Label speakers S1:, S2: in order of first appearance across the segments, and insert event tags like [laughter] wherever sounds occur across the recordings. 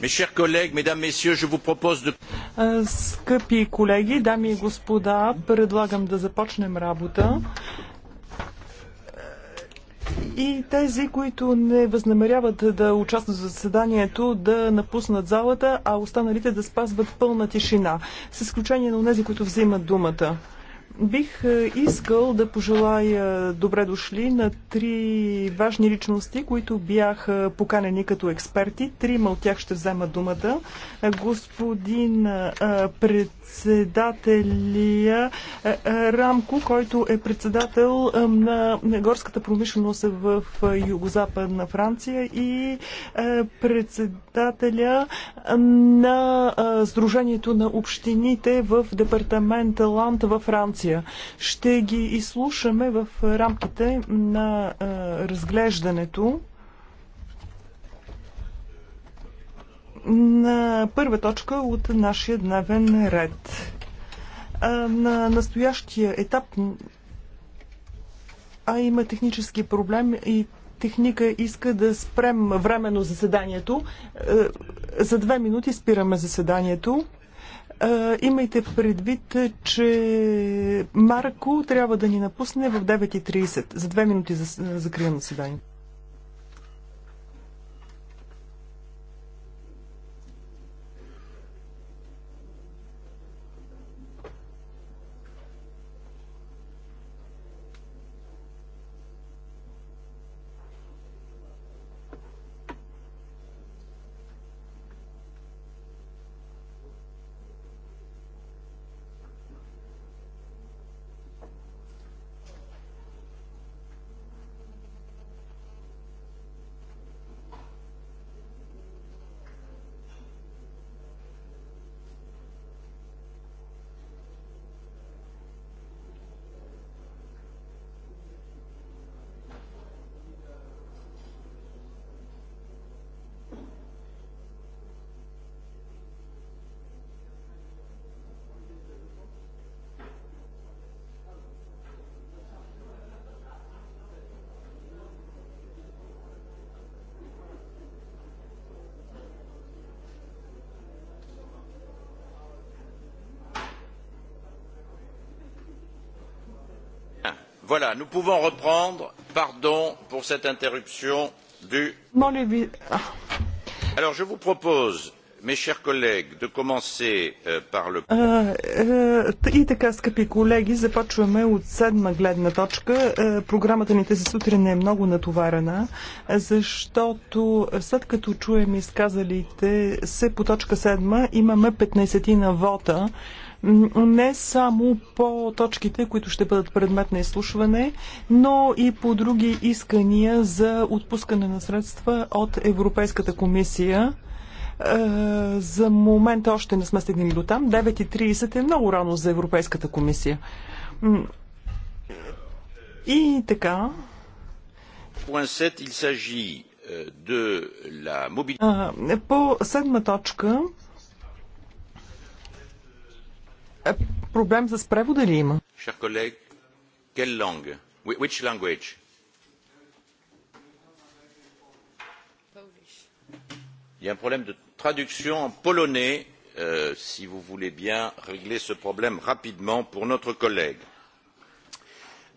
S1: Скъпи
S2: колеги, дами и господа, предлагам да започнем работа. И тези, които не възнамеряват да участват в заседанието, да напуснат залата, а останалите да спазват пълна тишина, с изключение на тези, които взимат думата. Бих е, искал да пожелая добре дошли на три важни личности, които бяха поканени като експерти. Трима от тях ще взема думата. Господин е, председателя е, Рамко, който е председател на горската промишленост в югозападна Франция и председателя на Сдружението на общините в департамента Ланд във Франция комисия. Ще ги изслушаме в рамките на разглеждането на първа точка от нашия дневен ред. На настоящия етап а има технически проблем и техника иска да спрем временно заседанието. За две минути спираме заседанието имайте предвид, че Марко трябва да ни напусне в 9.30. За две минути закрием заседанието.
S1: Voilà, nous pouvons reprendre. Pardon pour cette interruption du. je vous propose Euh,
S2: е, и така, скъпи колеги, започваме от седма гледна точка. Е, програмата ни тази сутрин е много натоварена, защото след като чуем изказалите се по точка седма, имаме 15 на вота не само по точките, които ще бъдат предмет на изслушване, но и по други искания за отпускане на средства от Европейската комисия. Е, за момента още не сме стигнали до там. 9.30 е много рано за Европейската комисия. И така. Е, по седма точка е, проблем с превода ли има?
S1: Шер колег, quelle langue? Which language? Il y a un problème de traduction en polonais si vous voulez bien régler ce problème rapidement pour notre collègue.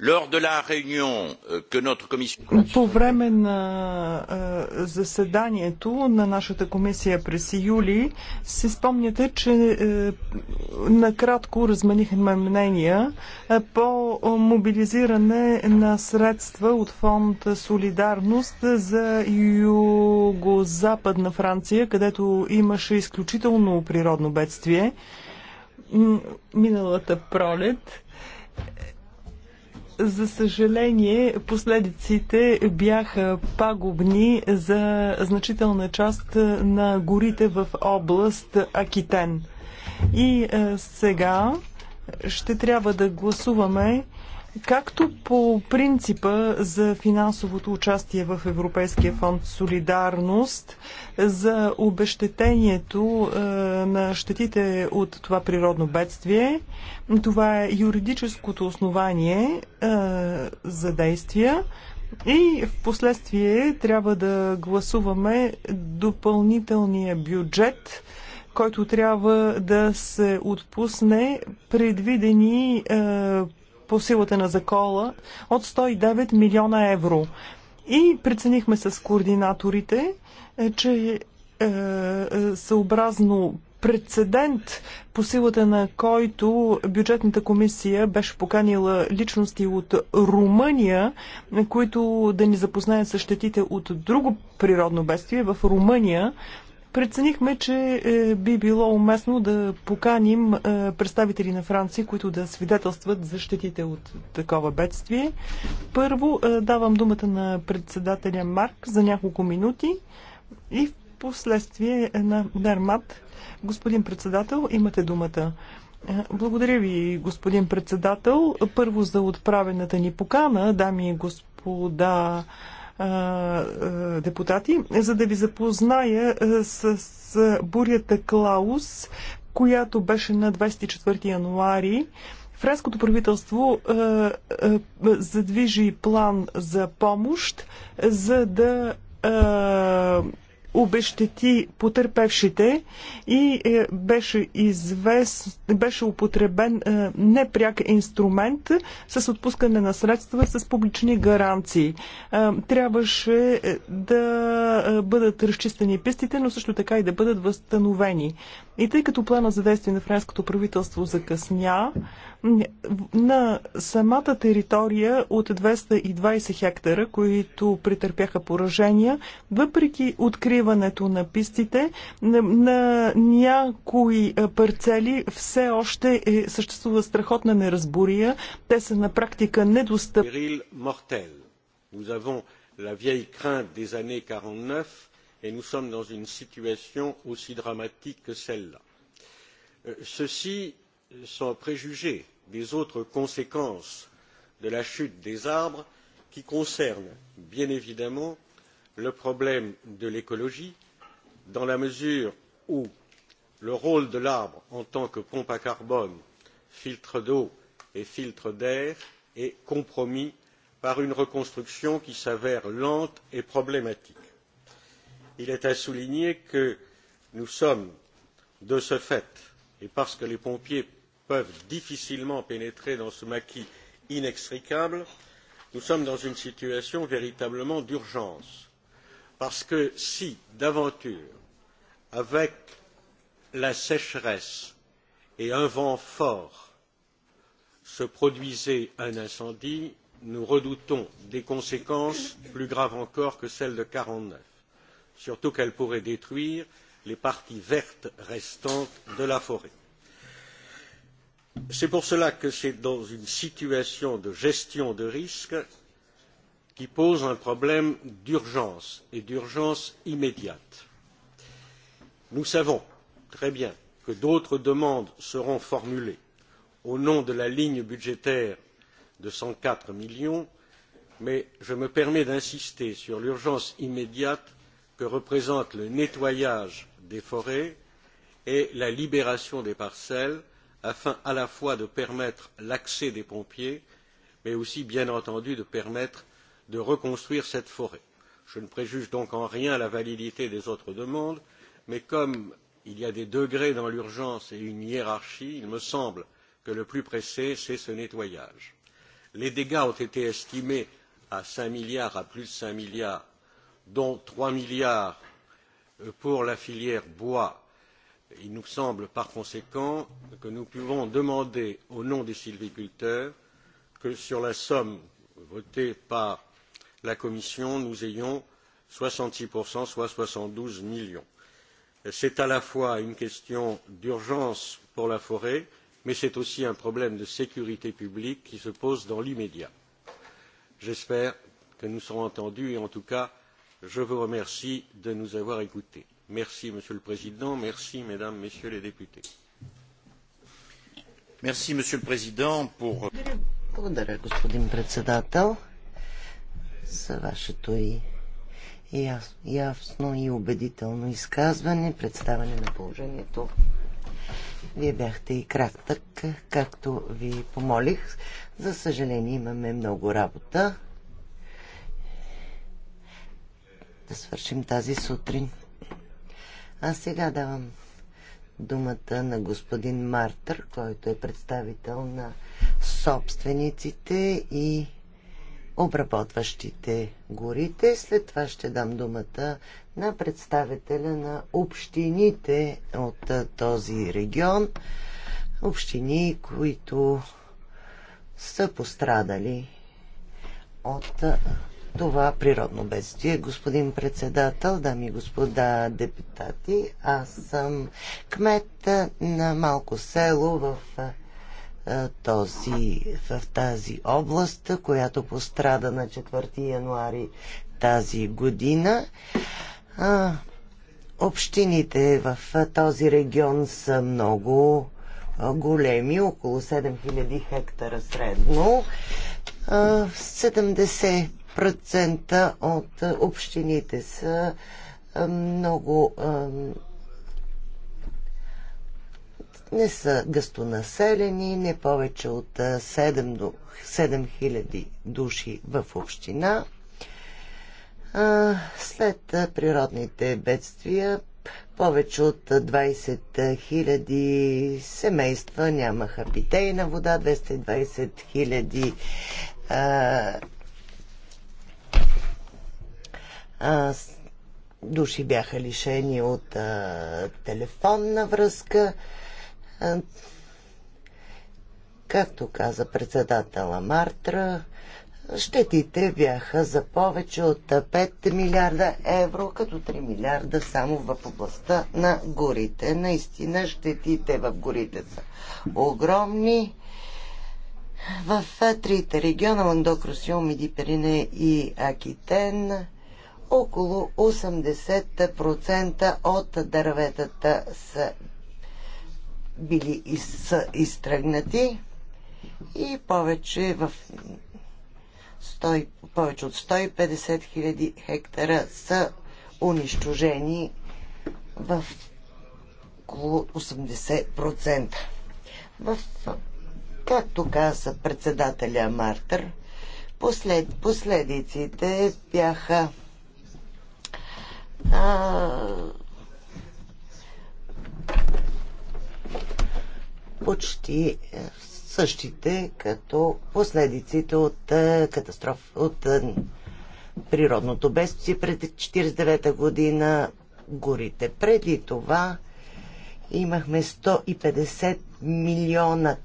S1: Euh,
S2: по време на заседанието на нашата комисия през юли си спомняте, че е, накратко разменихме мнения е, по мобилизиране на средства от фонд Солидарност за югозападна Франция, където имаше изключително природно бедствие миналата пролет за съжаление, последиците бяха пагубни за значителна част на горите в област Акитен. И е, сега ще трябва да гласуваме Както по принципа за финансовото участие в Европейския фонд Солидарност, за обещетението е, на щетите от това природно бедствие, това е юридическото основание е, за действия. И в последствие трябва да гласуваме допълнителния бюджет, който трябва да се отпусне предвидени е, по силата на закола от 109 милиона евро. И преценихме с координаторите, е, че е, е, съобразно прецедент, по силата на който бюджетната комисия беше поканила личности от Румъния, които да ни запознаят с щетите от друго природно бедствие в Румъния. Преценихме, че е, би било уместно да поканим е, представители на Франция, които да свидетелстват за щетите от такова бедствие. Първо е, давам думата на председателя Марк за няколко минути и в последствие на Дермат. Господин председател, имате думата. Благодаря ви, господин председател. Първо за отправената ни покана, дами и господа депутати, за да ви запозная с, бурята Клаус, която беше на 24 януари. Френското правителство задвижи план за помощ, за да обещети потерпевшите и е, беше, извест, беше употребен е, непряк инструмент с отпускане на средства с публични гаранции. Е, трябваше да бъдат разчистени пистите, но също така и да бъдат възстановени. И тъй като плана за действие на френското правителство закъсня, на самата територия от 220 хектара, които претърпяха поражения, въпреки откриването на пистите, на, на някои парцели все още е, съществува страхотна неразбория. Те са на практика недостъпни.
S1: 49 et nous sommes dans une situation aussi dramatique que celle-là. Euh, ceci sans préjuger des autres conséquences de la chute des arbres qui concernent bien évidemment le problème de l'écologie dans la mesure où le rôle de l'arbre en tant que pompe à carbone filtre d'eau et filtre d'air est compromis par une reconstruction qui s'avère lente et problématique. il est à souligner que nous sommes de ce fait et parce que les pompiers peuvent difficilement pénétrer dans ce maquis inextricable nous sommes dans une situation véritablement d'urgence parce que si d'aventure avec la sécheresse et un vent fort se produisait un incendie nous redoutons des conséquences plus graves encore que celles de mille neuf cent quarante neuf surtout qu'elles pourraient détruire les parties vertes restantes de la forêt. C'est pour cela que c'est dans une situation de gestion de risque qui pose un problème d'urgence et d'urgence immédiate. Nous savons très bien que d'autres demandes seront formulées au nom de la ligne budgétaire de cent quatre millions mais je me permets d'insister sur l'urgence immédiate que représentent le nettoyage des forêts et la libération des parcelles afin à la fois de permettre l'accès des pompiers mais aussi bien entendu de permettre de reconstruire cette forêt. je ne préjuge donc en rien la validité des autres demandes mais comme il y a des degrés dans l'urgence et une hiérarchie il me semble que le plus pressé c'est ce nettoyage. les dégâts ont été estimés à cinq milliards à plus de cinq milliards dont trois milliards pour la filière bois il nous semble par conséquent que nous pouvons demander au nom des sylviculteurs que sur la somme votée par la commission nous ayons soixante six soit soixante douze millions. c'est à la fois une question d'urgence pour la forêt mais c'est aussi un problème de sécurité publique qui se pose dans l'immédiat. j'espère que nous serons entendus et en tout cas je vous remercie de nous avoir écoutés. Merci, Monsieur le Président. Merci, Mesdames, Messieurs les députés. Merci, Monsieur le Président, pour... Euh,
S3: Благодаря, господин председател, за вашето и ясно и убедително изказване, представане на положението. Вие бяхте и кратък, както ви помолих. За съжаление, имаме много работа да свършим тази сутрин. А сега давам думата на господин Мартър, който е представител на собствениците и обработващите горите. След това ще дам думата на представителя на общините от този регион. Общини, които са пострадали от това природно бедствие. Господин председател, дами и господа депутати, аз съм кмет на малко село в този, в тази област, която пострада на 4 януари тази година. А, общините в този регион са много големи, около 7000 хектара средно. 70 процента от е, общините са е, много е, не са гъстонаселени, не повече от 7 до 7 хиляди души в община. След природните бедствия повече от 20 000 семейства нямаха питейна вода, 220 000 а, души бяха лишени от а, телефонна връзка. А, както каза председател Мартра, щетите бяха за повече от 5 милиарда евро, като 3 милиарда само в областта на горите. Наистина щетите в горите са огромни. В трите региона Ландокросиум, Диперине и Акитен около 80% от дърветата са били из, са изтръгнати и повече в 100, повече от 150 хиляди хектара са унищожени в около 80%. В, както каза председателя Мартър, послед, последиците бяха почти е, същите като последиците от е, катастроф, от е, природното бедствие пред 49-та година горите. Преди това имахме 150 милиона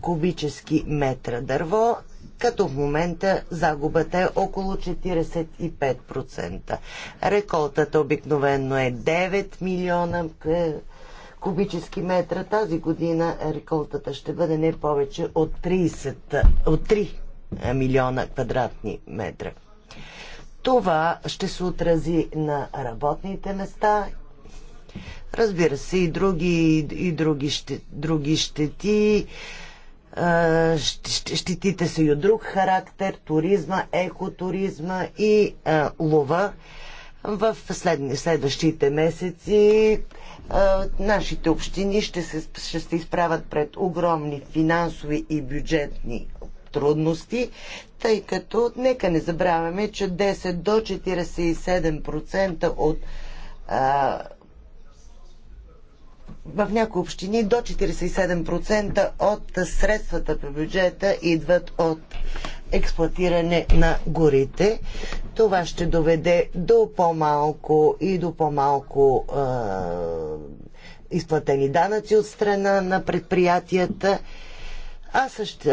S3: кубически метра дърво като в момента загубата е около 45%. Реколтата обикновено е 9 милиона кубически метра. Тази година реколтата ще бъде не повече от, 30, от 3 милиона квадратни метра. Това ще се отрази на работните места. Разбира се, и други, и други, ще, други щети щетите са и от друг характер, туризма, екотуризма и а, лова. В след, следващите месеци а, нашите общини ще се, ще се изправят пред огромни финансови и бюджетни трудности, тъй като нека не забравяме, че 10 до 47% от а, в някои общини до 47% от средствата по бюджета идват от експлоатиране на горите. Това ще доведе до по-малко и до по-малко е, изплатени данъци от страна на предприятията, а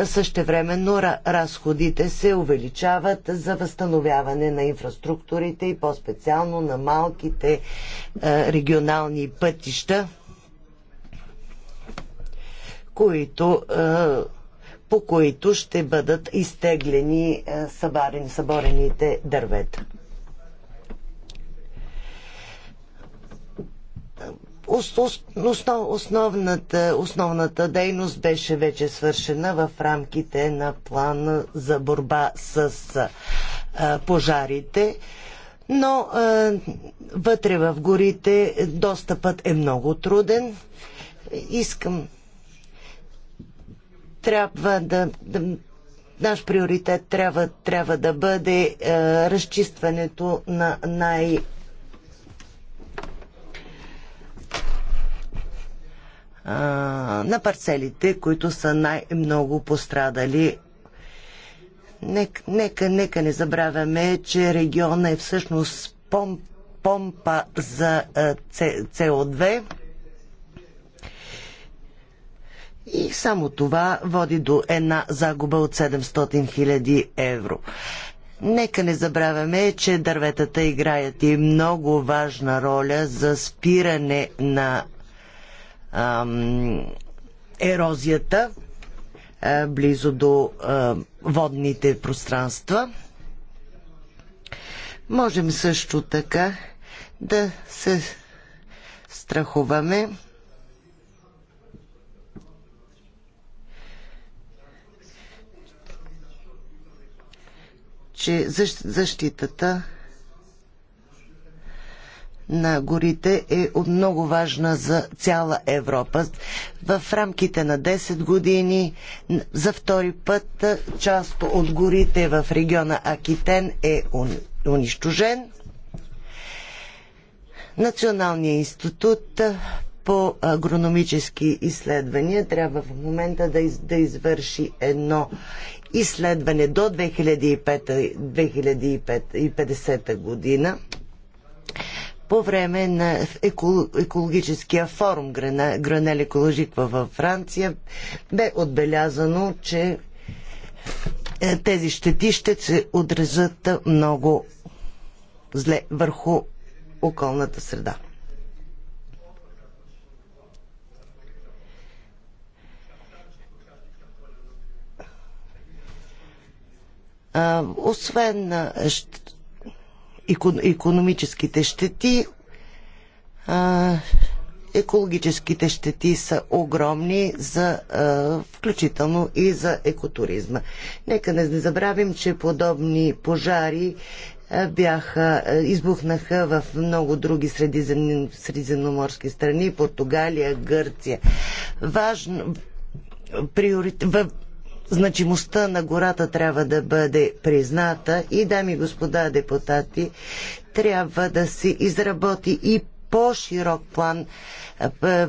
S3: също, времено разходите се увеличават за възстановяване на инфраструктурите и по-специално на малките е, регионални пътища които, е, по които ще бъдат изтеглени е, събарен, съборените дървета. основната, основната дейност беше вече свършена в рамките на план за борба с е, пожарите, но вътре в горите достъпът е много труден. Искам трябва да, да наш приоритет трябва, трябва да бъде е, разчистването на най- на парцелите, които са най-много пострадали. Нека, нека, нека не забравяме, че региона е всъщност помп, помпа за е, CO2 И само това води до една загуба от 700 000 евро. Нека не забравяме, че дърветата играят и много важна роля за спиране на ам, ерозията а, близо до а, водните пространства. Можем също така да се страхуваме че защитата на горите е много важна за цяла Европа. В рамките на 10 години за втори път част от горите в региона Акитен е унищожен. Националният институт по агрономически изследвания трябва в момента да, извърши едно изследване до 2050 година по време на екологическия форум Гранел Екологик във Франция бе отбелязано, че е, тези щети ще се отрезат много зле върху околната среда. освен економическите щети, екологическите щети са огромни, за, а, включително и за екотуризма. Нека не забравим, че подобни пожари бяха, избухнаха в много други средизем, средиземноморски страни, Португалия, Гърция. Важно, приорит, в, значимостта на гората трябва да бъде призната и, дами и господа депутати, трябва да се изработи и по-широк план, е,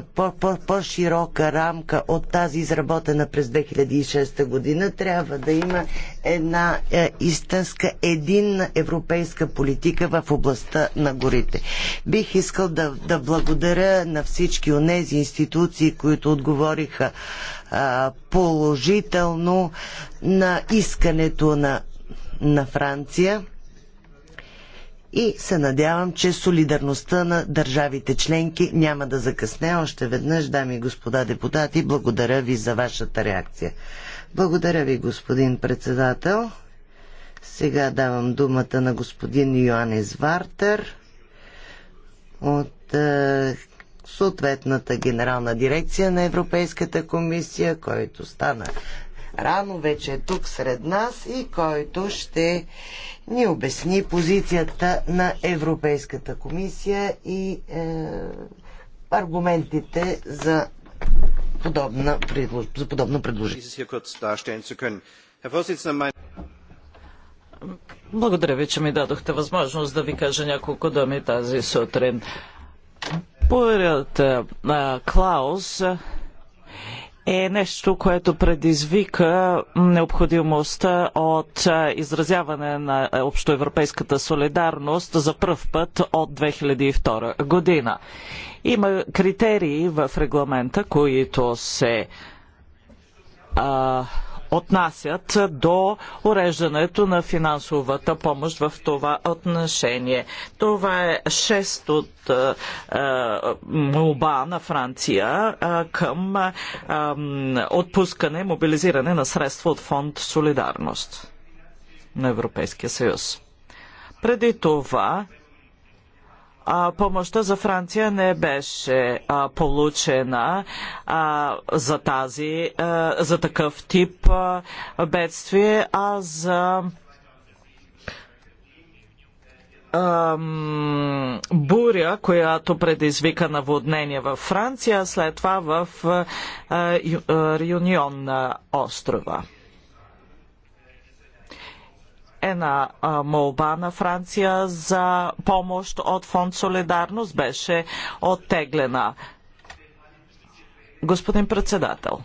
S3: по-широка рамка от тази изработена през 2006 година. Трябва да има една е, истинска, единна европейска политика в областта на горите. Бих искал да, да благодаря на всички тези институции, които отговориха положително на искането на, на Франция и се надявам, че солидарността на държавите членки няма да закъсне. Още веднъж, дами и господа депутати, благодаря ви за вашата реакция. Благодаря ви, господин председател. Сега давам думата на господин Йоанес Вартер от е, съответната генерална дирекция на Европейската комисия, който стана рано вече е тук сред нас и който ще ни обясни позицията на Европейската комисия и е, аргументите за подобна, за подобно
S4: предложение. Благодаря ви, че ми дадохте възможност да ви кажа няколко думи тази сутрин. Според Клаус е нещо, което предизвика необходимостта от изразяване на общоевропейската солидарност за пръв път от 2002 година. Има критерии в регламента, които се а, отнасят до уреждането на финансовата помощ в това отношение. Това е шест от е, е, молба на Франция е, към е, отпускане, мобилизиране на средства от фонд Солидарност на Европейския съюз. Преди това помощта за Франция не беше а, получена а, за, тази, а, за такъв тип а, бедствие, а за буря, която предизвика наводнение във Франция, след това в Реюнион на острова една молба на Франция за помощ от фонд Солидарност беше оттеглена. Господин председател,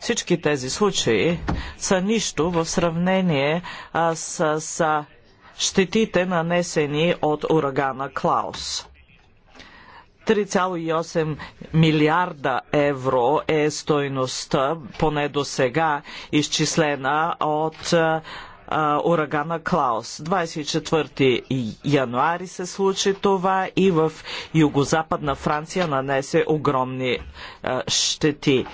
S4: всички тези случаи са нищо в сравнение с, с щетите нанесени от урагана Клаус. 3,8 милиарда евро е стойността, поне до сега, изчислена от урагана Клаус. 24 януари се случи това и в югозападна Франция нанесе огромни щети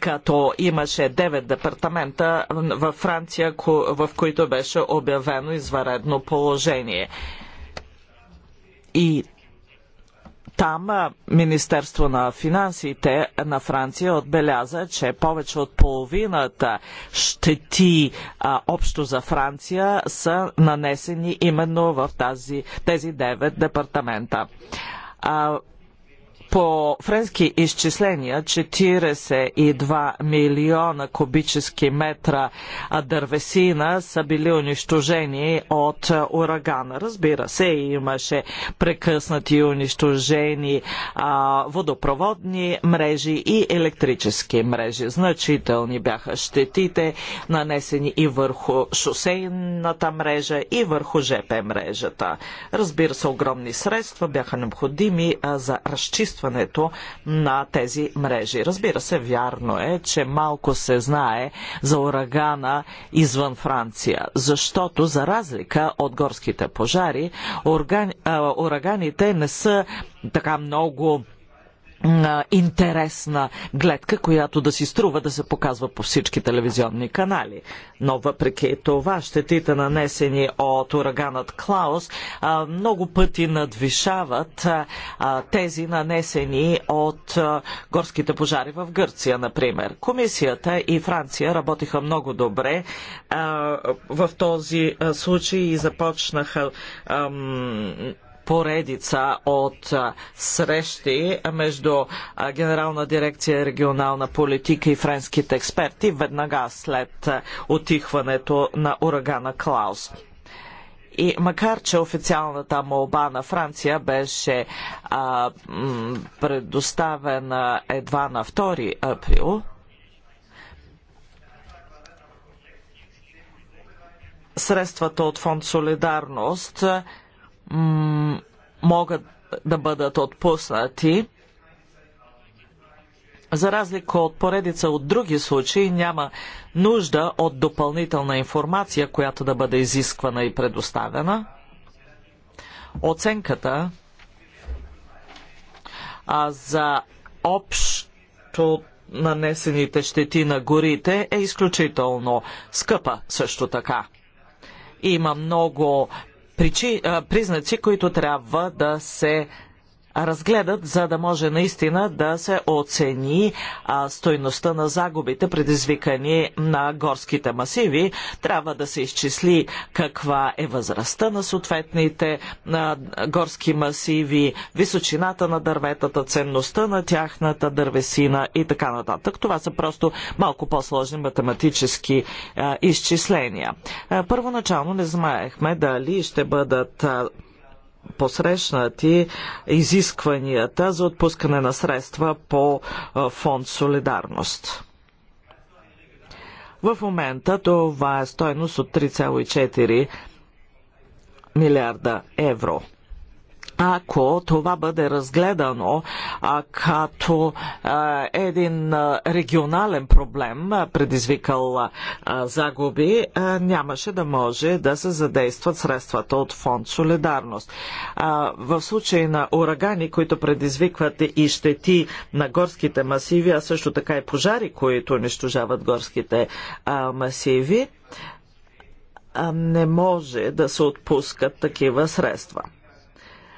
S4: като имаше 9 департамента във Франция, в които беше обявено изваредно положение. И там Министерство на финансите на Франция отбеляза, че повече от половината щети а, общо за Франция са нанесени именно в тази, тези девет департамента. А, по френски изчисления 42 милиона кубически метра дървесина са били унищожени от урагана. Разбира се, имаше прекъснати и унищожени а, водопроводни мрежи и електрически мрежи. Значителни бяха щетите, нанесени и върху шосейната мрежа и върху ЖП мрежата. Разбира се, огромни средства бяха необходими а, за разчистване разрастването на тези мрежи. Разбира се, вярно е, че малко се знае за урагана извън Франция, защото за разлика от горските пожари, ураганите не са така много интересна гледка, която да си струва да се показва по всички телевизионни канали. Но въпреки това, щетите нанесени от ураганът Клаус много пъти надвишават тези нанесени от горските пожари в Гърция, например. Комисията и Франция работиха много добре в този случай и започнаха поредица от срещи между Генерална дирекция регионална политика и френските експерти веднага след отихването на урагана Клаус. И макар, че официалната молба на Франция беше а, предоставена едва на 2 април, средствата от фонд Солидарност могат да бъдат отпуснати. За разлика от поредица от други случаи, няма нужда от допълнителна информация, която да бъде изисквана и предоставена. Оценката а за общо нанесените щети на горите е изключително скъпа също така. Има много причи, признаци, които трябва да се разгледат, за да може наистина да се оцени стойността на загубите, предизвикани на горските масиви. Трябва да се изчисли каква е възрастта на съответните горски масиви, височината на дърветата, ценността на тяхната дървесина и така нататък. Това са просто малко по-сложни математически изчисления. първоначално не знаехме дали ще бъдат посрещнати изискванията за отпускане на средства по фонд Солидарност. В момента това е стойност от 3,4 милиарда евро ако това бъде разгледано а, като а, един а, регионален проблем, а, предизвикал а, загуби, а, нямаше да може да се задействат средствата от фонд Солидарност. А, в случай на урагани, които предизвикват и щети на горските масиви, а също така и пожари, които унищожават горските а, масиви, а, не може да се отпускат такива средства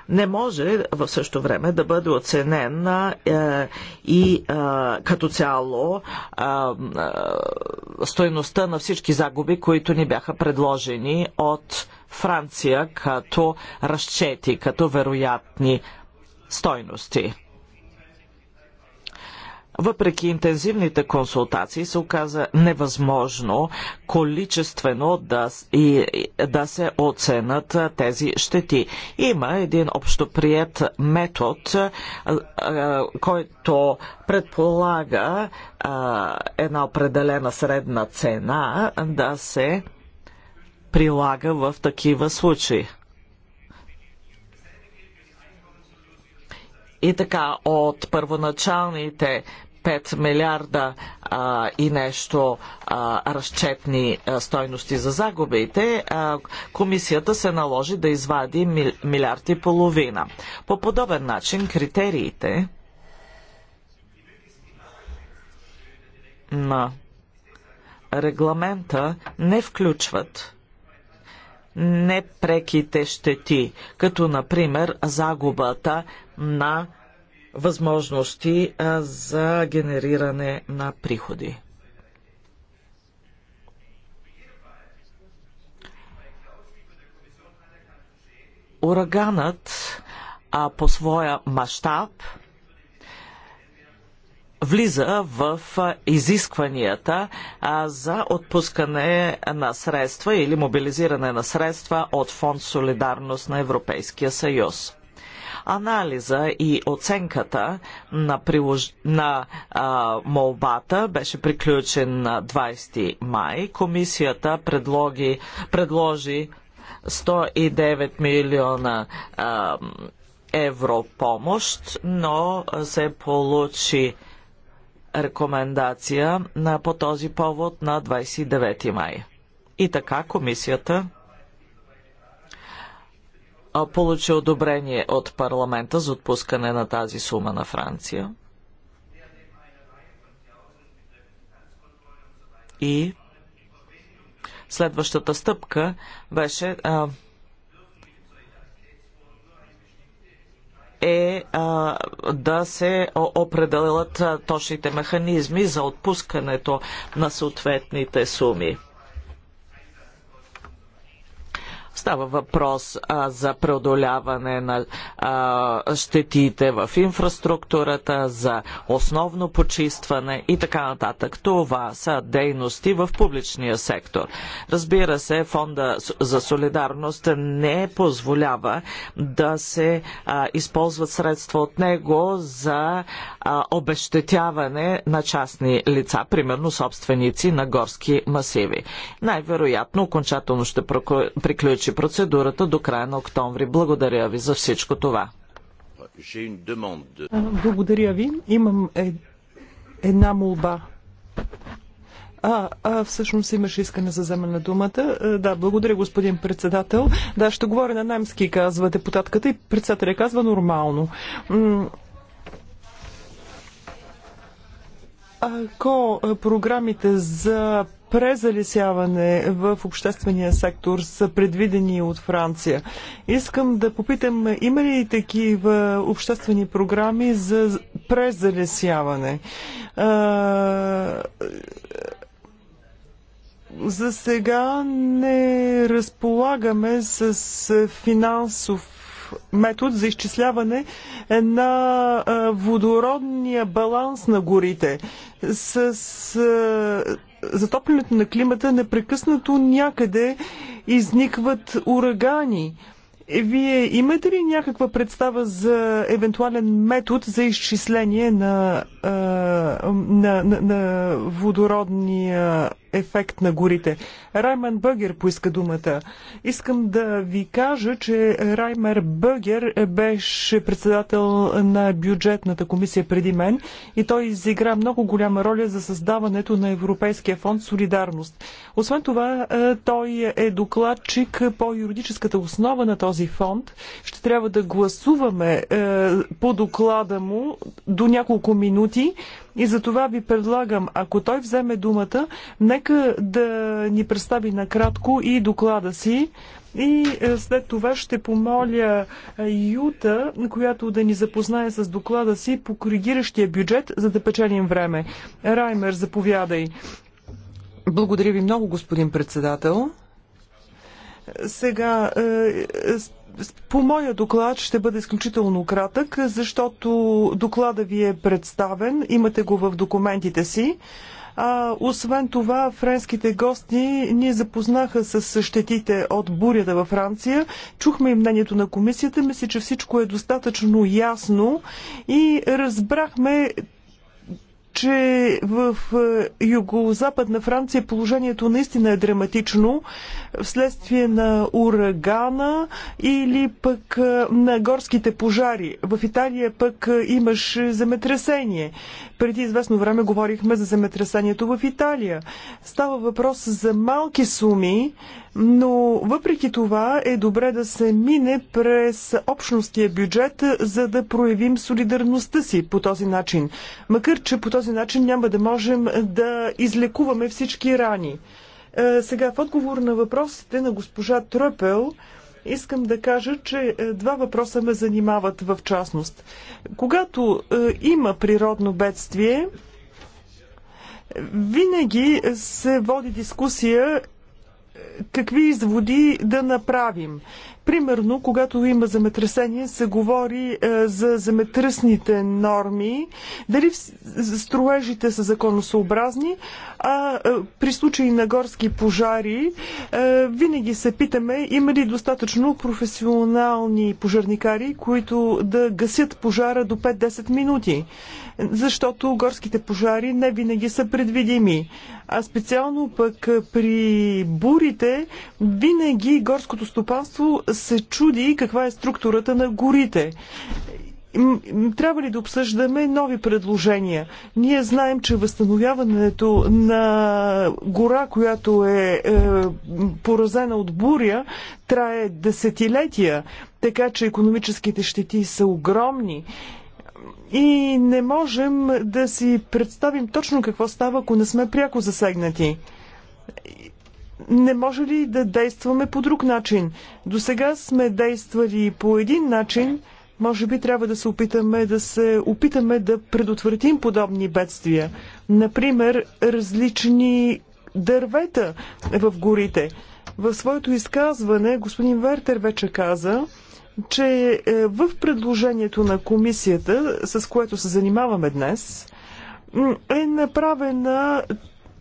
S4: не може в същото време да бъде оценен е, и е, като цяло е, е, стоеността на всички загуби, които ни бяха предложени от Франция като разчети, като вероятни стойности въпреки интензивните консултации, се оказа невъзможно количествено да, и, да се оценят тези щети. Има един общоприет метод, който предполага една определена средна цена да се прилага в такива случаи. И така, от първоначалните 5 милиарда а, и нещо а, разчетни а, стойности за загубите, а, комисията се наложи да извади мили, милиард и половина. По подобен начин критериите на регламента не включват непреките щети, като например загубата на възможности за генериране на приходи. Ураганът а, по своя мащаб влиза в изискванията за отпускане на средства или мобилизиране на средства от Фонд Солидарност на Европейския съюз анализа и оценката на, прилож... на а, молбата беше приключен на 20 май. Комисията предлоги... предложи 109 милиона а, евро помощ, но се получи рекомендация на, по този повод на 29 май. И така комисията получи одобрение от парламента за отпускане на тази сума на Франция. И следващата стъпка беше а, е а, да се определят точните механизми за отпускането на съответните суми. Става въпрос а, за преодоляване на а, щетите в инфраструктурата, за основно почистване и така нататък. Това са дейности в публичния сектор. Разбира се, фонда за солидарност не позволява да се а, използват средства от него за а, обещетяване на частни лица, примерно собственици на горски масиви. Най-вероятно окончателно ще приключи приключи процедурата до края на октомври. Благодаря ви за всичко това.
S2: Благодаря ви. Имам е, една молба. А, а, всъщност имаше искане за вземане на думата. Да, благодаря, господин председател. Да, ще говоря на немски, казва депутатката и председателя казва нормално. Ако програмите за презалесяване в обществения сектор са предвидени от Франция. Искам да попитам, има ли такива обществени програми за презалесяване? За сега не разполагаме с финансов метод за изчисляване на водородния баланс на горите. С затоплянето на климата непрекъснато някъде изникват урагани. Вие имате ли някаква представа за евентуален метод за изчисление на, на, на, на водородния ефект на горите. Раймер Бъгер поиска думата. Искам да ви кажа, че Раймер Бъгер беше председател на бюджетната комисия преди мен и той изигра много голяма роля за създаването на Европейския фонд Солидарност. Освен това, е, той е докладчик по юридическата основа на този фонд. Ще трябва да гласуваме е, по доклада му до няколко минути. И за това ви предлагам, ако той вземе думата, нека да ни представи накратко и доклада си. И е, след това ще помоля е, Юта, която да ни запознае с доклада си по коригиращия бюджет, за да печелим време. Раймер, заповядай. Благодаря ви много, господин председател. Сега, е, по моя доклад ще бъде изключително кратък, защото доклада ви е представен, имате го в документите си. А, освен това, френските гости ни запознаха с щетите от бурята във Франция. Чухме и мнението на комисията. Мисля, че всичко е достатъчно ясно и разбрахме че в е, юго-западна Франция положението наистина е драматично вследствие на урагана или пък е, на горските пожари. В Италия пък е, имаш земетресение. Преди известно време говорихме за земетресението в Италия. Става въпрос за малки суми, но въпреки това е добре да се мине през общностия бюджет, за да проявим солидарността си по този начин. Макар, че по този начин няма да можем да излекуваме всички рани. Е, сега в отговор на въпросите на госпожа Тръпел, искам да кажа, че е, два въпроса ме занимават в частност. Когато е, има природно бедствие, винаги се води дискусия е, какви изводи да направим. Примерно, когато има земетресение, се говори е, за земетръсните норми, дали в, строежите са законосъобразни, а е, при случаи на горски пожари е, винаги се питаме има ли достатъчно професионални пожарникари, които да гасят пожара до 5-10 минути, защото горските пожари не винаги са предвидими. А специално пък при бурите винаги горското стопанство се чуди каква е структурата на горите трябва ли да обсъждаме нови предложения? Ние знаем, че възстановяването на гора, която е, е поразена от буря, трае десетилетия, така че економическите щети са огромни. И не можем да си представим точно какво става, ако не сме пряко засегнати не може ли да действаме по друг начин? До сега сме действали по един начин, може би трябва да се опитаме да се опитаме да предотвратим подобни бедствия. Например, различни дървета в горите. В своето изказване господин Вертер вече каза, че е, в предложението на комисията, с което се занимаваме днес, е направена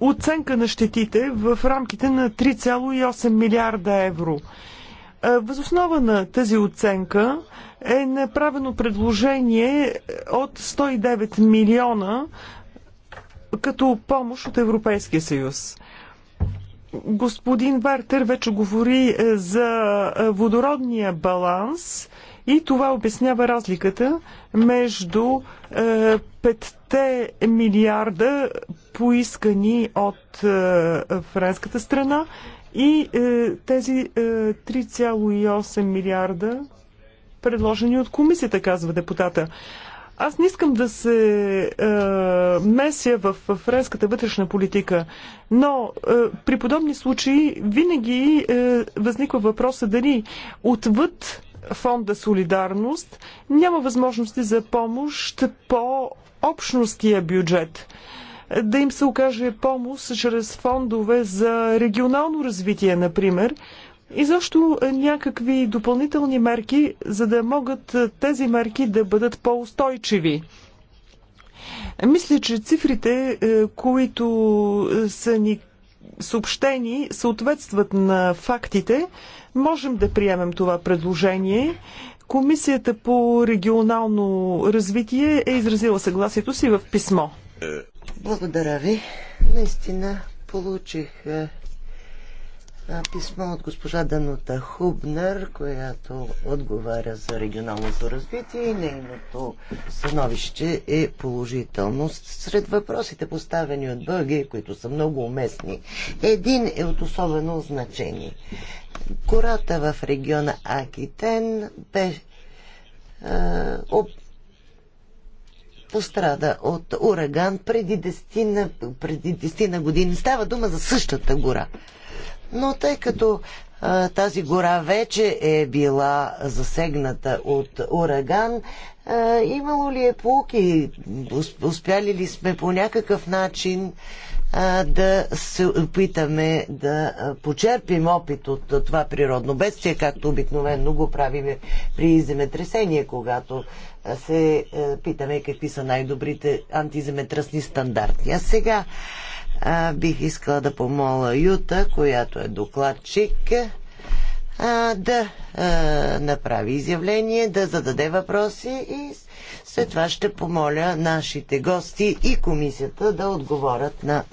S2: оценка на щетите в рамките на 3,8 милиарда евро. Възоснова на тази оценка е направено предложение от 109 милиона като помощ от Европейския съюз. Господин Вартер вече говори е, за е, водородния баланс – и това обяснява разликата между е, 5 милиарда поискани от е, френската страна и е, тези е, 3,8 милиарда предложени от комисията, казва депутата. Аз не искам да се е, меся в, в френската вътрешна политика, но е, при подобни случаи винаги е, възниква въпроса дали отвъд фонда Солидарност няма възможности за помощ по общностия бюджет. Да им се окаже помощ чрез фондове за регионално развитие, например, и защо някакви допълнителни мерки, за да могат тези мерки да бъдат по-устойчиви. Мисля, че цифрите, е, които са ни съобщени съответстват на фактите, можем да приемем това предложение. Комисията по регионално развитие е изразила съгласието си в писмо. Благодаря ви.
S3: Наистина получих е, писмо от госпожа Данута Хубнер, която отговаря за регионалното развитие и нейното становище е положително. Сред въпросите поставени от бълги, които са много уместни, един е от особено значение. Гората в региона Акитен бе е, об, пострада от ураган преди 10 преди 10 години. Става дума за същата гора но тъй като а, тази гора вече е била засегната от ураган, а, имало ли е полуки? Успяли ли сме по някакъв начин а, да се опитаме да почерпим опит от това природно бедствие, както обикновено го правим при земетресение, когато се питаме какви са най-добрите антиземетръсни стандарти. А сега а, бих искала да помоля Юта, която е докладчик, а, да а, направи изявление, да зададе въпроси и след това ще помоля нашите гости и комисията да отговорят на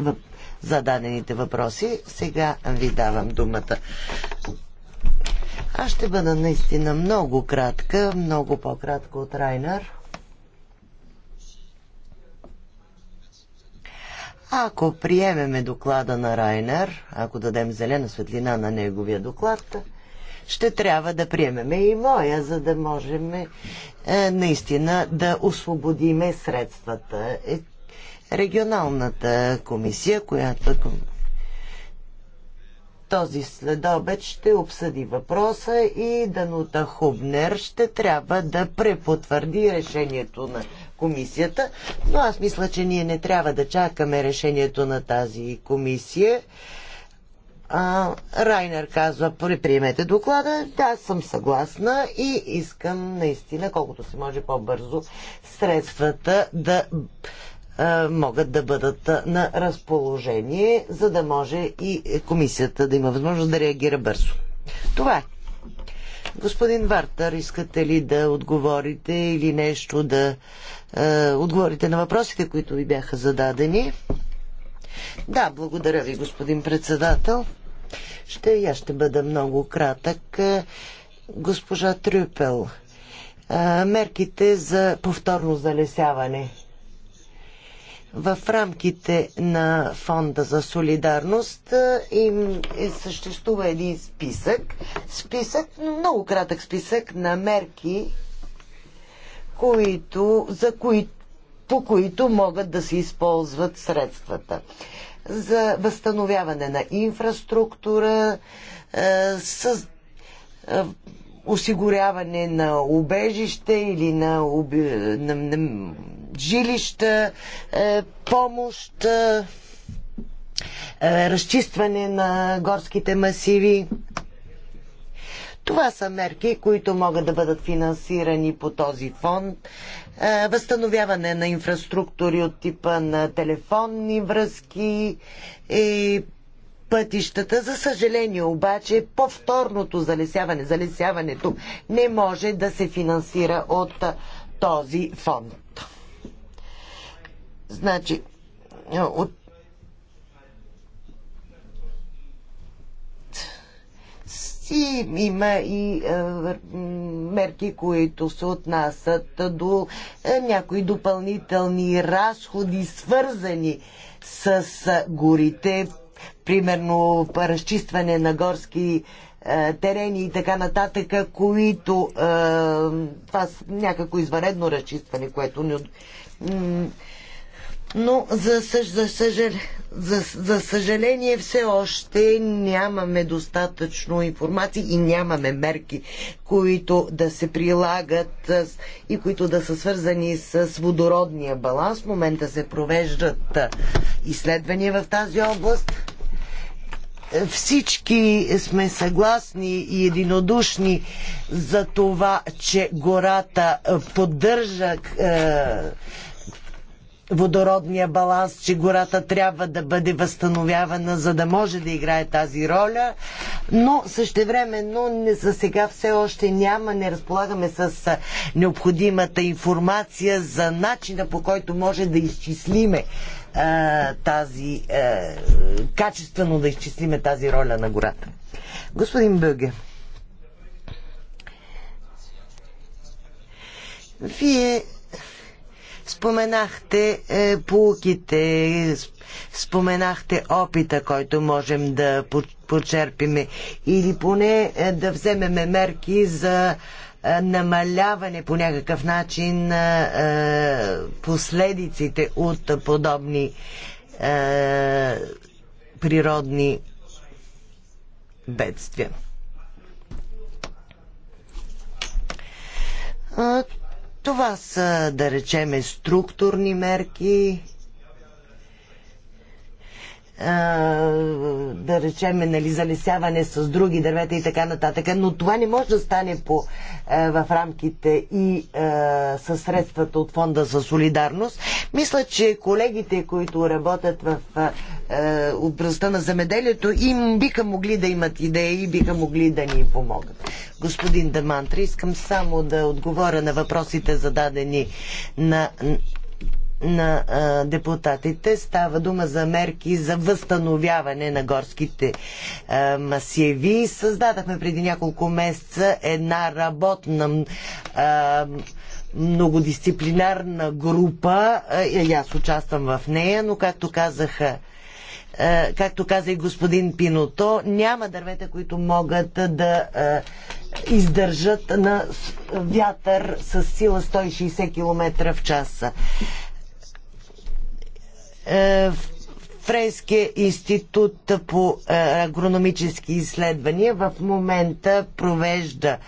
S3: зададените въпроси. Сега ви давам думата. Аз ще бъда наистина много кратка, много по-кратка от Райнер. Ако приемеме доклада на Райнер, ако дадем зелена светлина на неговия доклад, ще трябва да приемеме и моя, за да можем е, наистина да освободиме средствата. Е, регионалната комисия, която е този следобед ще обсъди въпроса и Данута Хубнер ще трябва да препотвърди решението на комисията, но аз мисля, че ние не трябва да чакаме решението на тази комисия. А, Райнер казва, приемете доклада. Да, съм съгласна и искам наистина, колкото се може по-бързо, средствата да а, могат да бъдат на разположение, за да може и комисията да има възможност да реагира бързо. Това е. Господин Вартар, искате ли да отговорите или нещо да е, отговорите на въпросите, които ви бяха зададени? Да, благодаря ви, господин председател. Ще, я ще бъда много кратък. Е, госпожа Трюпел, е, мерките за повторно залесяване – в рамките на Фонда за солидарност им е, съществува един списък, списък, много кратък списък на мерки, които, за кои, по които могат да се използват средствата. За възстановяване на инфраструктура, е, с, осигуряване на убежище или на, уби... на, на жилища, е, помощ, е, е, разчистване на горските масиви. Това са мерки, които могат да бъдат финансирани по този фонд. Е, възстановяване на инфраструктури от типа на телефонни връзки и пътищата. За съжаление обаче, повторното залесяване, залесяването не може да се финансира от този фонд. Значи, от си има и е, мерки, които се отнасят до е, някои допълнителни разходи, свързани с горите, примерно разчистване на горски е, терени и така нататък, които е, това са някакво изваредно разчистване, което не... Но за, съж, за, съжал, за, за съжаление все още нямаме достатъчно информация и нямаме мерки, които да се прилагат е, и които да са свързани с водородния баланс. В момента се провеждат изследвания в тази област. Всички сме съгласни и единодушни за това, че гората поддържа е, водородния баланс, че гората трябва да бъде възстановявана, за да може да играе тази роля, но същевременно не за сега все още няма, не разполагаме с е, необходимата информация за начина по който може да изчислиме а, тази а, качествено да изчислиме тази роля на гората. Господин Бълге, вие споменахте е, полуките, споменахте опита, който можем да почерпиме или поне е, да вземеме мерки за е, намаляване по някакъв начин на е, е, последиците от подобни природни бедствия. Това са, да речеме, структурни мерки, да речем, нали, залесяване с други дървета и така нататък, но това не може да стане по, в рамките и със средствата от фонда за солидарност. Мисля, че колегите, които работят в областта на земеделието, им биха могли да имат идеи и биха могли да ни помогнат. Господин Дамантри, искам само да отговоря на въпросите зададени на на а, депутатите. Става дума за мерки за възстановяване на горските а, масиви. Създадахме преди няколко месеца една работна а, многодисциплинарна група. И аз участвам в нея, но както казаха както каза и господин Пиното, няма дървета, които могат да издържат на вятър с сила 160 км в часа. Е, Френския институт по е, агрономически изследвания в момента провежда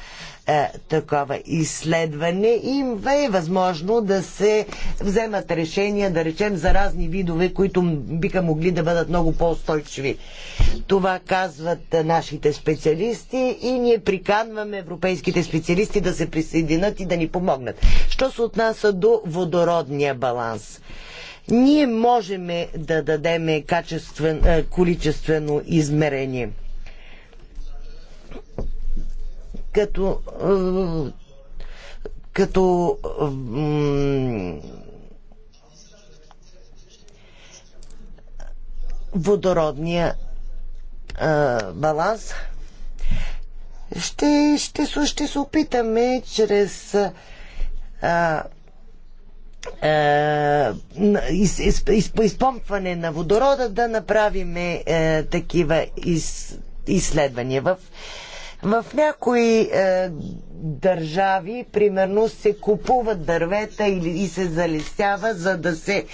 S3: е, такова изследване и е възможно да се вземат решения, да речем, за разни видове, които биха могли да бъдат много по-устойчиви. Това казват е, нашите специалисти и ние приканваме европейските специалисти да се присъединят и да ни помогнат. Що се отнася до водородния баланс? ние можем да дадем качествен, е, количествено измерение. Като е, като водородния а, е, баланс. Ще, ще, ще се опитаме чрез а, е, изпомпване на водорода да направим е, такива из, изследвания. В, в някои е, държави, примерно, се купуват дървета или, и се залесява, за да се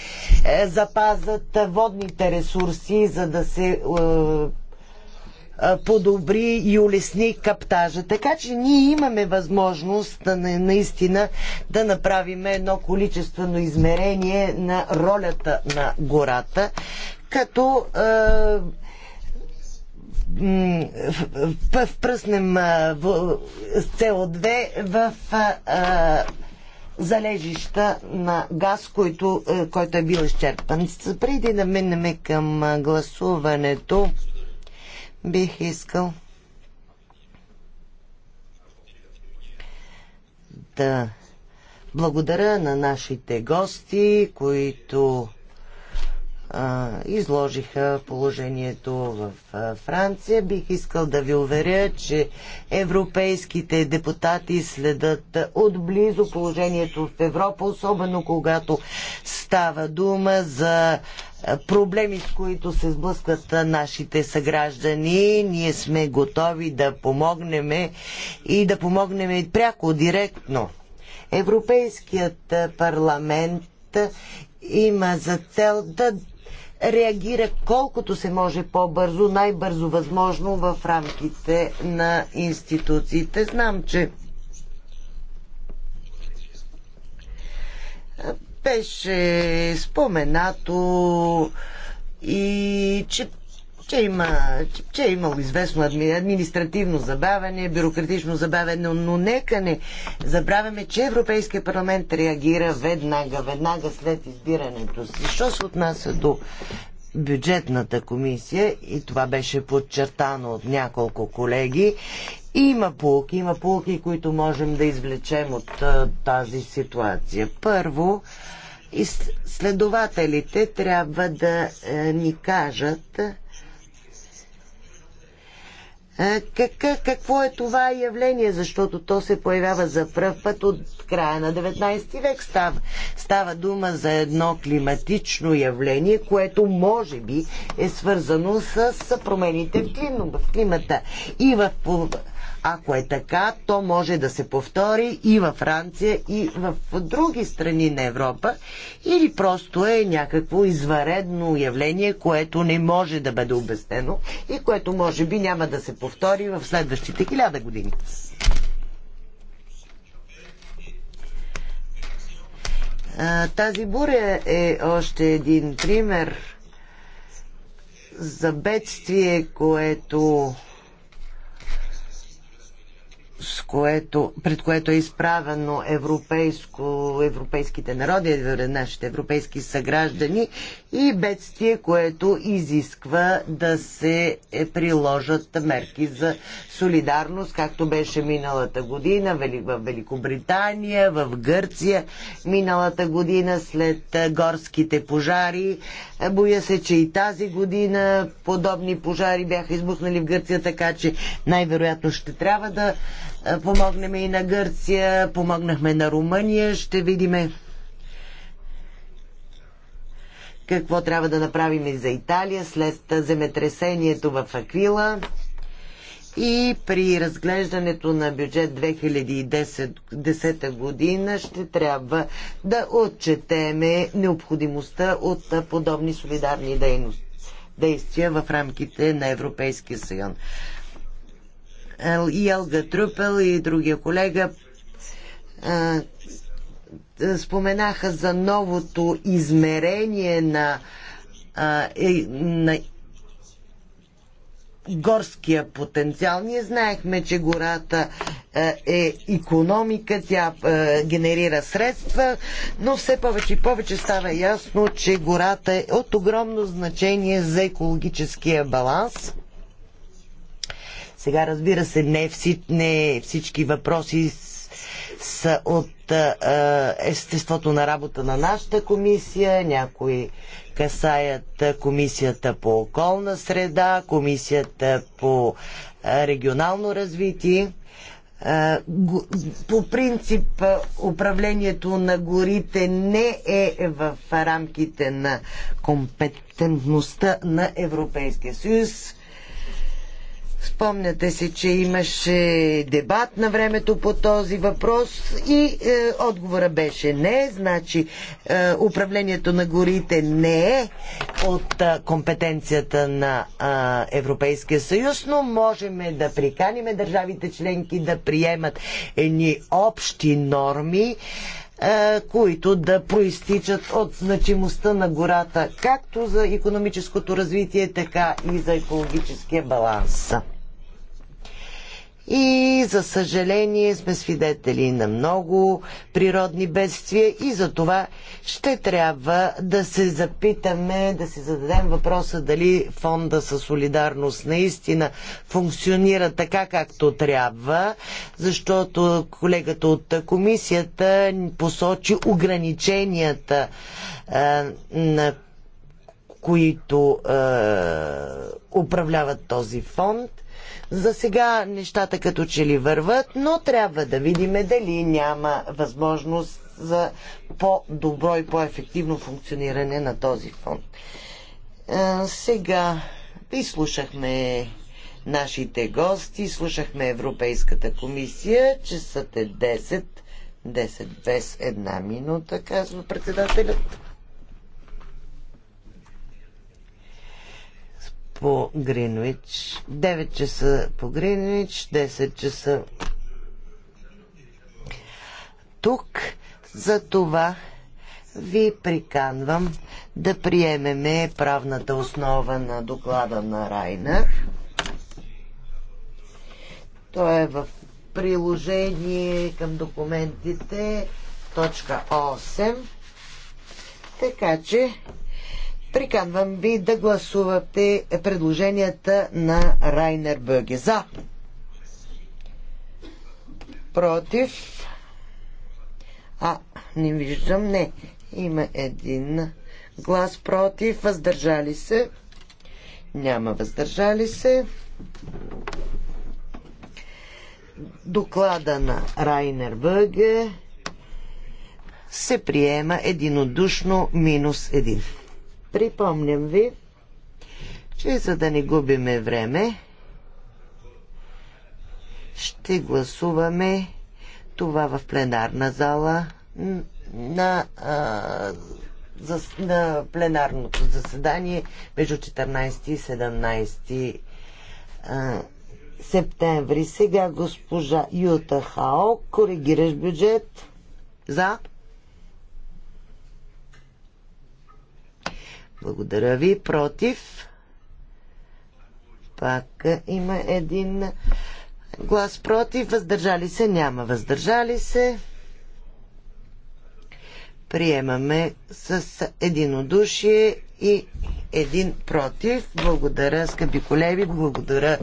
S3: е, запазат водните ресурси, за да се е, подобри и улесни каптажа. Така че ние имаме възможност наистина да направим едно количествено измерение на ролята на гората, като впръснем CO2 в залежища на газ, който, който е бил изчерпан. Преди да минем към гласуването, бих искал да благодаря на нашите гости, които изложиха положението в Франция. Бих искал да ви уверя, че европейските депутати следят отблизо положението в Европа, особено когато става дума за проблеми, с които се сблъскват нашите съграждани. Ние сме готови да помогнем и да помогнем пряко, директно. Европейският парламент има за цел да реагира колкото се може по-бързо, най-бързо възможно в рамките на институциите. Знам, че беше споменато и че че, има, че е имало известно административно забавяне, бюрократично забавяне, но нека не забравяме, че Европейския парламент реагира веднага, веднага след избирането си. Що се отнася до бюджетната комисия, и това беше подчертано от няколко колеги, има полки, има полки, които можем да извлечем от тази ситуация. Първо, следователите трябва да е, ни кажат как, какво е това явление, защото то се появява за пръв път от края на 19 век. Става, става дума за едно климатично явление, което може би е свързано с промените в климата и в ако е така, то може да се повтори и във Франция, и в други страни на Европа, или просто е някакво изваредно явление, което не може да бъде обяснено и което може би няма да се повтори в следващите хиляда години. Тази буря е още един пример за бедствие, което с което, пред което е изправено европейско, европейските народи, нашите европейски съграждани и бедствие, което изисква да се е, приложат мерки за солидарност, както беше миналата година в Великобритания, в Гърция, миналата година след е, горските пожари. Е, боя се, че и тази година подобни пожари бяха избухнали в Гърция, така че най-вероятно ще трябва да е, помогнем и на Гърция, помогнахме на Румъния, ще видиме какво трябва да направим и за Италия след земетресението в Аквила. И при разглеждането на бюджет 2010 година ще трябва да отчетеме необходимостта от подобни солидарни дейности действия в рамките на Европейския съюз и Елга Трюпел и другия колега е, споменаха за новото измерение на, е, на горския потенциал. Ние знаехме, че гората е економика, тя генерира средства, но все повече и повече става ясно, че гората е от огромно значение за екологическия баланс сега, разбира се, не, вси, не всички въпроси са от а, естеството на работа на нашата комисия, някои касаят комисията по околна среда, комисията по регионално развитие. По принцип, управлението на горите не е в рамките на компетентността на Европейския съюз. Спомняте си, че имаше дебат на времето по този въпрос и е, отговора беше не. Значи е, управлението на горите не е от е, компетенцията на е, Европейския съюз, но можем да приканим държавите членки да приемат едни общи норми. Е, които да проистичат от значимостта на гората, както за економическото развитие, така и за екологическия баланс и за съжаление сме свидетели на много природни бедствия и за това ще трябва да се запитаме, да си зададем въпроса дали фонда за солидарност наистина функционира така както трябва, защото колегата от комисията посочи ограниченията на които управляват този фонд – за сега нещата като че ли върват, но трябва да видим дали няма възможност за по-добро и по-ефективно функциониране на този фонд. Е, сега изслушахме нашите гости, слушахме Европейската комисия, че са те 10, 10 без една минута, казва председателят. по Гринвич. 9 часа по Гринвич, 10 часа тук. За това ви приканвам да приемеме правната основа на доклада на Райнер. Той е в приложение към документите, точка 8. Така че Приканвам ви да гласувате предложенията на Райнер Бъге. За. Против. А, не виждам. Не. Има един глас против. Въздържали се. Няма въздържали се. Доклада на Райнер Бъге се приема единодушно минус един. Припомням ви, че за да не губиме време, ще гласуваме това в пленарна зала на, а, за, на пленарното заседание между 14 и 17 а, септември. Сега госпожа Юта Хао, коригираш бюджет за Благодаря ви. Против. Пак има един глас против. Въздържали се? Няма. Въздържали се? Приемаме с единодушие и един против. Благодаря, скъпи колеги, благодаря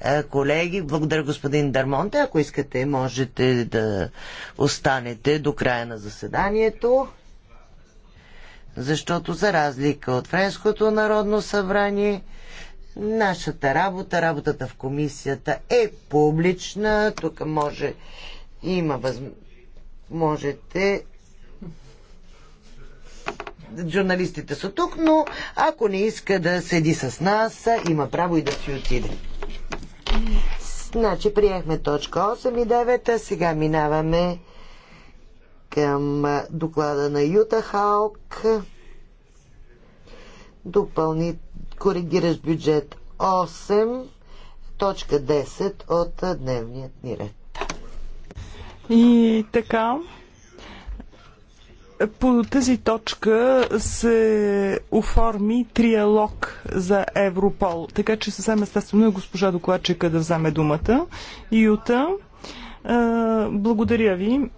S3: е, колеги, благодаря господин Дармонте. Ако искате, можете да останете до края на заседанието. Защото за разлика от Френското народно събрание, нашата работа, работата в комисията е публична. Тук може има въз... можете журналистите са тук, но ако не иска да седи с нас, има право и да си отиде. Значи приехме точка 8 и 9, а сега минаваме към доклада на Юта Халк. Допълни коригираш бюджет 8, точка 10 от дневният ни ред.
S2: И така, по тази точка се оформи триалог за Европол. Така че съвсем естествено е госпожа докладчика да вземе думата. Юта, благодаря ви.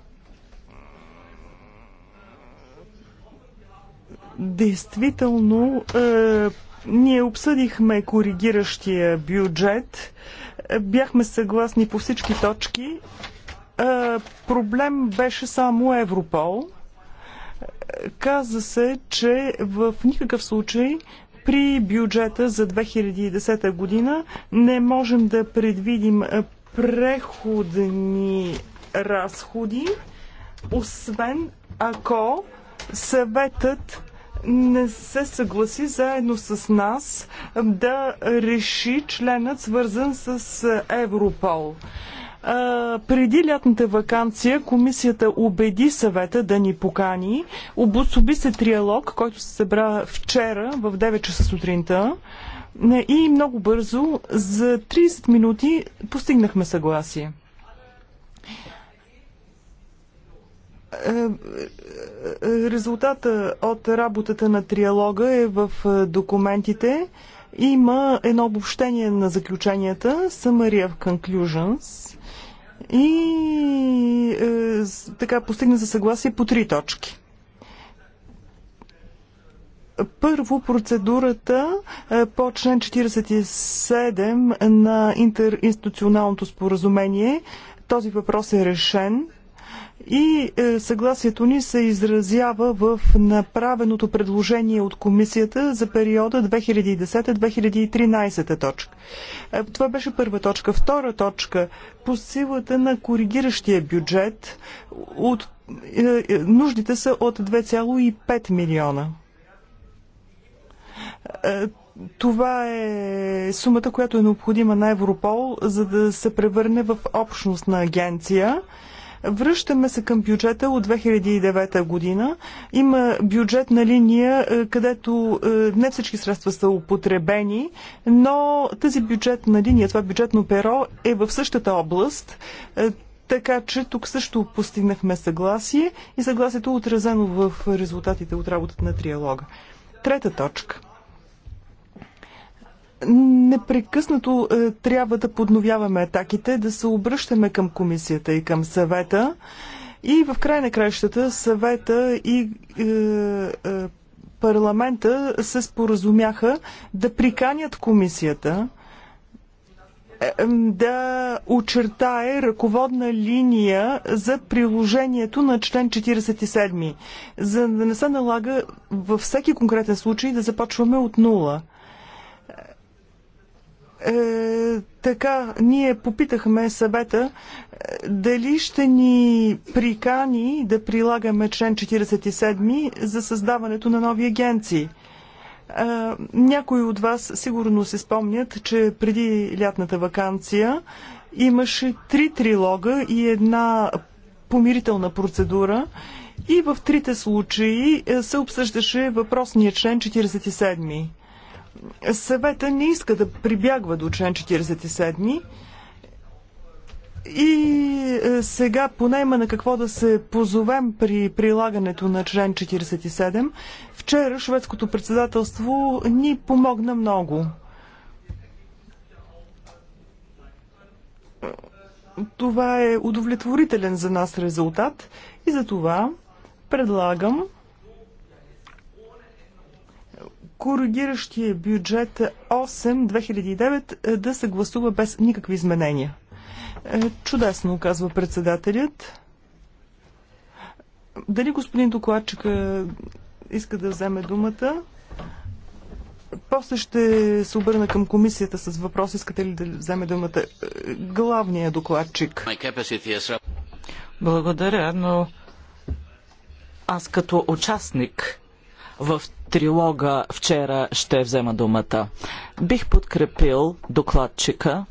S2: Действително, е, ние обсъдихме коригиращия бюджет. Е, бяхме съгласни по всички точки. Е, проблем беше само Европол. Е, каза се, че в никакъв случай при бюджета за 2010 година не можем да предвидим преходни разходи, освен ако съветът не се съгласи заедно с нас да реши членът свързан с Европол. А, преди лятната вакансия комисията убеди съвета да ни покани. Обособи се триалог, който се събра вчера в 9 часа сутринта. И много бързо, за 30 минути, постигнахме съгласие. Е, е, резултата от работата на триалога е в е, документите. Има едно обобщение на заключенията Summary of Conclusions и е, така постигна за съгласие по три точки. Първо процедурата по член 47 на интеринституционалното споразумение. Този въпрос е решен и е, съгласието ни се изразява в направеното предложение от комисията за периода 2010-2013 точка. Е, това беше първа точка. Втора точка по силата на коригиращия бюджет от, е, нуждите са от 2,5 милиона. Това е сумата, която е необходима на Европол, за да се превърне в общностна на агенция Връщаме се към бюджета от 2009 година. Има бюджетна линия, е, където е, не всички средства са употребени, но тази бюджетна линия, това бюджетно перо е в същата област. Е, така че тук също постигнахме съгласие и съгласието е отразено в резултатите от работата на триалога. Трета точка непрекъснато е, трябва да подновяваме атаките, да се обръщаме към комисията и към съвета. И в край на кращата съвета и е, е, парламента се споразумяха да приканят комисията да очертае ръководна линия за приложението на член 47, за да не се налага във всеки конкретен случай да започваме от нула. Е, така, ние попитахме съвета е, дали ще ни прикани да прилагаме член 47 за създаването на нови агенции. Е, някои от вас сигурно се спомнят, че преди лятната вакансия имаше три трилога и една помирителна процедура. И в трите случаи се обсъждаше въпросния член 47. Съвета не иска да прибягва до член 47 и е, сега поне има на какво да се позовем при прилагането на член 47. Вчера шведското председателство ни помогна много. Това е удовлетворителен за нас резултат и за това предлагам коригиращия бюджет 8-2009 е, да се гласува без никакви изменения. Е, чудесно, казва председателят. Дали господин докладчик е, иска да вземе думата? После ще се обърна към комисията с въпрос, искате ли да вземе думата главния докладчик. Благодаря, но аз като участник
S4: в трилога вчера ще взема думата. Бих подкрепил докладчика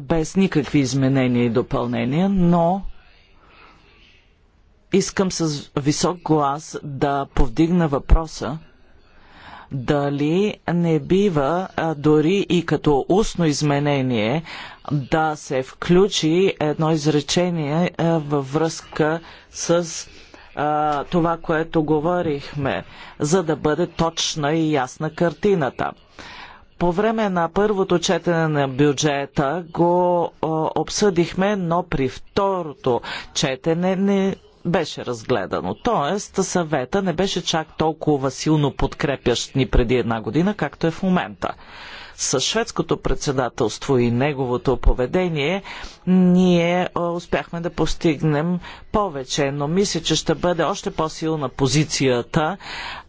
S4: без никакви изменения и допълнения, но искам с висок глас да повдигна въпроса дали не бива дори и като устно изменение да се включи едно изречение във връзка с а, това, което говорихме, за да бъде точна и ясна картината. По време на първото четене на бюджета го а, обсъдихме, но при второто четене не беше разгледано. Тоест, съвета не беше чак толкова силно подкрепящ ни преди една година, както е в момента с шведското председателство и неговото поведение, ние успяхме да постигнем повече, но мисля, че ще бъде още по-силна позицията,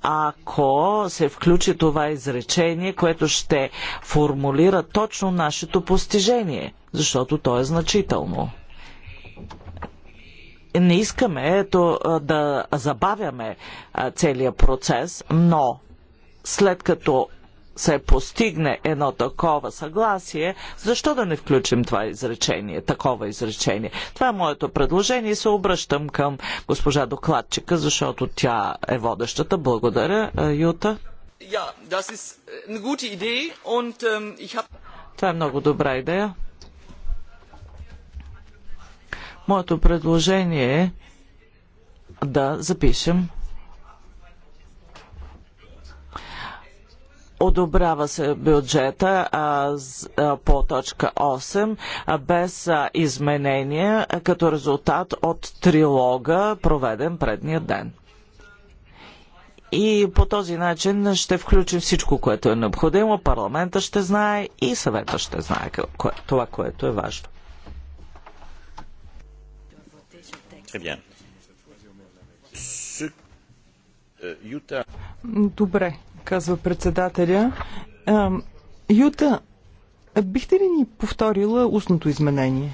S4: ако се включи това изречение, което ще формулира точно нашето постижение, защото то е значително не искаме ето, да забавяме целият процес, но след като се постигне едно такова съгласие, защо да не включим това изречение, такова изречение? Това е моето предложение и се обръщам към госпожа докладчика, защото тя е водещата. Благодаря, е, Юта. Ja, das ist äh, eine gute Idee und ähm, ich habe. Това е много добра идея. Моето предложение е да запишем Одобрява се бюджета по точка 8 без изменения като резултат от трилога, проведен предния ден. И по този начин ще включим всичко, което е необходимо. Парламента ще знае и съвета ще знае това, което е важно.
S1: Euh,
S2: Добре казва председателя. Юта, бихте ли ни повторила устното изменение?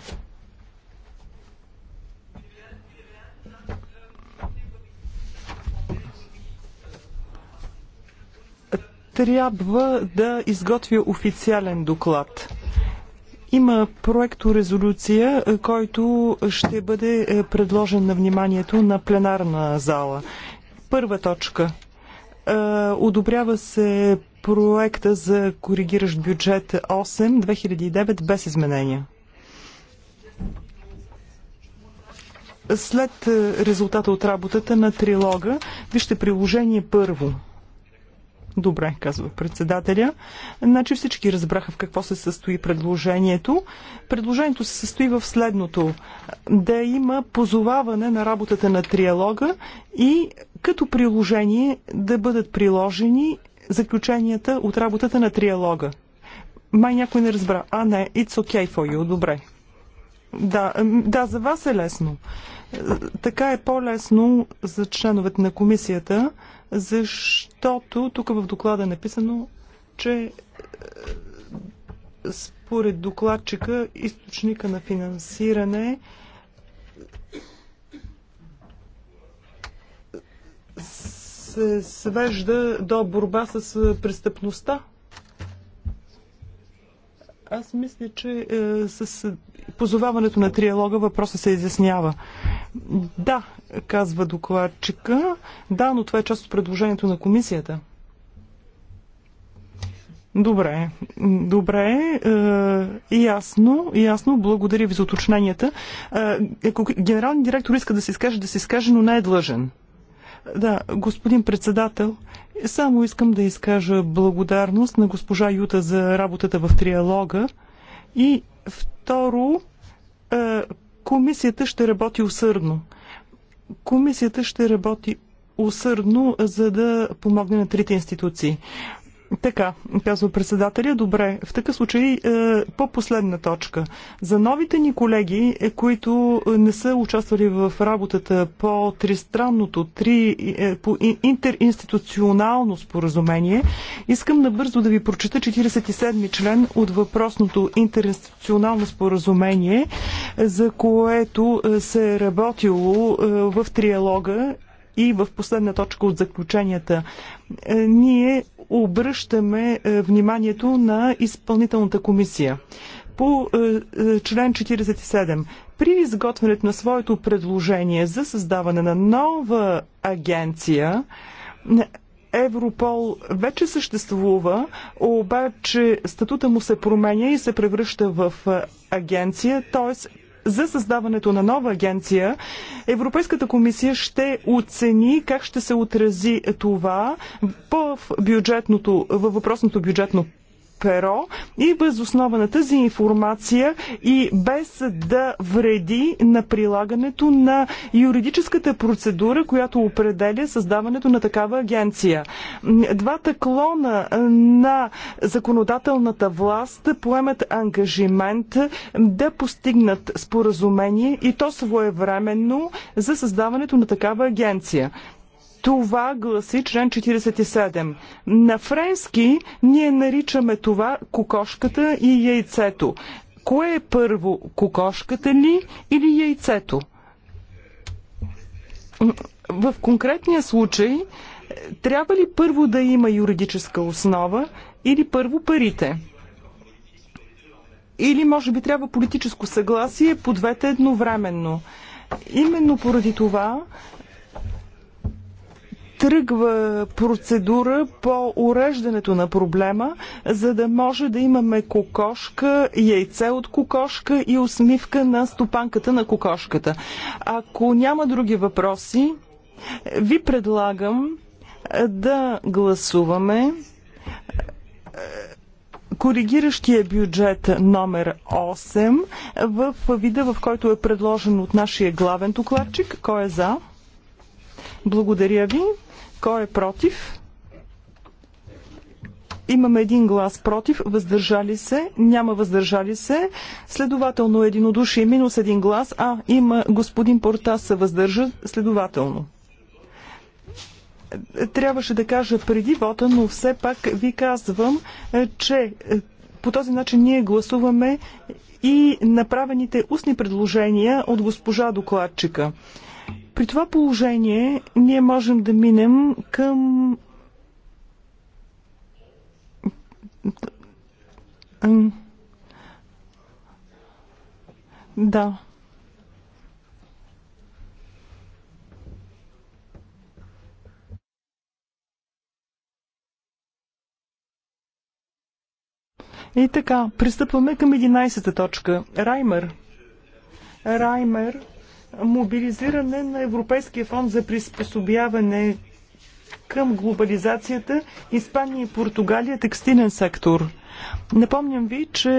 S2: Трябва да изготвя официален доклад. Има проекто резолюция, който ще бъде е, предложен на вниманието на пленарна зала. Първа точка е, одобрява се проекта за коригиращ бюджет 8 2009 без изменения. След е, резултата от работата на трилога, вижте приложение първо. Добре, казва председателя. Значи всички разбраха в какво се състои предложението. Предложението се състои в следното. Да има позоваване на работата на триалога и като приложение да бъдат приложени заключенията от работата на триалога. Май някой не разбра. А, не, it's okay for you, добре. Да, да, за вас е лесно. Е, така е по-лесно за членовете на комисията, защото тук в доклада е написано, че е, според докладчика източника на финансиране е се свежда до борба с е, престъпността. Аз мисля, че е, с позоваването на триалога въпроса се изяснява. Да, казва докладчика. Да, но това е част от предложението на комисията. Добре, добре, е, ясно, ясно, благодаря ви за уточненията. Е, ако генералният директор иска да се изкаже, да се изкаже, но не е длъжен. Да, господин председател, само искам да изкажа благодарност на госпожа Юта за работата в триалога. И второ, е, комисията ще работи усърдно. Комисията ще работи усърдно, за да помогне на трите институции. Така, казва председателя. Добре, в такъв случай е, по последна точка. За новите ни колеги, е, които е, не са участвали в работата по тристранното, три, по интеринституционално споразумение, искам набързо да ви прочита 47 член от въпросното интеринституционално споразумение, за което се е работило в триалога и в последна точка от заключенията. Ние обръщаме е, вниманието на изпълнителната комисия. По е, е, член 47 при изготвянето на своето предложение за създаване на нова агенция, Европол вече съществува, обаче статута му се променя и се превръща в агенция, т.е за създаването на нова агенция, Европейската комисия ще оцени как ще се отрази това в бюджетното, във въпросното бюджетно перо и възоснова на тази информация и без да вреди на прилагането на юридическата процедура, която определя създаването на такава агенция. Двата клона на законодателната власт поемат ангажимент да постигнат споразумение и то своевременно за създаването на такава агенция. Това гласи член 47. На френски ние наричаме това кокошката и яйцето. Кое е първо, кокошката ли или яйцето? В конкретния случай трябва ли първо да има юридическа основа или първо парите? Или може би трябва политическо съгласие по двете едновременно. Именно поради това тръгва процедура по уреждането на проблема, за да може да имаме кокошка, яйце от кокошка и усмивка на стопанката на кокошката. Ако няма други въпроси, ви предлагам да гласуваме коригиращия бюджет номер 8 в вида, в който е предложен от нашия главен докладчик. Кой е за? Благодаря ви. Кой е против? Имаме един глас против, въздържали се, няма въздържали се, следователно единодушие е минус един глас, а има господин Порта се въздържа, следователно. Трябваше да кажа преди вота, но все пак ви казвам, е, че е, по този начин ние гласуваме и направените устни предложения от госпожа докладчика. При това положение ние можем да минем към да. И така, пристъпваме към 11-та точка. Раймер. Раймер мобилизиране на Европейския фонд за приспособяване към глобализацията Испания и Португалия текстилен сектор. Напомням ви, че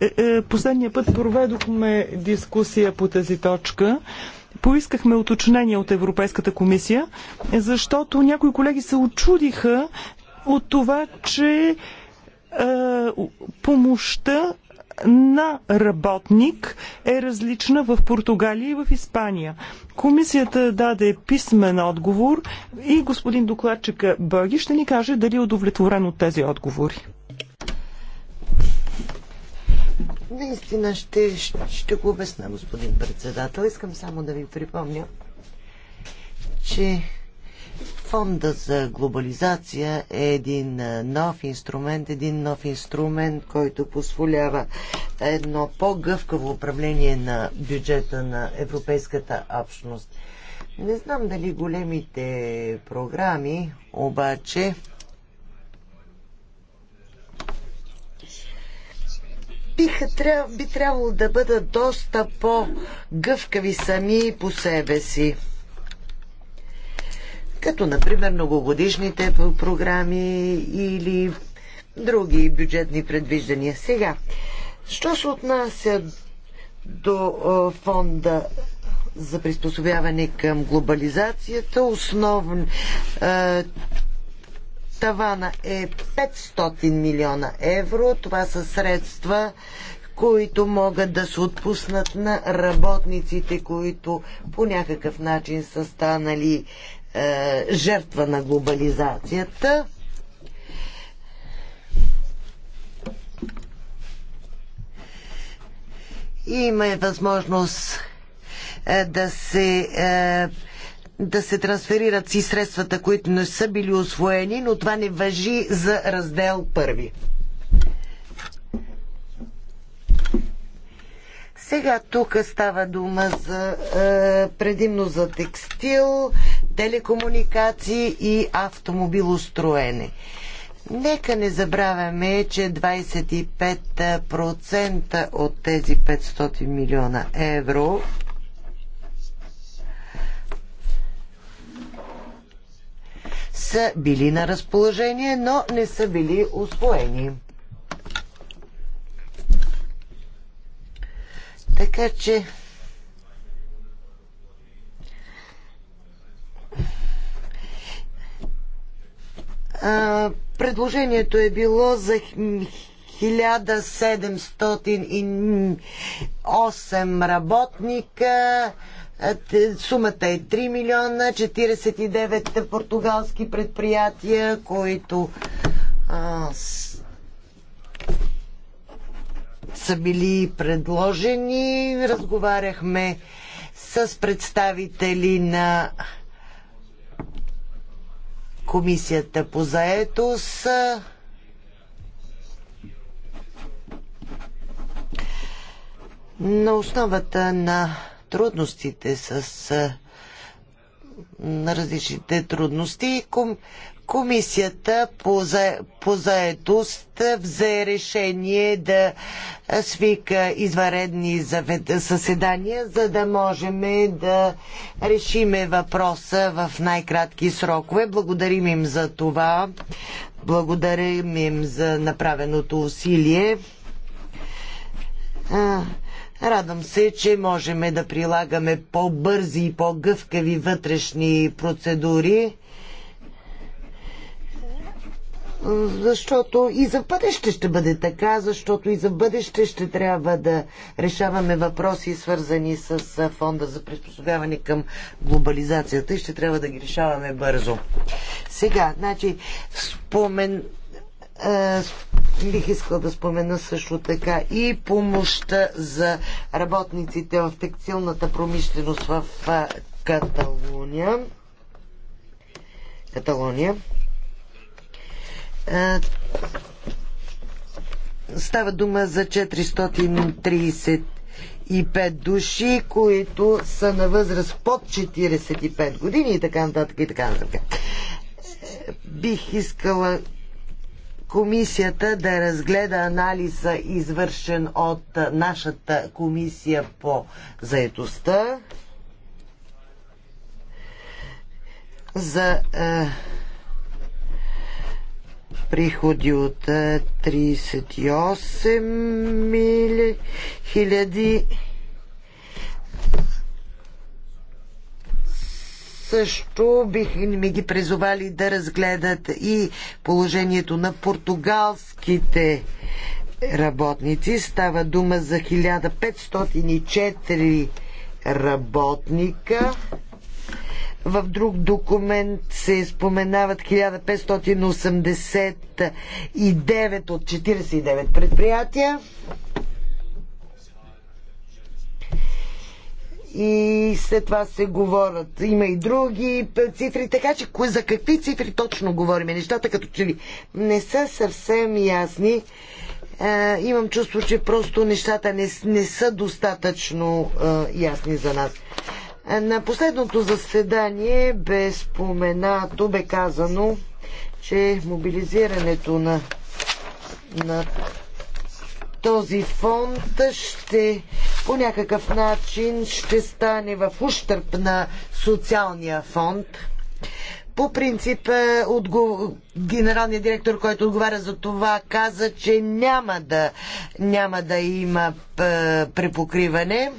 S2: е, е, последния път проведохме дискусия по тази точка. Поискахме уточнение от Европейската комисия, защото някои колеги се очудиха от това, че е, помощта на работник е различна в Португалия и в Испания. Комисията даде писмен отговор и господин докладчика Бъги ще ни каже дали е удовлетворен от тези отговори.
S3: Наистина ще, ще го обясна, господин председател. Искам само да ви припомня, че Фонда за глобализация е един нов инструмент, един нов инструмент, който позволява едно по-гъвкаво управление на бюджета на Европейската общност. Не знам дали големите програми, обаче биха, би трябвало да бъдат доста по-гъвкави сами по себе си като например многогодишните програми или други бюджетни предвиждания. Сега, що се отнася до фонда за приспособяване към глобализацията, основен тавана е 500 милиона евро. Това са средства, които могат да се отпуснат на работниците, които по някакъв начин са станали е, жертва на глобализацията. Има е възможност е, да се е, да се трансферират си средствата, които не са били освоени, но това не въжи за раздел първи. Сега тук става дума за е, предимно за текстил, телекомуникации и автомобилостроене. Нека не забравяме, че 25% от тези 500 милиона евро са били на разположение, но не са били освоени. Така че а, предложението е било за 1708 работника. Сумата е 3 милиона, 49 португалски предприятия, които а, са били предложени. Разговаряхме с представители на Комисията по заетост. На основата на трудностите с на различните трудности. Комисията по, за, по заедост взе решение да свика изваредни съседания, за да можем да решиме въпроса в най-кратки срокове. Благодарим им за това. Благодарим им за направеното усилие. Радвам се, че можем да прилагаме по-бързи и по-гъвкави вътрешни процедури защото и за бъдеще ще бъде така, защото и за бъдеще ще трябва да решаваме въпроси, свързани с фонда за приспособяване към глобализацията и ще трябва да ги решаваме бързо. Сега, значи, спомен... бих искал да спомена също така и помощта за работниците в текстилната промишленост в Каталония. Каталония. Е, става дума за 435 души, които са на възраст под 45 години и така нататък и така нататък. Е, бих искала комисията да разгледа анализа, извършен от нашата комисия по заедостта за е, приходи от 38 мили, хиляди. Също бих ми ги призовали да разгледат и положението на португалските работници. Става дума за 1504 работника в друг документ се споменават 1589 от 49 предприятия. И след това се говорят. Има и други цифри, така че за какви цифри точно говорим? Нещата като че ли не са съвсем ясни. Е, имам чувство, че просто нещата не, не са достатъчно е, ясни за нас. На последното заседание бе споменато, бе казано, че мобилизирането на, на този фонд ще по някакъв начин ще стане в ущърп на социалния фонд. По принцип, е, отго... генералният директор, който отговаря за това, каза, че няма да, няма да има е, препокриване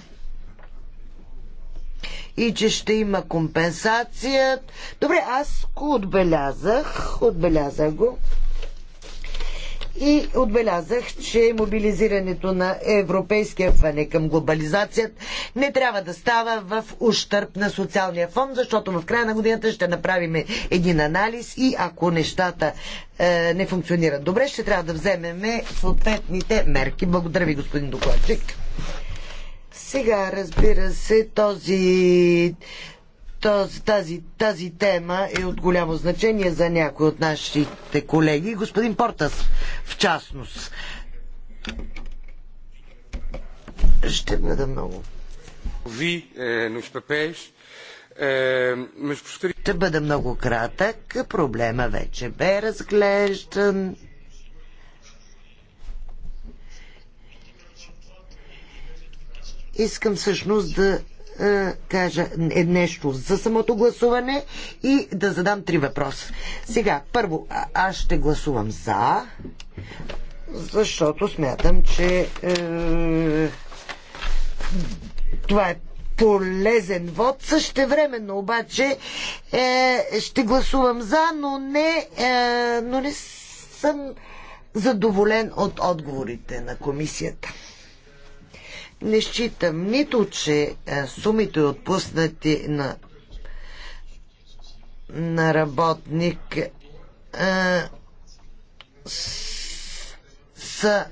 S3: и че ще има компенсация. Добре, аз го отбелязах, отбелязах го и отбелязах, че мобилизирането на Европейския фонд е към глобализацията не трябва да става в ущърп на социалния фонд, защото в края на годината ще направим един анализ и ако нещата е, не функционират добре, ще трябва да вземем съответните мерки. Благодаря ви, господин докладчик. Сега, разбира се, този, този, тази, тази тема е от голямо значение за някои от нашите колеги, господин Портас в частност. Ще бъда много.
S1: Ви, nos е, е, ще
S3: бъда много кратък. Проблема вече бе разглеждан искам всъщност да е, кажа е нещо за самото гласуване и да задам три въпроса. Сега, първо, аз ще гласувам за, защото смятам, че е, това е полезен вод. Същевременно обаче е, ще гласувам за, но не, е, но не съм задоволен от отговорите на комисията не считам нито, че е, сумите отпуснати на, на работник а, е, с, са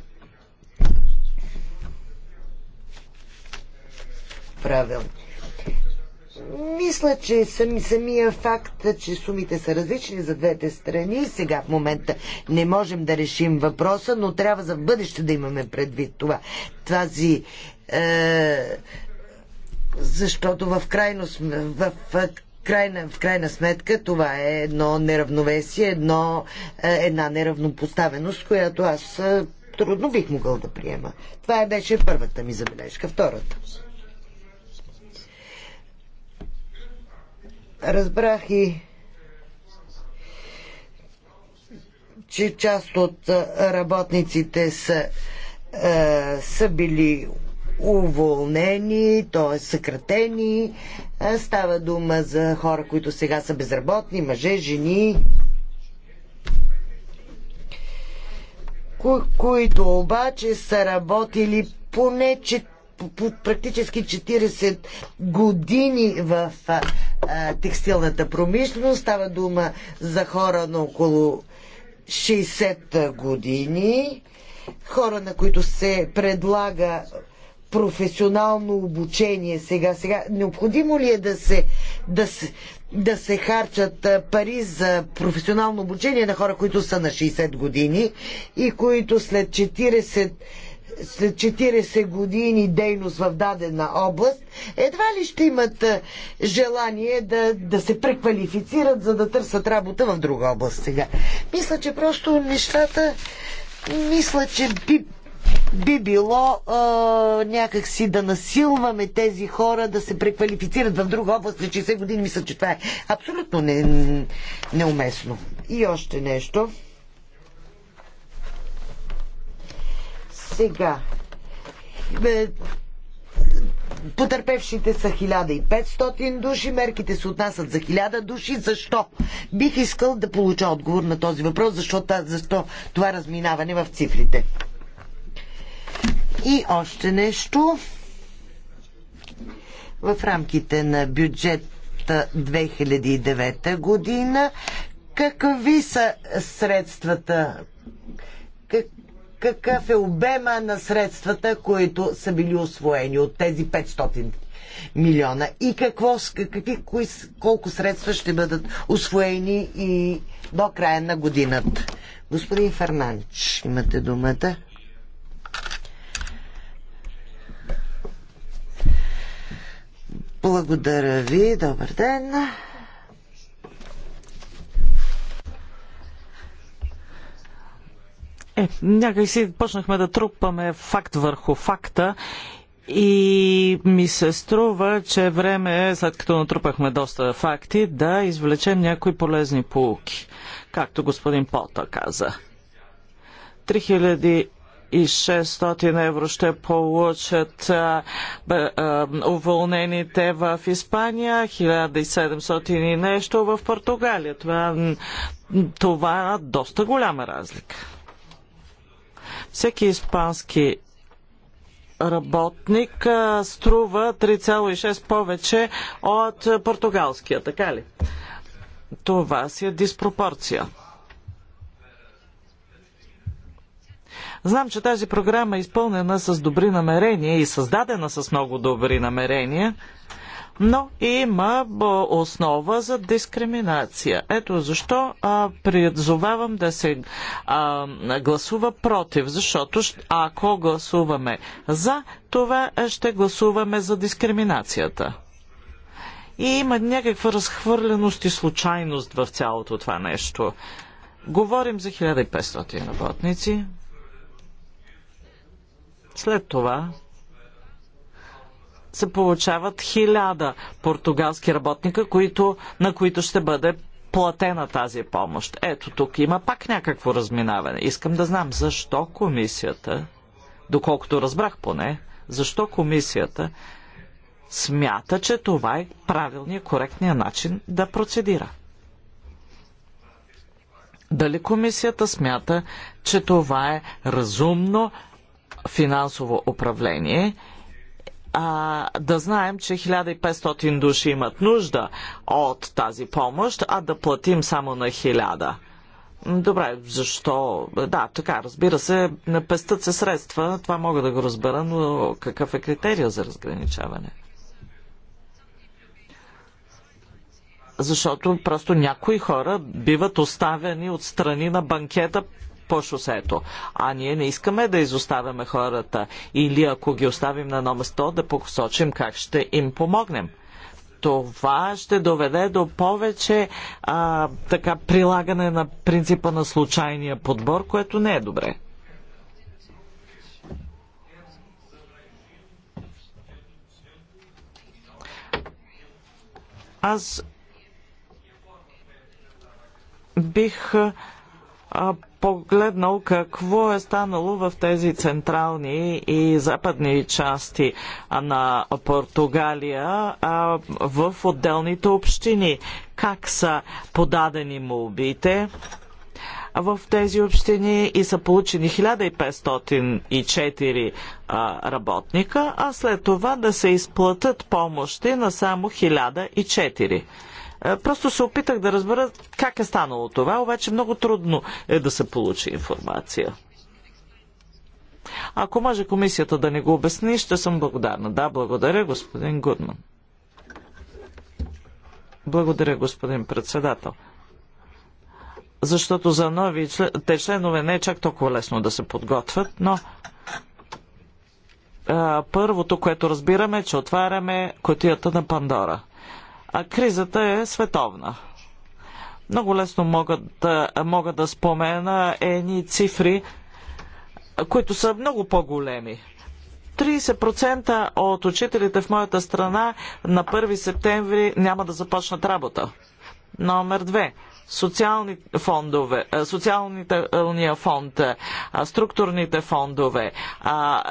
S3: правилни. Мисля, че сами, самия факт, че сумите са различни за двете страни, сега в момента не можем да решим въпроса, но трябва за бъдеще да имаме предвид това. Тази е, защото в крайно в, в крайна, в крайна сметка това е едно неравновесие, едно, е, една неравнопоставеност, която аз е, трудно бих могъл да приема. Това е беше първата ми забележка. Втората. Разбрах и че част от работниците са, са били уволнени, т.е. съкратени. Става дума за хора, които сега са безработни, мъже, жени, които обаче са работили поне че, по, практически 40 години в а, текстилната промишленост. Става дума за хора на около 60 години, хора на които се предлага професионално обучение сега. Сега необходимо ли е да се, да се, да се харчат пари за професионално обучение на хора, които са на 60 години и които след 40 след 40 години дейност в дадена област, едва ли ще имат желание да, да се преквалифицират, за да търсят работа в друга област сега. Мисля, че просто нещата мисля, че би, би било а, някакси да насилваме тези хора да се преквалифицират в друга област за 60 години. Мисля, че това е абсолютно не, неуместно. И още нещо. Сега. Бе, Потърпевшите са 1500 души, мерките се отнасят за 1000 души. Защо? Бих искал да получа отговор на този въпрос, защо, защо това разминаване в цифрите. И още нещо. В рамките на бюджет 2009 година, какви са средствата? Как, какъв е обема на средствата, които са били освоени от тези 500 милиона? И какво, какви, кои, колко средства ще бъдат освоени и до края на годината? Господин Фернанч, имате думата. Благодаря ви. Добър ден. Е,
S4: някак си почнахме да трупаме факт върху факта и ми се струва, че време е, след като натрупахме доста факти, да извлечем някои полезни полуки, както господин Пота каза. 600 евро ще получат уволнените в Испания, 1700 и нещо в Португалия. Това, това е доста голяма разлика. Всеки испански работник струва 3,6 повече от португалския, така ли? Това си е диспропорция. Знам, че тази програма е изпълнена с добри намерения и създадена с много добри намерения, но има основа за дискриминация. Ето защо а, призовавам да се а, гласува против, защото ако гласуваме за, това ще гласуваме за дискриминацията. И има някаква разхвърленост и случайност в цялото това нещо. Говорим за 1500 работници. След това се получават хиляда португалски работника, които, на които ще бъде платена тази помощ. Ето тук има пак някакво разминаване. Искам да знам защо комисията, доколкото разбрах поне, защо комисията смята, че това е правилният, коректният начин да процедира. Дали комисията смята, че това е разумно, финансово управление, а, да знаем, че 1500 души имат нужда от тази помощ, а да платим само на 1000. Добре, защо? Да, така, разбира се, не пестат се средства, това мога да го разбера, но какъв е критерия за разграничаване? Защото просто някои хора биват оставени от страни на банкета по шосето. А ние не искаме да изоставяме хората или ако ги оставим на едно место, да посочим как ще им помогнем това ще доведе до повече а, така прилагане на принципа на случайния подбор, което не е добре. Аз бих а, погледнал какво е станало в тези централни и западни части на Португалия в отделните общини. Как са подадени молбите? в тези общини и са получени 1504 а, работника, а след това да се изплатят помощи на само 1004. Е, просто се опитах да разбера как е станало това, обаче много трудно е да се получи информация. Ако може комисията да ни го обясни, ще съм благодарна. Да, благодаря, господин Гудман. Благодаря, господин председател. Защото за нови те членове не е чак толкова лесно да се подготвят, но а, първото, което разбираме, е, че отваряме котията на Пандора. А кризата е световна. Много лесно мога да, мога да спомена едни цифри, които са много по-големи. 30% от учителите в моята страна на 1 септември няма да започнат работа. Номер социални фондове, фонд, структурните фондове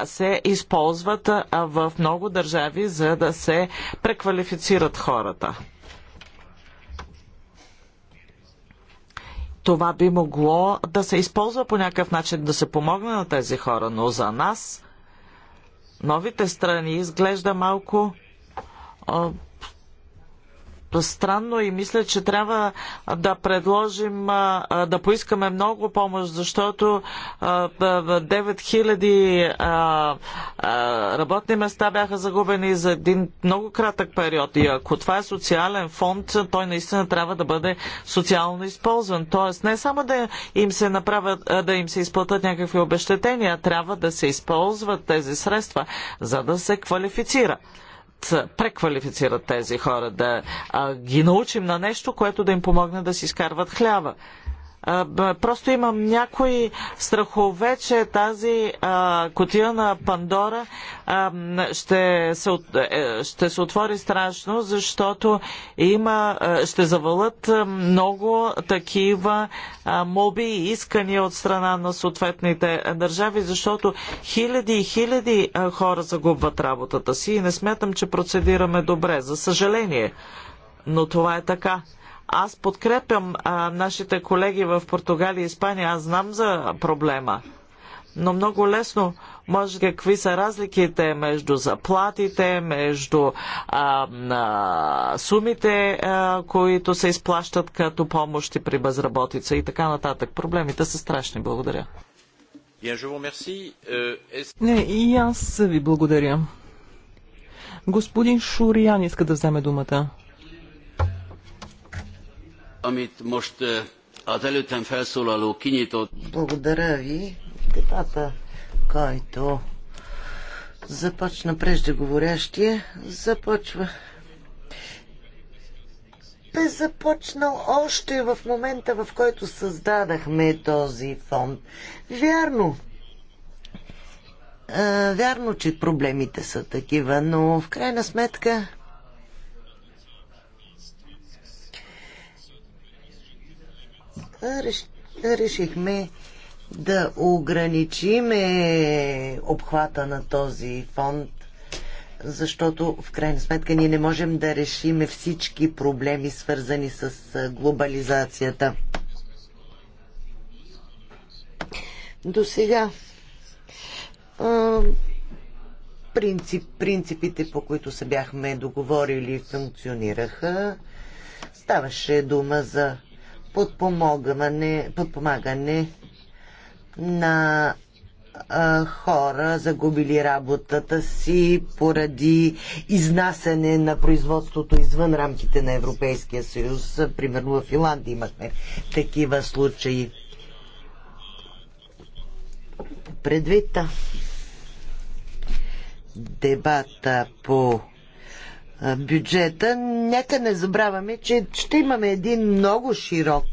S4: се използват в много държави, за да се преквалифицират хората. Това би могло да се използва по някакъв начин да се помогне на тези хора, но за нас новите страни изглежда малко странно и мисля, че трябва да предложим, да поискаме много помощ, защото 9000 работни места бяха загубени за един много кратък период и ако това е социален фонд, той наистина трябва да бъде социално използван. Тоест не само да им се направят, да им се изплатят някакви обещетения, трябва да се използват тези средства, за да се квалифицира преквалифицират тези хора, да а, ги научим на нещо, което да им помогне да си изкарват хляба. Просто имам някои страхове, че тази а, котия на Пандора а, ще, се, е, ще се отвори страшно, защото има, ще завалят много такива моби и искания от страна на съответните държави, защото хиляди и хиляди хора загубват работата си и не смятам, че процедираме добре. За съжаление, но това е така. Аз подкрепям а, нашите колеги в Португалия и Испания. Аз знам за проблема. Но много лесно може какви са разликите между заплатите, между а, а, сумите, а, които се изплащат като помощи при безработица и така нататък. Проблемите са страшни. Благодаря.
S1: Euh,
S2: Не, и аз ви благодаря. Господин Шуриян иска да вземе думата. Благодаря ви.
S3: Дебата, който започна преждеговорящия, започва бе започнал още в момента, в който създадахме този фонд. Вярно. А, е, вярно, че проблемите са такива, но в крайна сметка реш, решихме да ограничиме обхвата на този фонд, защото в крайна сметка ние не можем да решиме всички проблеми, свързани с глобализацията. До сега принцип, принципите, по които се бяхме договорили, функционираха. Ставаше дума за подпомагане, подпомагане на а, хора, загубили работата си поради изнасяне на производството извън рамките на Европейския съюз. Примерно в Финландия имахме такива случаи. Предвид дебата по бюджета, нека не забравяме, че ще имаме един много широк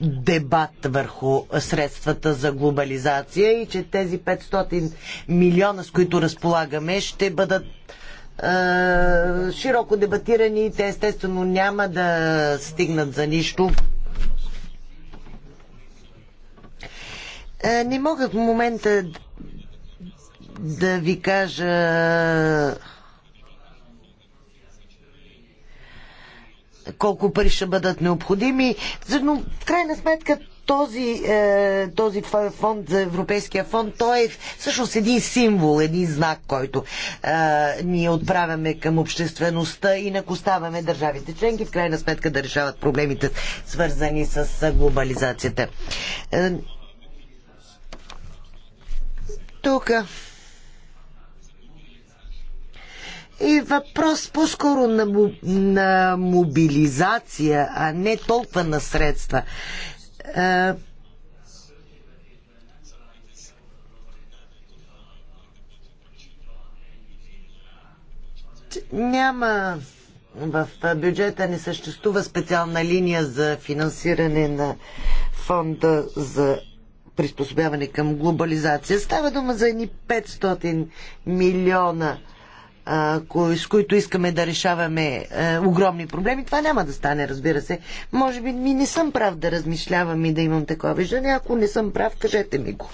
S3: дебат върху средствата за глобализация и че тези 500 милиона, с които разполагаме, ще бъдат е, широко дебатирани и те естествено няма да стигнат за нищо. не мога в момента да ви кажа колко пари ще бъдат необходими. Но в крайна сметка този, е, този фонд за Европейския фонд, той е всъщност един символ, един знак, който е, ние отправяме към обществеността и накоставаме държавите членки, в крайна сметка да решават проблемите, свързани с е, глобализацията. Е, тук е въпрос по-скоро на, на мобилизация, а не толкова на средства. А, е, няма в бюджета не съществува специална линия за финансиране на фонда за приспособяване към глобализация. Става дума за едни 500 милиона с които искаме да решаваме огромни проблеми. Това няма да стане, разбира се. Може би ми не съм прав да размишлявам и да имам такова виждане. Ако не съм прав, кажете ми го.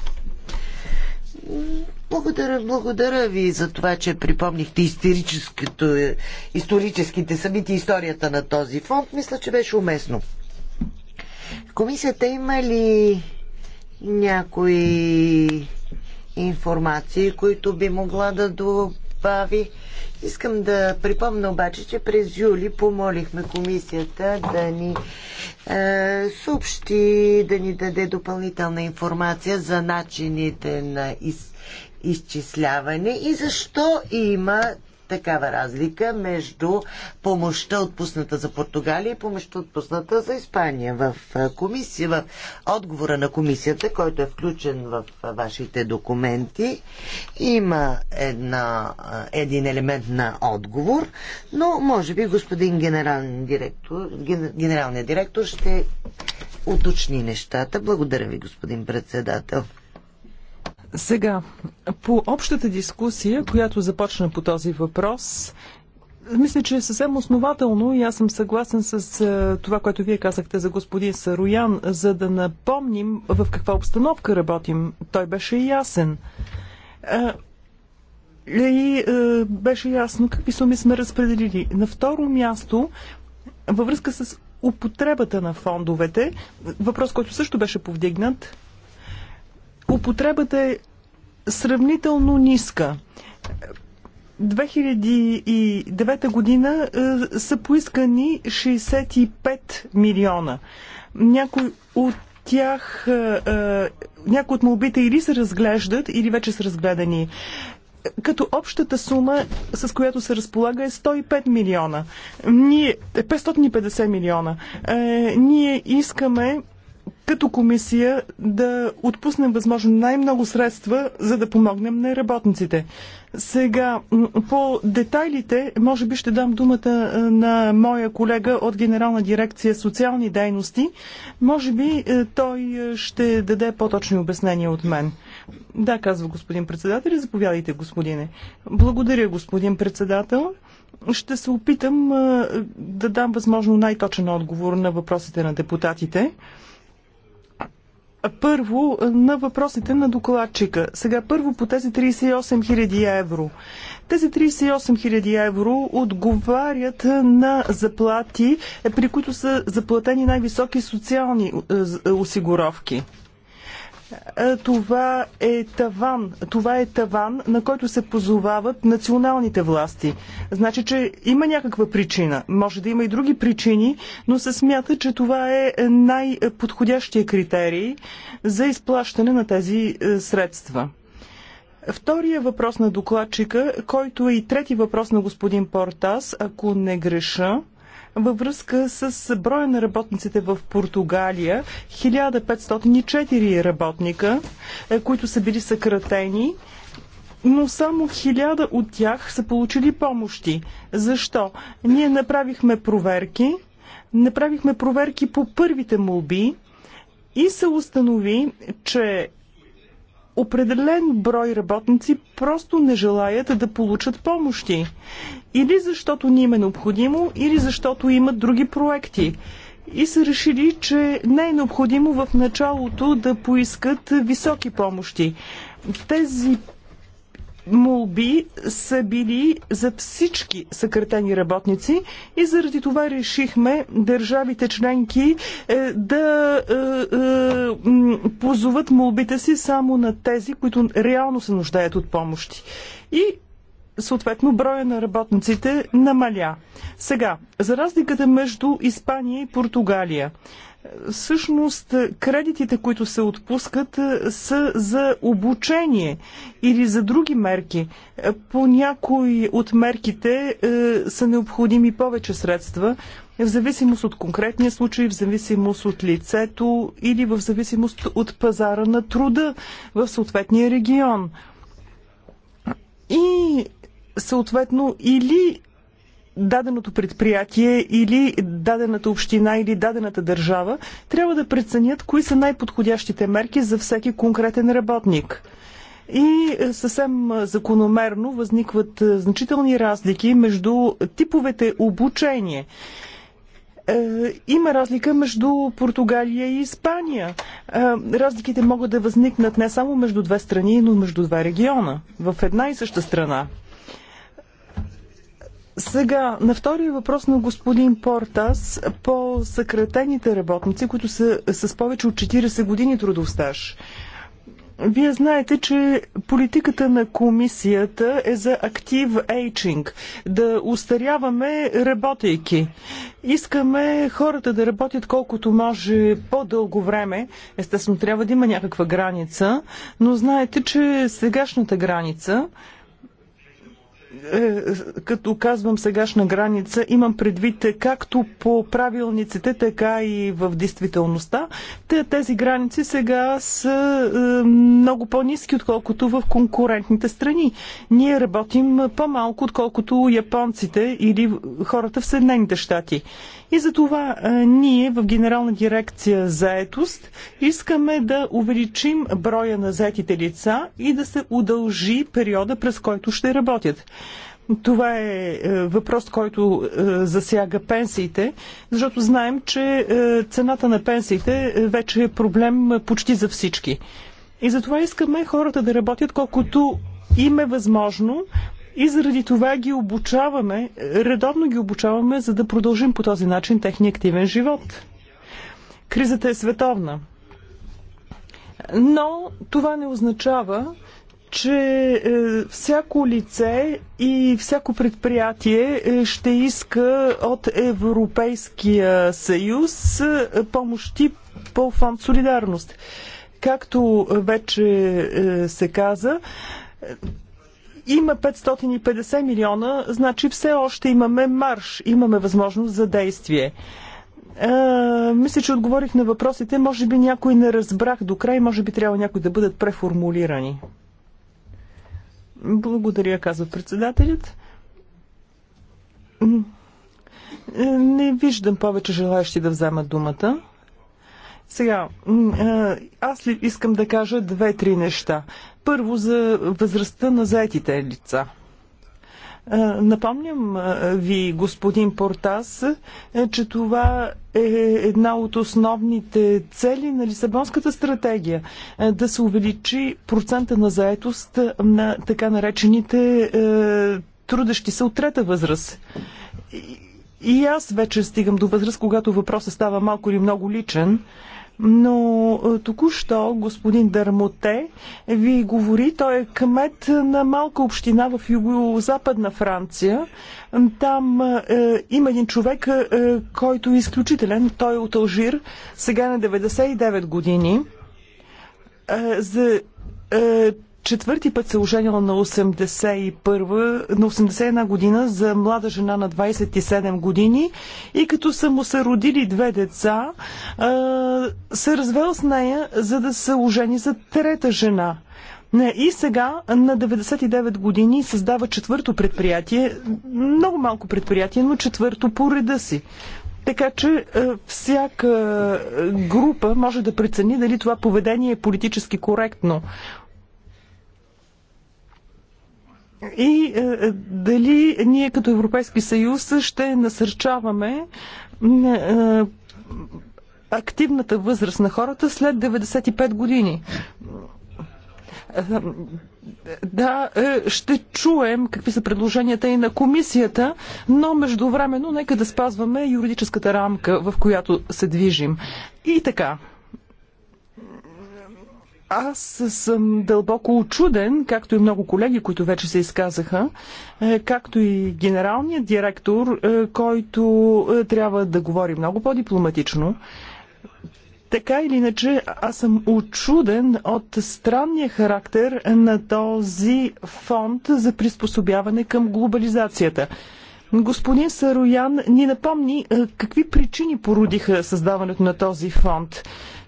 S3: Благодаря, благодаря ви за това, че припомнихте е, историческите събития, историята на този фонд. Мисля, че беше уместно. Комисията има ли някои информации, които би могла да бави. Искам да припомня обаче, че през юли помолихме комисията да ни е, съобщи, да ни даде допълнителна информация за начините на из, изчисляване и защо има такава разлика между помощта отпусната за Португалия и помощта отпусната за Испания. В, комисия, в отговора на комисията, който е включен в вашите документи, има една, един елемент на отговор, но може би господин генерален директор, генералният директор ще уточни нещата. Благодаря ви, господин председател.
S2: Сега, по общата дискусия, която започна по този въпрос, мисля, че е съвсем основателно и аз съм съгласен с това, което вие казахте за господин Сароян, за да напомним в каква обстановка работим. Той беше ясен. И беше ясно какви суми сме разпределили. На второ място, във връзка с употребата на фондовете, въпрос, който също беше повдигнат, употребата е сравнително ниска. 2009 година е, са поискани 65 милиона. Някой от тях, е, е, някои от молбите или се разглеждат, или вече са разгледани. Като общата сума, с която се разполага, е 105 милиона. Ние, 550 милиона. Е, ние искаме като комисия да отпуснем възможно най-много средства, за да помогнем на работниците. Сега, по детайлите, може би ще дам думата на моя колега от Генерална дирекция социални дейности. Може би той ще даде по-точни обяснения от мен. Да, казва господин председател. Заповядайте, господине. Благодаря, господин председател. Ще се опитам да дам възможно най-точен отговор на въпросите на депутатите. Първо на въпросите на докладчика. Сега първо по тези 38 000 евро. Тези 38 000 евро отговарят на заплати, при които са заплатени най-високи социални е, е, осигуровки. Е, това е таван. Това е таван, на който се позовават националните власти. Значи, че има някаква причина. Може да има и други причини, но се смята, че това е най-подходящия критерий за изплащане на тези е, средства. Втория въпрос на докладчика, който е и трети въпрос на господин Портас, ако не греша, във връзка с броя на работниците в Португалия 1504 работника, е, които са били съкратени но само хиляда от тях са получили помощи. Защо? Ние направихме проверки, направихме проверки по първите молби и се установи, че определен брой работници просто не желаят да получат помощи или защото ни им е необходимо, или защото имат други проекти. И са решили, че не е необходимо в началото да поискат високи помощи. Тези молби са били за всички съкратени работници и заради това решихме държавите членки е, да е, е, позоват молбите си само на тези, които реално се нуждаят от помощи. И съответно броя на работниците намаля. Сега, за разликата между Испания и Португалия. Всъщност, кредитите, които се отпускат, са за обучение или за други мерки. По някои от мерките е, са необходими повече средства, в зависимост от конкретния случай, в зависимост от лицето или в зависимост от пазара на труда в съответния регион. И съответно или даденото предприятие или дадената община или дадената държава трябва да преценят кои са най-подходящите мерки за всеки конкретен работник. И е, съвсем е, закономерно възникват е, значителни разлики между типовете обучение. има разлика между Португалия и Испания. разликите могат да възникнат не само между две страни, но между два региона в една и съща страна. Сега, на втория въпрос на господин Портас по съкратените работници, които са с повече от 40 години трудов стаж. Вие знаете, че политиката на комисията е за актив ейджинг, да устаряваме работейки. Искаме хората да работят колкото може по-дълго време. Естествено, трябва да има някаква граница, но знаете, че сегашната граница е, като казвам сегашна граница, имам предвид както по правилниците, така и в действителността. Тези граници сега са е, много по-низки, отколкото в конкурентните страни. Ние работим по-малко, отколкото японците или хората в Съединените щати. И за това ние в Генерална дирекция заетост искаме да увеличим броя на заетите лица и да се удължи периода, през който ще работят. Това е, е въпрос, който е, засяга пенсиите, защото знаем, че е, цената на пенсиите вече е проблем почти за всички. И затова искаме хората да работят колкото им е възможно, и заради това ги обучаваме, редовно ги обучаваме, за да продължим по този начин техния активен живот. Кризата е световна. Но това не означава, че е, всяко лице и всяко предприятие е, ще иска от Европейския съюз е, помощи по фонд Солидарност. Както вече е, се каза, има 550 милиона, значи все още имаме марш, имаме възможност за действие. А, мисля, че отговорих на въпросите. Може би някой не разбрах до край, може би трябва някой да бъдат преформулирани. Благодаря, казва председателят. Не виждам повече желаящи да вземат думата. Сега, аз ли искам да кажа две-три неща. Първо за възрастта на заетите лица. Напомням ви, господин Портас, че това е една от основните цели на Лисабонската стратегия да се увеличи процента на заетост на така наречените трудещи се от трета възраст. И аз вече стигам до възраст, когато въпросът става малко или много личен но е, току-що господин Дармоте, ви говори, той е кмет на малка община в юго-западна Франция. Там е, има един човек, е, който е изключителен. Той е от Алжир, сега на 99 години. Е, за, е, четвърти път се оженила на 81, на 81 година за млада жена на 27 години и като са му се родили две деца, се развел с нея, за да се ожени за трета жена. И сега на 99 години създава четвърто предприятие, много малко предприятие, но четвърто по реда си. Така че всяка група може да прецени дали това поведение е политически коректно и е, е, дали ние като Европейски съюз ще насърчаваме е, активната възраст на хората след 95 години. Да, ще чуем какви са предложенията и на комисията, но междувременно нека да спазваме юридическата рамка, в която се движим. И така. Аз съм дълбоко очуден, както и много колеги, които вече се изказаха, е, както и генералният директор, е, който е, трябва да говори много по-дипломатично. Така или иначе, аз съм очуден от странния характер на този фонд за приспособяване към глобализацията. Господин Сароян ни напомни какви причини породиха създаването на този фонд.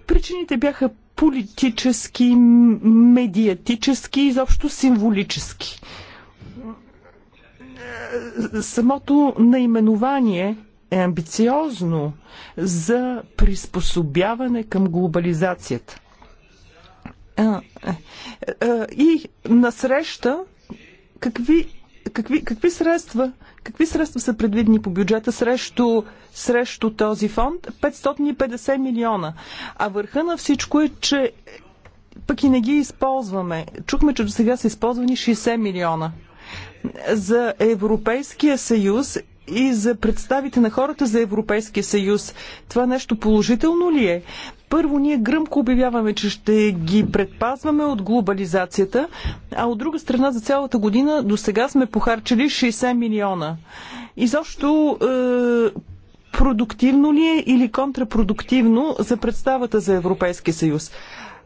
S2: Причините бяха политически, медиатически, изобщо символически. Самото наименование е амбициозно за приспособяване към глобализацията. И насреща какви какви, какви средства Какви средства са предвидени по бюджета срещу, срещу този фонд? 550 милиона. А върха на всичко е, че пък и не ги използваме. Чухме, че до сега са използвани 60 милиона. За Европейския съюз и за представите на хората за Европейския съюз. Това нещо положително ли е? Първо, ние гръмко обявяваме, че ще ги предпазваме от глобализацията, а от друга страна за цялата година до сега сме похарчили 60 милиона. И защо е, продуктивно ли е или контрапродуктивно за представата за Европейския съюз?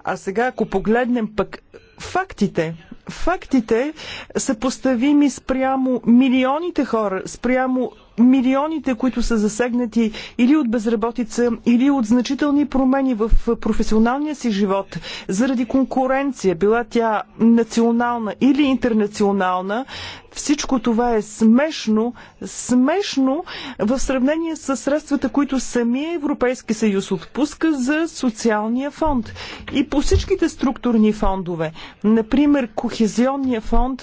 S2: А сега, ако погледнем пък фактите, фактите са поставими спрямо милионите хора, спрямо милионите, които са засегнати или от безработица, или от значителни промени в професионалния си живот, заради конкуренция, била тя национална или интернационална, всичко това е смешно, смешно в сравнение с средствата, които самия Европейски съюз отпуска за социалния фонд и по всичките структурни фондове. Например, Кохезионния фонд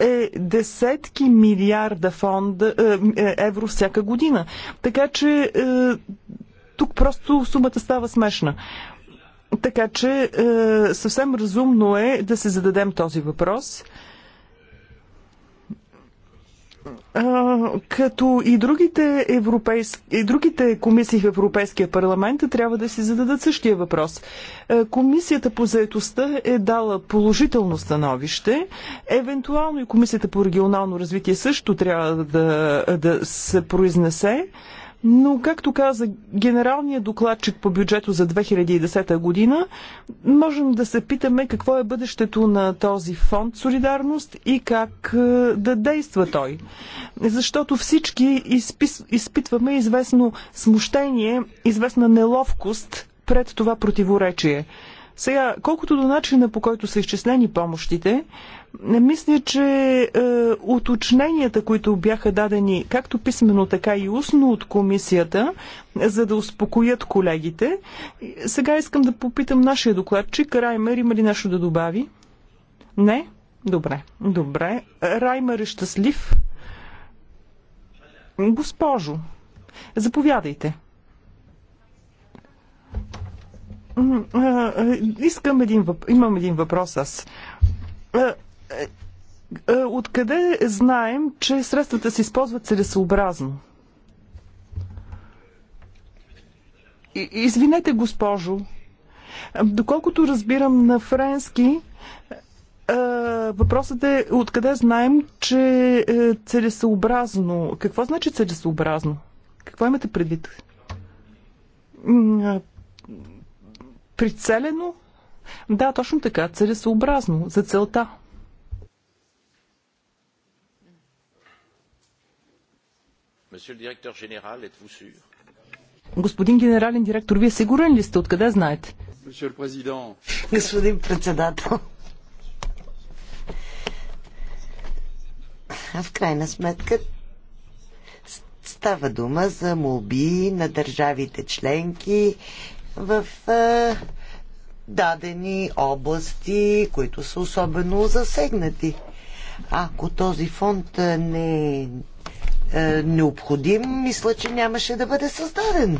S2: е десетки милиарда фонд, е, е, евро всяка година. Така че е, тук просто сумата става смешна. Така че е, съвсем разумно е да се зададем този въпрос като и другите, европейски, и другите комисии в Европейския парламент трябва да си зададат същия въпрос. Е, комисията по заетостта е дала положително становище. Евентуално и Комисията по регионално развитие също трябва да, да се произнесе. Но, както каза генералният докладчик по бюджето за 2010 година, можем да се питаме какво е бъдещето на този фонд Солидарност и как е, да действа той. Защото всички изпис... изпитваме известно смущение, известна неловкост пред това противоречие. Сега, колкото до начина по който са изчислени помощите, мисля, че е, уточненията, които бяха дадени както писменно, така и устно от комисията, за да успокоят колегите. Сега искам да попитам нашия докладчик. Раймер, има ли нещо да добави? Не? Добре, добре. Раймер е щастлив. Госпожо, заповядайте. Искам един въп... Имам един въпрос аз. Е, е, откъде знаем, че средствата се използват целесообразно? Извинете, госпожо. Доколкото разбирам на френски, е, въпросът е откъде знаем, че целесообразно. Какво значи целесообразно? Какво имате предвид? Прицелено? Да, точно така, целесообразно, за целта. Господин генерален директор, вие сигурен ли сте? Откъде знаете? Господин председател,
S3: в крайна сметка става дума за молби на държавите членки в е, дадени области, които са особено засегнати. Ако този фонд не е, необходим, мисля, че нямаше да бъде създаден.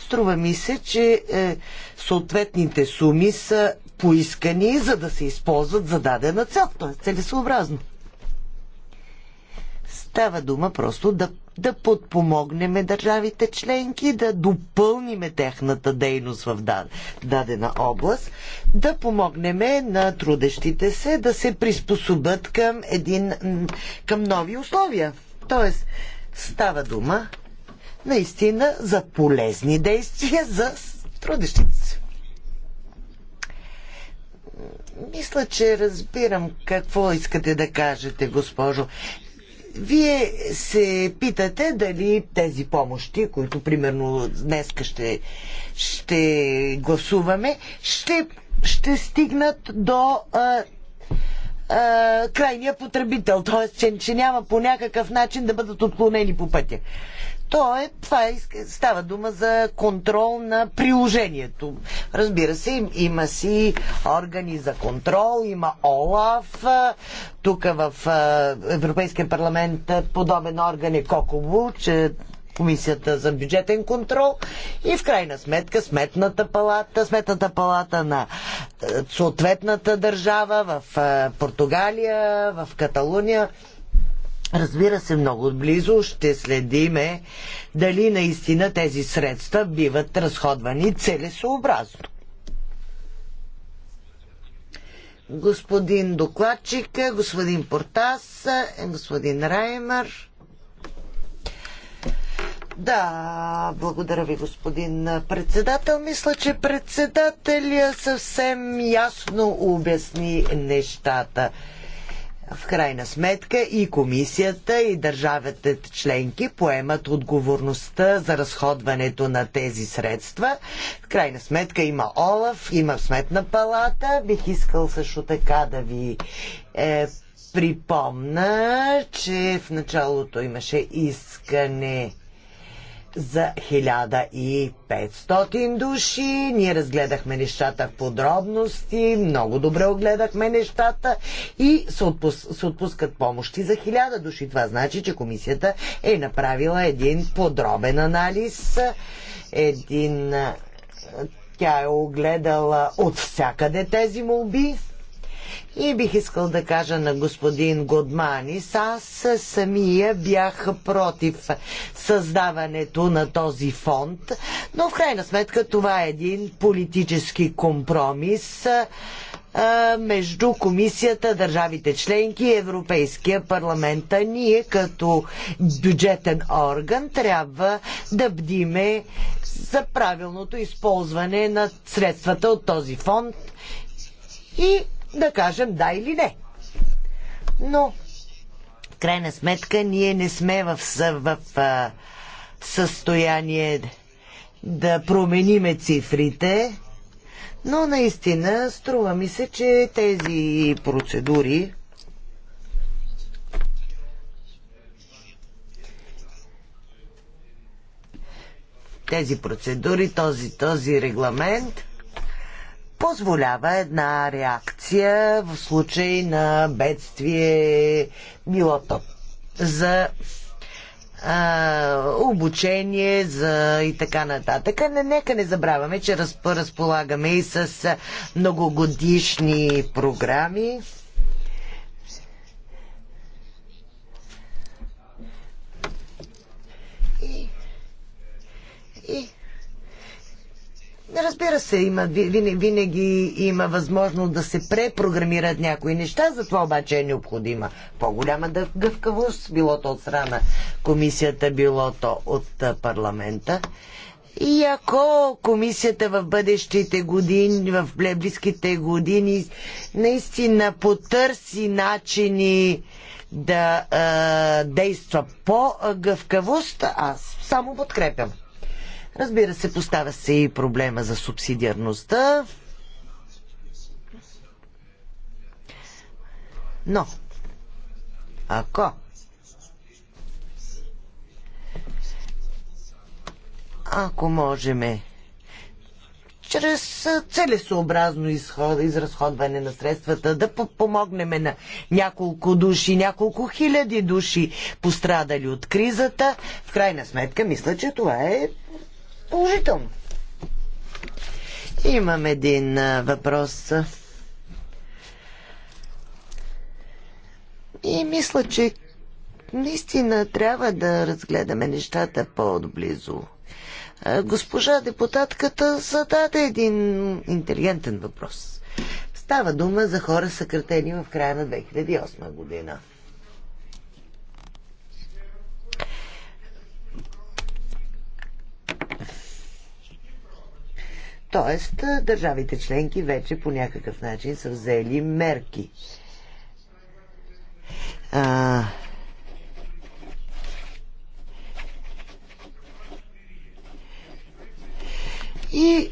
S3: Струва ми се, че е, съответните суми са поискани, за да се използват за дадена цел, т.е. целесообразно. Става дума просто да, да подпомогнеме държавите членки, да допълниме техната дейност в дадена област, да помогнеме на трудещите се да се приспособят към, един, към нови условия. Тоест, става дума наистина за полезни действия за трудещите се. Мисля, че разбирам какво искате да кажете, госпожо. Вие се питате дали тези помощи, които примерно днес ще, ще гласуваме, ще, ще стигнат до а, е, крайния потребител, т.е. Че, че няма по някакъв начин да бъдат отклонени по пътя. То е, това е, става дума за контрол на приложението. Разбира се, им, има си органи за контрол, има ОЛАФ, е, тук в е, Европейския парламент подобен орган е Кокобу, че Комисията за бюджетен контрол и в крайна сметка Сметната палата, Сметната палата на е, съответната държава в е, Португалия, в Каталуния. Разбира се, много отблизо ще следиме дали наистина тези средства биват разходвани целесообразно. Господин докладчик, господин Портас, е, господин Раймер. Да, благодаря ви, господин председател. Мисля, че председателя съвсем ясно обясни нещата. В крайна сметка и комисията, и държавите членки поемат отговорността за разходването на тези средства. В крайна сметка има ОЛАФ, има Сметна палата. Бих искал също така да ви е, припомна, че в началото имаше искане за 1500 души. Ние разгледахме нещата в подробности, много добре огледахме нещата и се, отпус, се отпускат помощи за 1000 души. Това значи, че комисията е направила един подробен анализ, един... Тя е огледала от всякъде тези молби, и бих искал да кажа на господин Годманис, аз самия бях против създаването на този фонд, но в крайна сметка това е един политически компромис между комисията, държавите членки и Европейския парламент. А ние като бюджетен орган трябва да бдиме за правилното използване на средствата от този фонд и да кажем да или не. Но, в крайна сметка, ние не сме в, в, в състояние да промениме цифрите, но наистина струва ми се, че тези процедури тези процедури, този, този регламент позволява една реакция в случай на бедствие, било то за а, обучение за и така нататък. Не, нека не забравяме, че разп, разполагаме и с многогодишни програми. И, и Разбира се, има, винаги има възможност да се препрограмират някои неща, затова обаче е необходима по-голяма гъвкавост, било то от страна комисията, било то от парламента. И ако комисията в бъдещите години, в близките години, наистина потърси начини да а, действа по-гъвкавост, аз само подкрепям. Разбира се, поставя се и проблема за субсидиарността. Но, ако ако можеме чрез целесообразно изход, изразходване на средствата, да помогнем на няколко души, няколко хиляди души, пострадали от кризата. В крайна сметка, мисля, че това е положително. Имам един въпрос. И мисля, че наистина трябва да разгледаме нещата по-отблизо. Госпожа депутатката зададе един интелигентен въпрос. Става дума за хора съкратени в края на 2008 година. Тоест, държавите членки вече по някакъв начин са взели мерки. А, И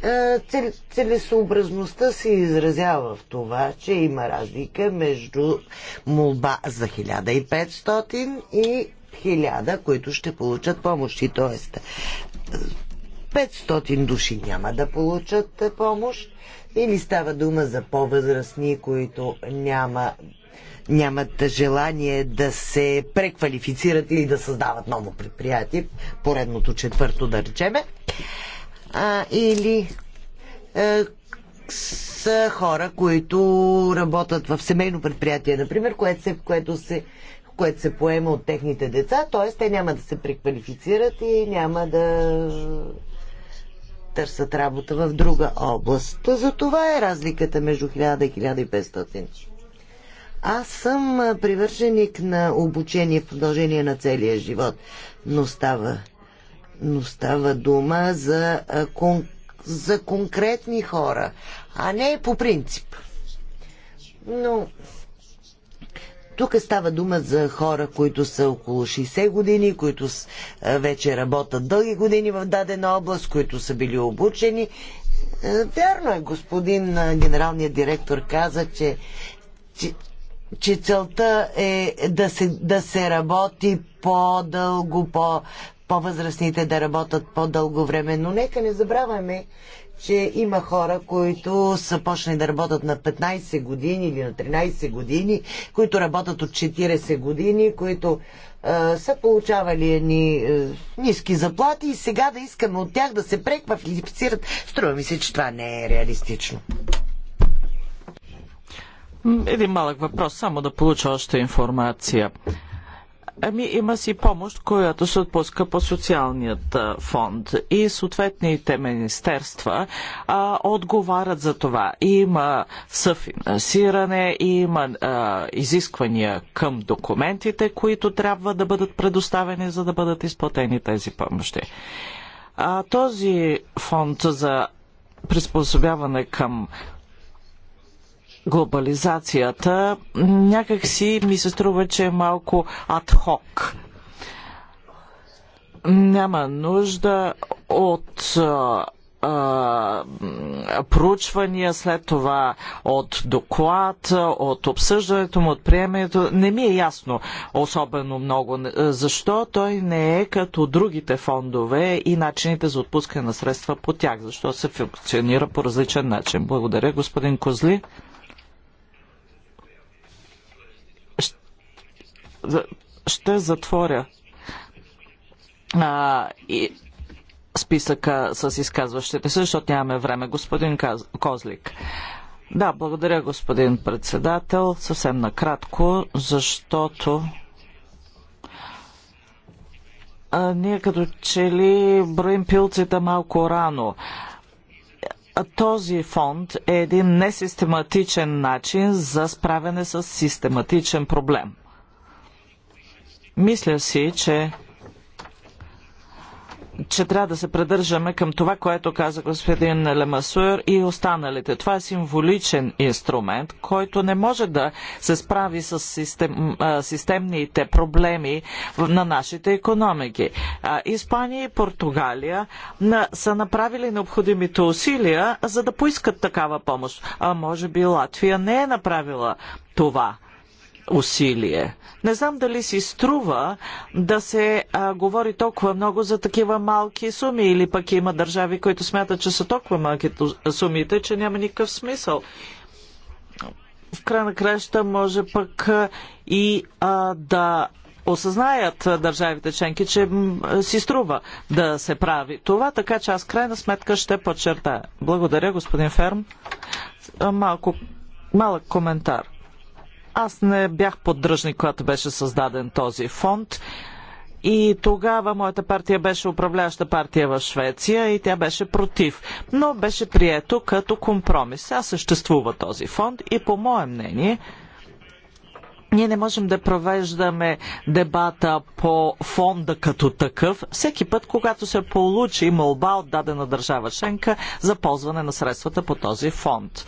S3: цел, целесообразността се изразява в това, че има разлика между молба за 1500 и 1000, които ще получат помощи. Тоест, 500 души няма да получат е, помощ или става дума за по-възрастни, които няма, нямат желание да се преквалифицират или да създават ново предприятие, поредното четвърто да речеме, а, или е, са хора, които работят в семейно предприятие, например, което се, което се което се поема от техните деца, т.е. те няма да се преквалифицират и няма да търсят работа в друга област. За това е разликата между 1000 и 1500. Аз съм привърженик на обучение в продължение на целия живот, но става, но става дума за, кон, за конкретни хора, а не по принцип. Но тук става дума за хора, които са около 60 години, които вече работят дълги години в дадена област, които са били обучени. Е, вярно е, господин генералният директор каза, че, че, че целта е да се, да се работи по-дълго, по, по-възрастните да работят по-дълго време. Но нека не забравяме, че има хора, които са почнали да работят на 15 години или на 13 години, които работят от 40 години, които са получавали едни ниски заплати и сега да искаме от тях да се преквалифицират. Струва ми се, че това не е реалистично.
S4: Един малък въпрос, само да получа още информация. Ами има си помощ, която се отпуска по социалният фонд и съответните министерства а, отговарят за това. Има съфинансиране, има а, изисквания към документите, които трябва да бъдат предоставени, за да бъдат изплатени тези помощи. А, този фонд за приспособяване към глобализацията, някак си ми се струва, че е малко адхок. Няма нужда от проучвания, след това от доклад, от обсъждането му, от приемането. Не ми е ясно особено много защо той не е като другите фондове и начините за отпускане на средства по тях, защо се функционира по различен начин. Благодаря, господин Козли. ще затворя а, и списъка с изказващите се, защото нямаме време. Господин Каз... Козлик. Да, благодаря, господин председател. Съвсем накратко, защото а, ние като че ли броим пилците малко рано. Този фонд е един несистематичен начин за справяне с систематичен проблем. Мисля си, че че трябва да се придържаме към това, което каза господин Лемасуер и останалите. Това е символичен инструмент, който не може да се справи с систем, системните проблеми на нашите економики. Испания и Португалия са направили необходимите усилия, за да поискат такава помощ. А може би Латвия не е направила това усилие. Не знам дали си струва да се а, говори толкова много за такива малки суми или пък има държави, които смятат, че са толкова малки сумите, че няма никакъв смисъл. В край на краща може пък и а, да осъзнаят държавите членки, че си струва да се прави това, така че аз крайна сметка ще подчертая. Благодаря, господин Ферм. Малко, малък коментар. Аз не бях поддръжник, когато беше създаден този фонд. И тогава моята партия беше управляваща партия в Швеция и тя беше против. Но беше прието като компромис. Сега съществува този фонд и по мое мнение ние не можем да провеждаме дебата по фонда като такъв всеки път, когато се получи молба от дадена държава шенка за ползване на средствата по този фонд.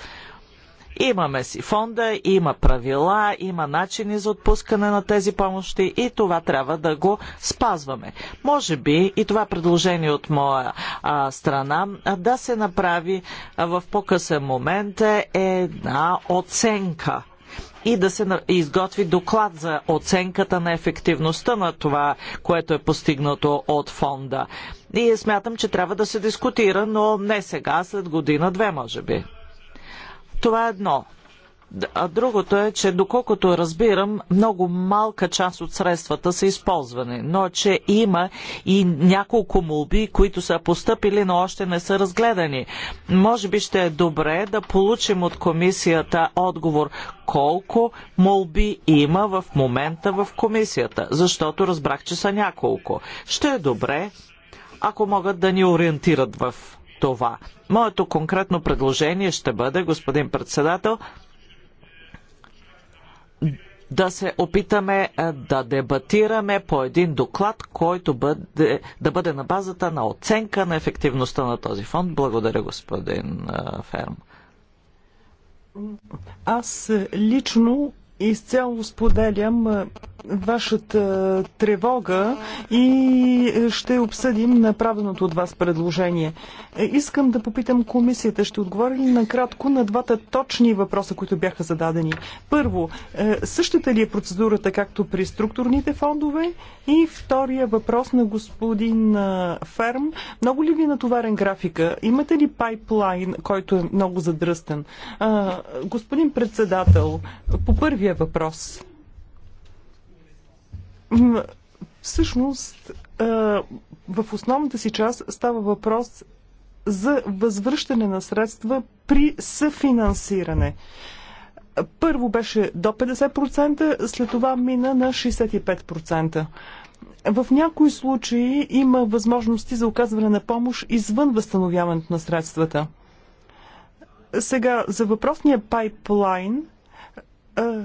S4: Имаме си фонда, има правила, има начини за отпускане на тези помощи и това трябва да го спазваме. Може би и това предложение от моя а, страна да се направи в по-късен момент е една оценка и да се изготви доклад за оценката на ефективността на това, което е постигнато от фонда. И смятам, че трябва да се дискутира, но не сега, след година-две, може би. Това е едно. А другото е, че доколкото разбирам, много малка част от средствата са използвани, но че има и няколко молби, които са поступили, но още не са разгледани. Може би ще е добре да получим от комисията отговор колко молби има в момента в комисията, защото разбрах, че са няколко. Ще е добре, ако могат да ни ориентират в това. Моето конкретно предложение ще бъде, господин председател, да се опитаме е, да дебатираме по един доклад, който бъде, да бъде на базата на оценка на ефективността на този фонд. Благодаря, господин е, Ферм.
S2: Аз лично изцяло споделям вашата тревога и ще обсъдим направеното от вас предложение. Е, искам да попитам комисията, ще отговори ли накратко на двата точни въпроса, които бяха зададени. Първо, е, същата ли е процедурата както при структурните фондове? И втория въпрос на господин Ферм. Много ли ви е натоварен графика? Имате ли пайплайн, който е много задръстен? Господин председател, по първи първия въпрос. Всъщност, в основната си част става въпрос за възвръщане на средства при съфинансиране. Първо беше до 50%, след това мина на 65%. В някои случаи има възможности за оказване на помощ извън възстановяването на средствата. Сега, за въпросния пайплайн –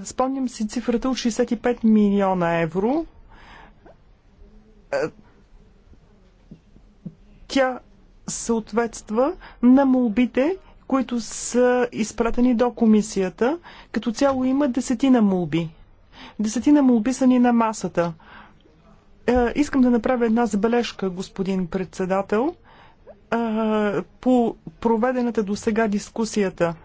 S2: Спомням си цифрата от 65 милиона евро. Тя съответства на молбите, които са изпратени до комисията. Като цяло има десетина молби. Десетина молби са ни на масата. Искам да направя една забележка, господин председател, по проведената до сега дискусията –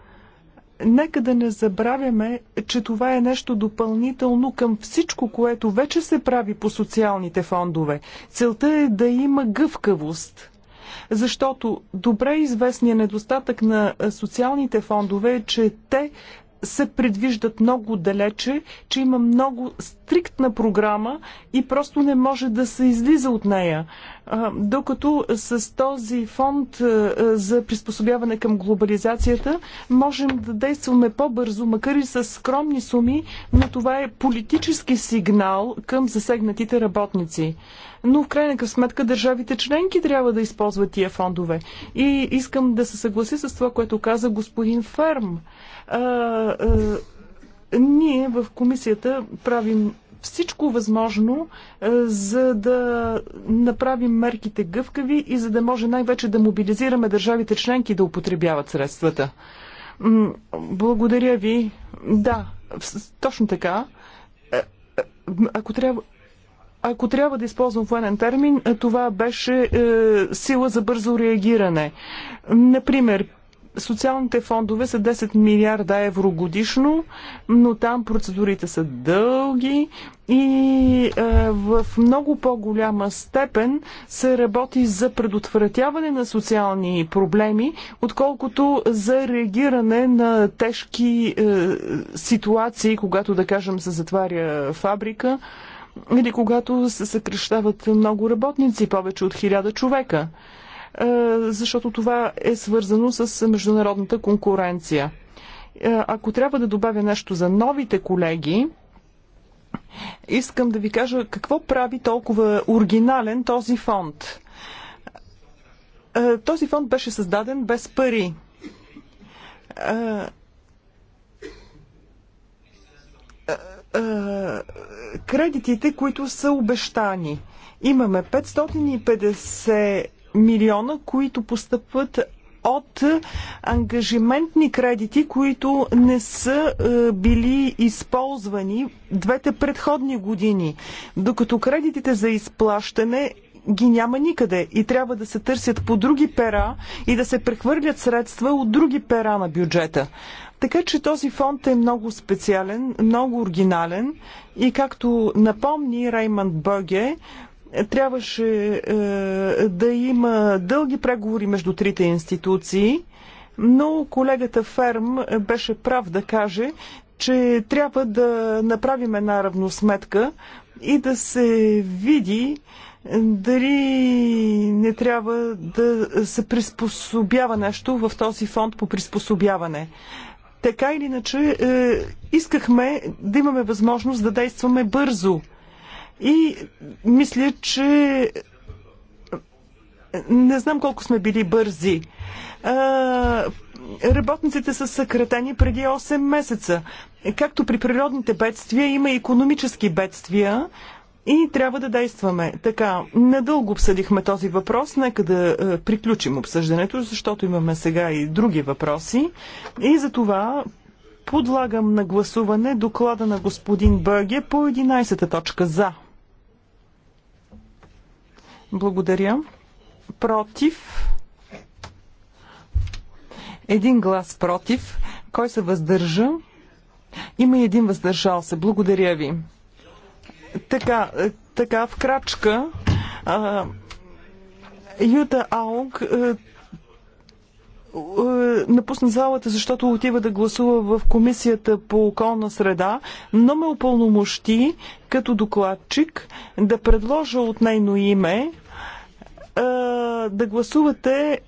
S2: Нека да не забравяме, че това е нещо допълнително към всичко, което вече се прави по социалните фондове. Целта е да има гъвкавост защото добре известният недостатък на социалните фондове е, че те се предвиждат много далече, че има много стриктна програма и просто не може да се излиза от нея. Докато с този фонд за приспособяване към глобализацията можем да действаме по-бързо, макар и с скромни суми, но това е политически сигнал към засегнатите работници но в крайна сметка държавите членки трябва да използват тия фондове. И искам да се съгласи с това, което каза господин Ферм. А, а, ние в комисията правим всичко възможно, за да направим мерките гъвкави и за да може най-вече да мобилизираме държавите членки да употребяват средствата. Благодаря ви. Да, точно така. Ако трябва. Ако трябва да използвам военен термин, е, това беше е, сила за бързо реагиране. Например, социалните фондове са 10 милиарда евро годишно, но там процедурите са дълги и е, в много по-голяма степен се работи за предотвратяване на социални проблеми, отколкото за реагиране на тежки е, ситуации, когато, да кажем, се затваря фабрика или когато се съкрещават много работници, повече от хиляда човека, е, защото това е свързано с международната конкуренция. Е, ако трябва да добавя нещо за новите колеги, искам да ви кажа какво прави толкова оригинален този фонд. Е, този фонд беше създаден без пари. Е, кредитите, които са обещани. Имаме 550 милиона, които постъпват от ангажиментни кредити, които не са е, били използвани двете предходни години, докато кредитите за изплащане ги няма никъде и трябва да се търсят по други пера и да се прехвърлят средства от други пера на бюджета. Така че този фонд е много специален, много оригинален и както напомни Реймонд Бъге, трябваше е, да има дълги преговори между трите институции, но колегата Ферм беше прав да каже, че трябва да направим една равносметка и да се види е, дали не трябва да се приспособява нещо в този фонд по приспособяване. Така или иначе, е, искахме да имаме възможност да действаме бързо. И мисля, че не знам колко сме били бързи. Е, работниците са съкратени преди 8 месеца. Както при природните бедствия, има и економически бедствия и трябва да действаме. Така, надълго обсъдихме този въпрос, нека да е, приключим обсъждането, защото имаме сега и други въпроси. И за това подлагам на гласуване доклада на господин Бърге по 11-та точка за. Благодаря. Против. Един глас против. Кой се въздържа? Има и един въздържал се. Благодаря ви. Така, така в крачка а, Юта Аунг напусна залата, защото отива да гласува в Комисията по околна среда, но ме опълномощи като докладчик да предложа от нейно име да гласувате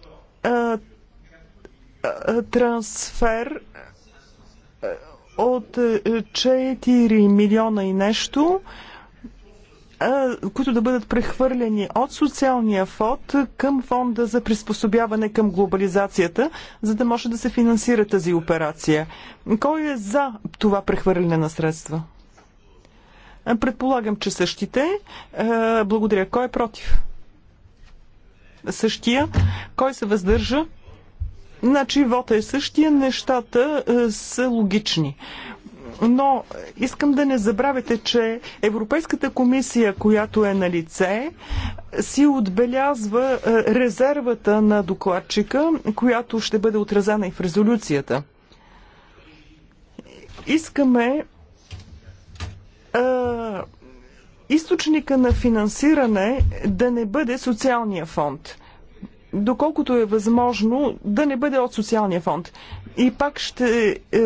S2: трансфер от 4 милиона и нещо които да бъдат прехвърлени от социалния фонд към фонда за приспособяване към глобализацията, за да може да се финансира тази операция. Кой е за това прехвърляне на средства? Предполагам, че същите. Благодаря. Кой е против? Същия. Кой се въздържа? Значи вота е същия, нещата са логични. Но искам да не забравяте, че Европейската комисия, която е на лице, си отбелязва е, резервата на докладчика, която ще бъде отразена и в резолюцията. Искаме е, източника на финансиране да не бъде социалния фонд доколкото е възможно, да не бъде от социалния фонд и пак ще е,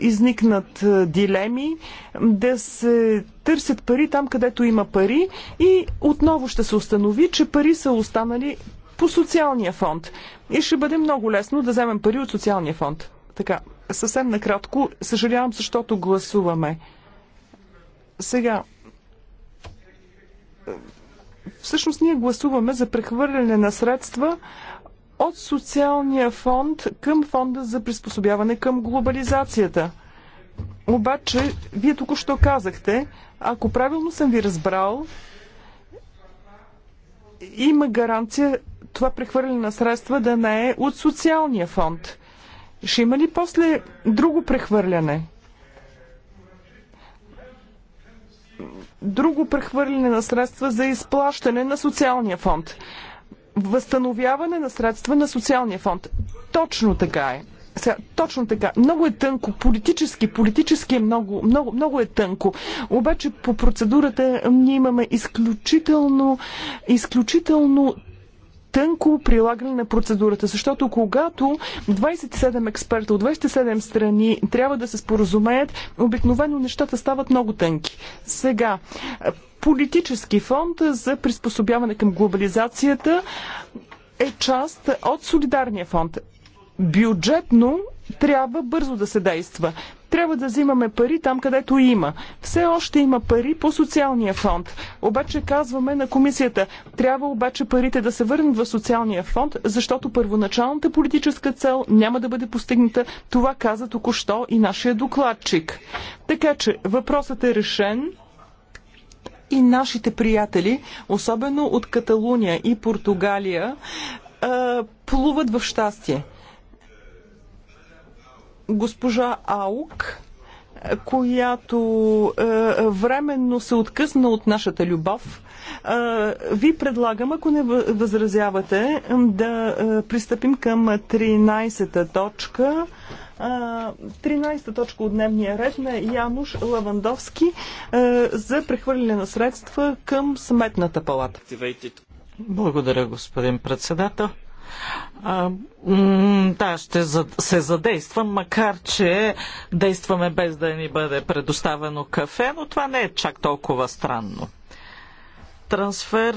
S2: изникнат е, дилеми да се търсят пари там, където има пари и отново ще се установи, че пари са останали по социалния фонд. И ще бъде много лесно да вземем пари от социалния фонд. Така, съвсем накратко, съжалявам, защото гласуваме. Сега, всъщност ние гласуваме за прехвърляне на средства от социалния фонд към фонда за приспособяване към глобализацията. Обаче, вие току-що казахте, ако правилно съм ви разбрал, има гаранция това прехвърляне на средства да не е от социалния фонд. Ще има ли после друго прехвърляне? Друго прехвърляне на средства за изплащане на социалния фонд възстановяване на средства на социалния фонд. Точно така е. Сега, точно така. Много е тънко. Политически, политически е много, много, много е тънко. Обаче по процедурата ние имаме изключително, изключително тънко прилагане на процедурата, защото когато 27 експерта от 27 страни трябва да се споразумеят, обикновено нещата стават много тънки. Сега, политически фонд за приспособяване към глобализацията е част от солидарния фонд. Бюджетно трябва бързо да се действа. Трябва да взимаме пари там, където има. Все още има пари по социалния фонд. Обаче казваме на комисията, трябва обаче парите да се върнат в социалния фонд, защото първоначалната политическа цел няма да бъде постигната. Това каза току-що и нашия докладчик. Така че въпросът е решен и нашите приятели, особено от Каталуния и Португалия, плуват в щастие. Госпожа Аук, която временно се откъсна от нашата любов, ви предлагам, ако не възразявате, да пристъпим към 13-та точка. 13-та точка от дневния ред на Януш Лавандовски за прехвърляне на средства към сметната палата.
S4: Благодаря, господин председател.
S2: А, да, ще
S4: за, се задействам, макар че действаме без да ни бъде предоставено кафе, но това не е чак толкова странно трансфер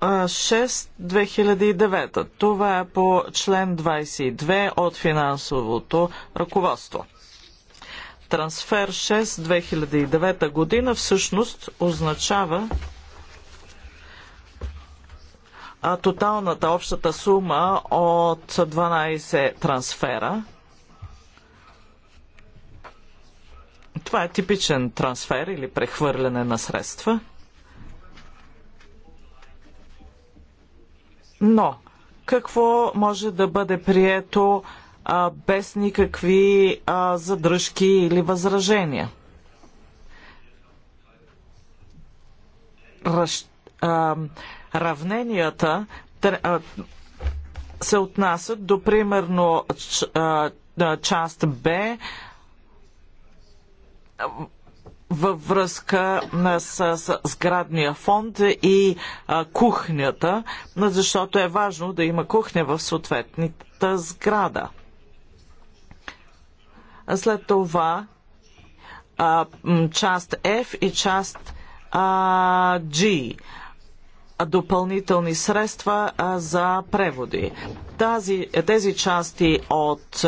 S4: 6-2009. Това е по член 22 от финансовото ръководство. Трансфер 6-2009 година всъщност означава тоталната общата сума от 12 трансфера. Това е типичен трансфер или прехвърляне на средства – Но какво може да бъде прието а, без никакви а, задръжки или възражения? Ръщ, а, равненията се отнасят до примерно част Б във връзка с, сградния фонд и кухнята, защото е важно да има кухня в съответната сграда. След това част F и част G допълнителни средства за преводи. Тази, тези части от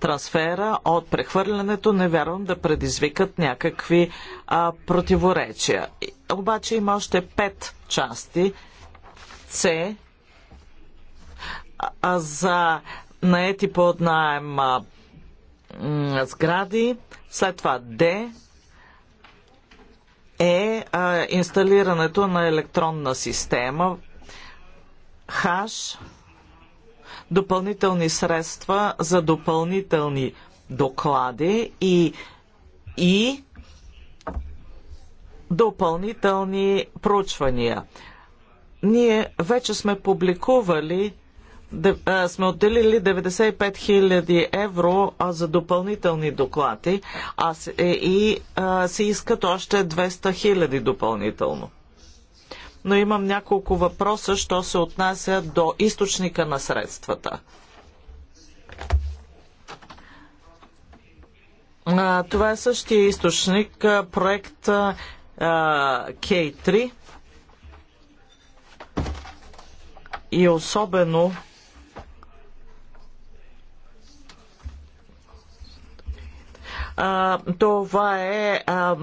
S4: трансфера, от прехвърлянето, не вярвам да предизвикат някакви а, противоречия. Обаче има още пет части. С за наети под найем сгради, след това Д е а, инсталирането на електронна система хаш, допълнителни средства за допълнителни доклади и, и допълнителни проучвания. Ние вече сме публикували сме отделили 95 000 евро за допълнителни доклади а се, е, и а, се искат още 200 000 допълнително. Но имам няколко въпроса, що се отнася до източника на средствата. А, това е същия източник, проект а, K3 и особено а, това е а,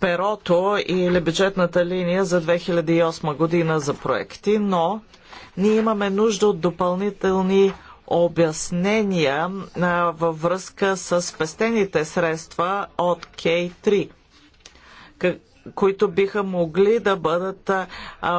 S4: перото или бюджетната линия за 2008 година за проекти, но ние имаме нужда от допълнителни обяснения а, във връзка с пестените средства от K3 които биха могли да бъдат а,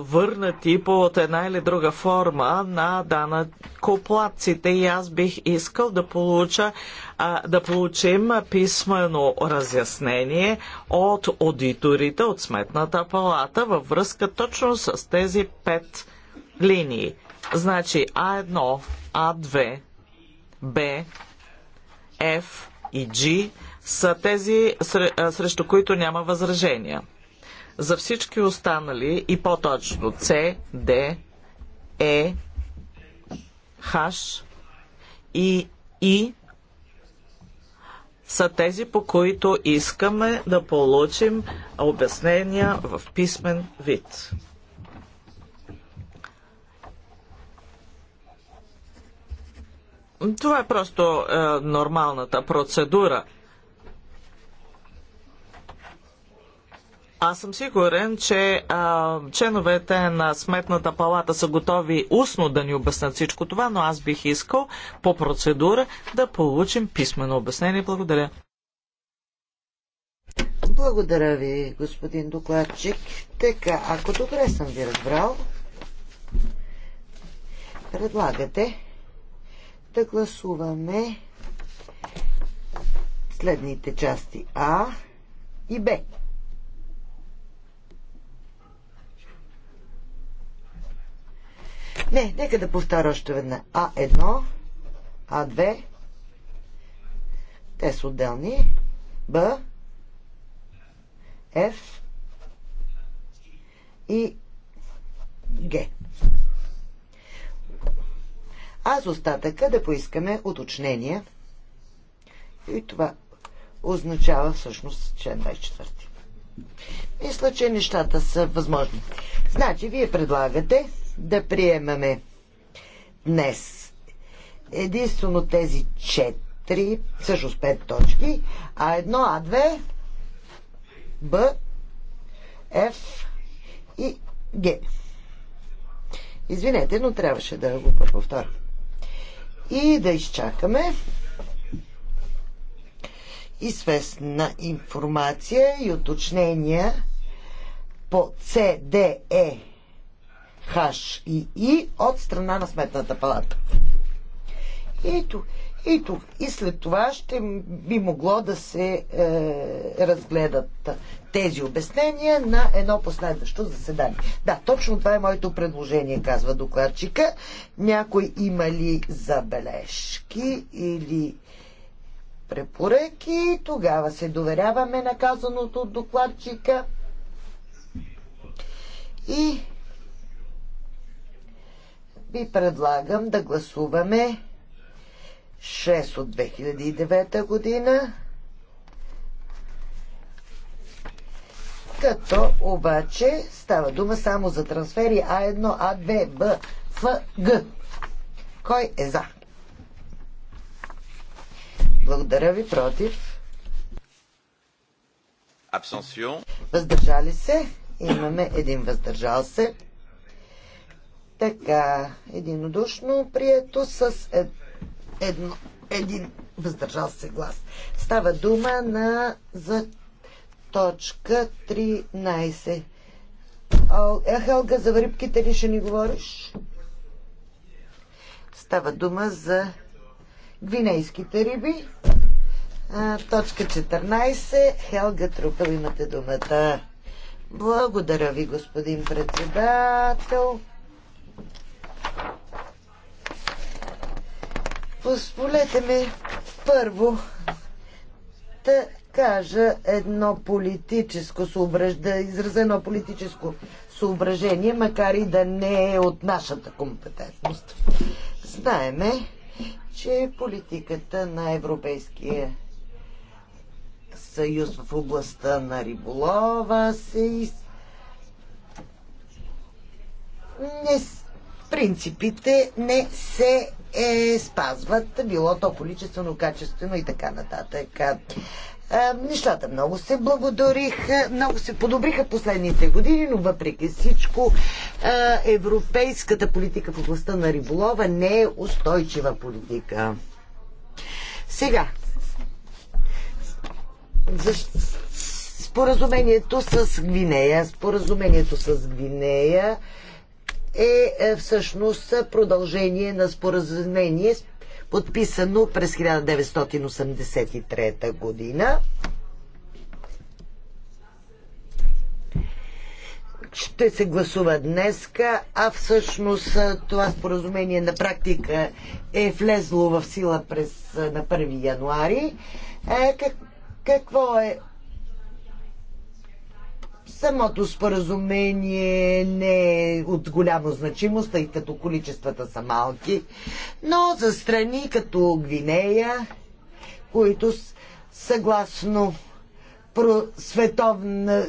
S4: върнати по от една или друга форма на данъкоплаците. И аз бих искал да получа а, да получим писмено разяснение от аудиторите от Сметната палата във връзка точно с тези пет линии. Значи А1, А2, Б, F и G са тези, срещу които няма възражения. За всички останали и по-точно C, D, E, H и I са тези, по които искаме да получим обяснения в писмен вид. Това е просто е, нормалната процедура. Аз съм сигурен, че а, членовете на Сметната палата са готови устно да ни обяснат всичко това, но аз бих искал по процедура да получим писмено обяснение. Благодаря.
S3: Благодаря ви, господин докладчик. Така, ако добре съм ви разбрал, предлагате да гласуваме следните части А и Б. Не, нека да повторя още една. А1, А2, те са отделни. Б, Ф и Г. А за остатъка да поискаме уточнения. И това означава всъщност член 24. Мисля, че нещата са възможни. Значи, вие предлагате да приемаме днес. Единствено тези четири, всъщност пет точки, а едно, А2, Б, Ф и Г. Извинете, но трябваше да го повторя. И да изчакаме известна информация и уточнения по CDE Хаш и И от страна на Сметната палата. И ето, и тук, и след това ще би могло да се е, разгледат тези обяснения на едно последващо заседание. Да, точно това е моето предложение, казва докладчика. Някой има ли забележки или препоръки, тогава се доверяваме на казаното от докладчика. И ви предлагам да гласуваме 6 от 2009 година, като обаче става дума само за трансфери А1, А2, Б, Ф, Г. Кой е за? Благодаря ви, против.
S1: Абсенсион.
S3: Въздържали се. Имаме един въздържал се. Така, единодушно прието с ед, едно, един въздържал се глас. Става дума на за точка 13. Е, Хелга, за рибките ли ще ни говориш? Става дума за гвинейските риби. А, точка 14. Хелга Трупел, имате думата. Благодаря ви, господин председател. Позволете ми първо да кажа едно политическо съображение, да изразя едно политическо съображение, макар и да не е от нашата компетентност. Знаеме, че политиката на Европейския съюз в областта на риболова се из... не... принципите не се е, спазват, било то количествено, качествено и така нататък. Нещата много се благодариха, много се подобриха последните години, но въпреки всичко европейската политика в областта на риболова не е устойчива политика. Сега, споразумението с Гвинея, споразумението с Гвинея, е, е всъщност продължение на споразумение, подписано през 1983 година. ще се гласува днеска, а всъщност е, това споразумение на практика е влезло в сила през, е, на 1 януари. Е, как, какво е Самото споразумение не е от голяма значимост, тъй като количествата са малки, но за страни като Гвинея, които съгласно про световна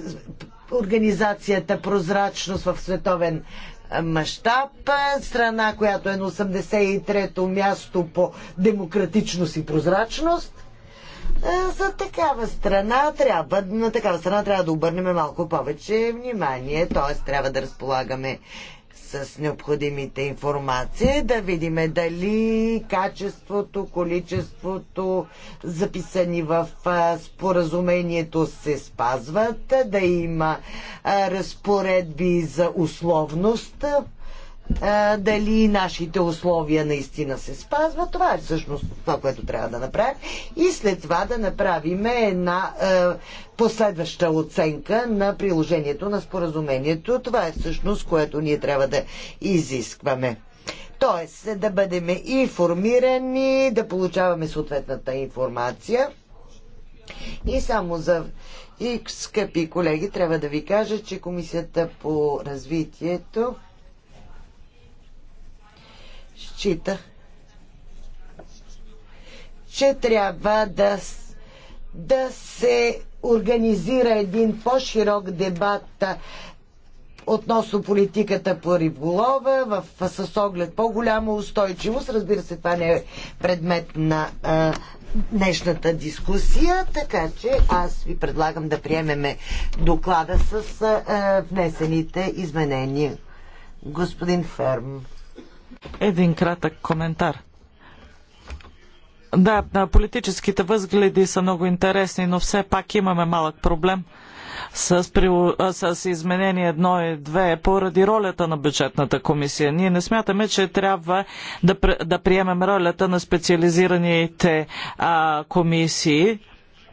S3: организацията прозрачност в световен мащаб, страна, която е на 83-то място по демократичност и прозрачност, е, за такава страна трябва, на такава страна трябва да обърнем малко повече внимание, т.е. трябва да разполагаме с необходимите информации, да видим дали качеството, количеството записани в споразумението се спазват, да има разпоредби за условност а, дали нашите условия наистина се спазват. Това е всъщност това, което трябва да направим. И след това да направим една а, последваща оценка на приложението на споразумението. Това е всъщност, което ние трябва да изискваме. Тоест, да бъдем информирани, да получаваме съответната информация. И само за и, скъпи колеги, трябва да ви кажа, че Комисията по развитието счита, че трябва да, да се организира един по-широк дебат относно политиката по риболова в, с оглед по-голяма устойчивост. Разбира се, това не е предмет на а, днешната дискусия, така че аз ви предлагам да приемеме доклада с а, внесените изменения. Господин Ферм.
S4: Един кратък коментар. Да, политическите възгледи са много интересни, но все пак имаме малък проблем с, с изменение 1 и 2 поради ролята на бюджетната комисия. Ние не смятаме, че трябва да, да приемем ролята на специализираните а, комисии,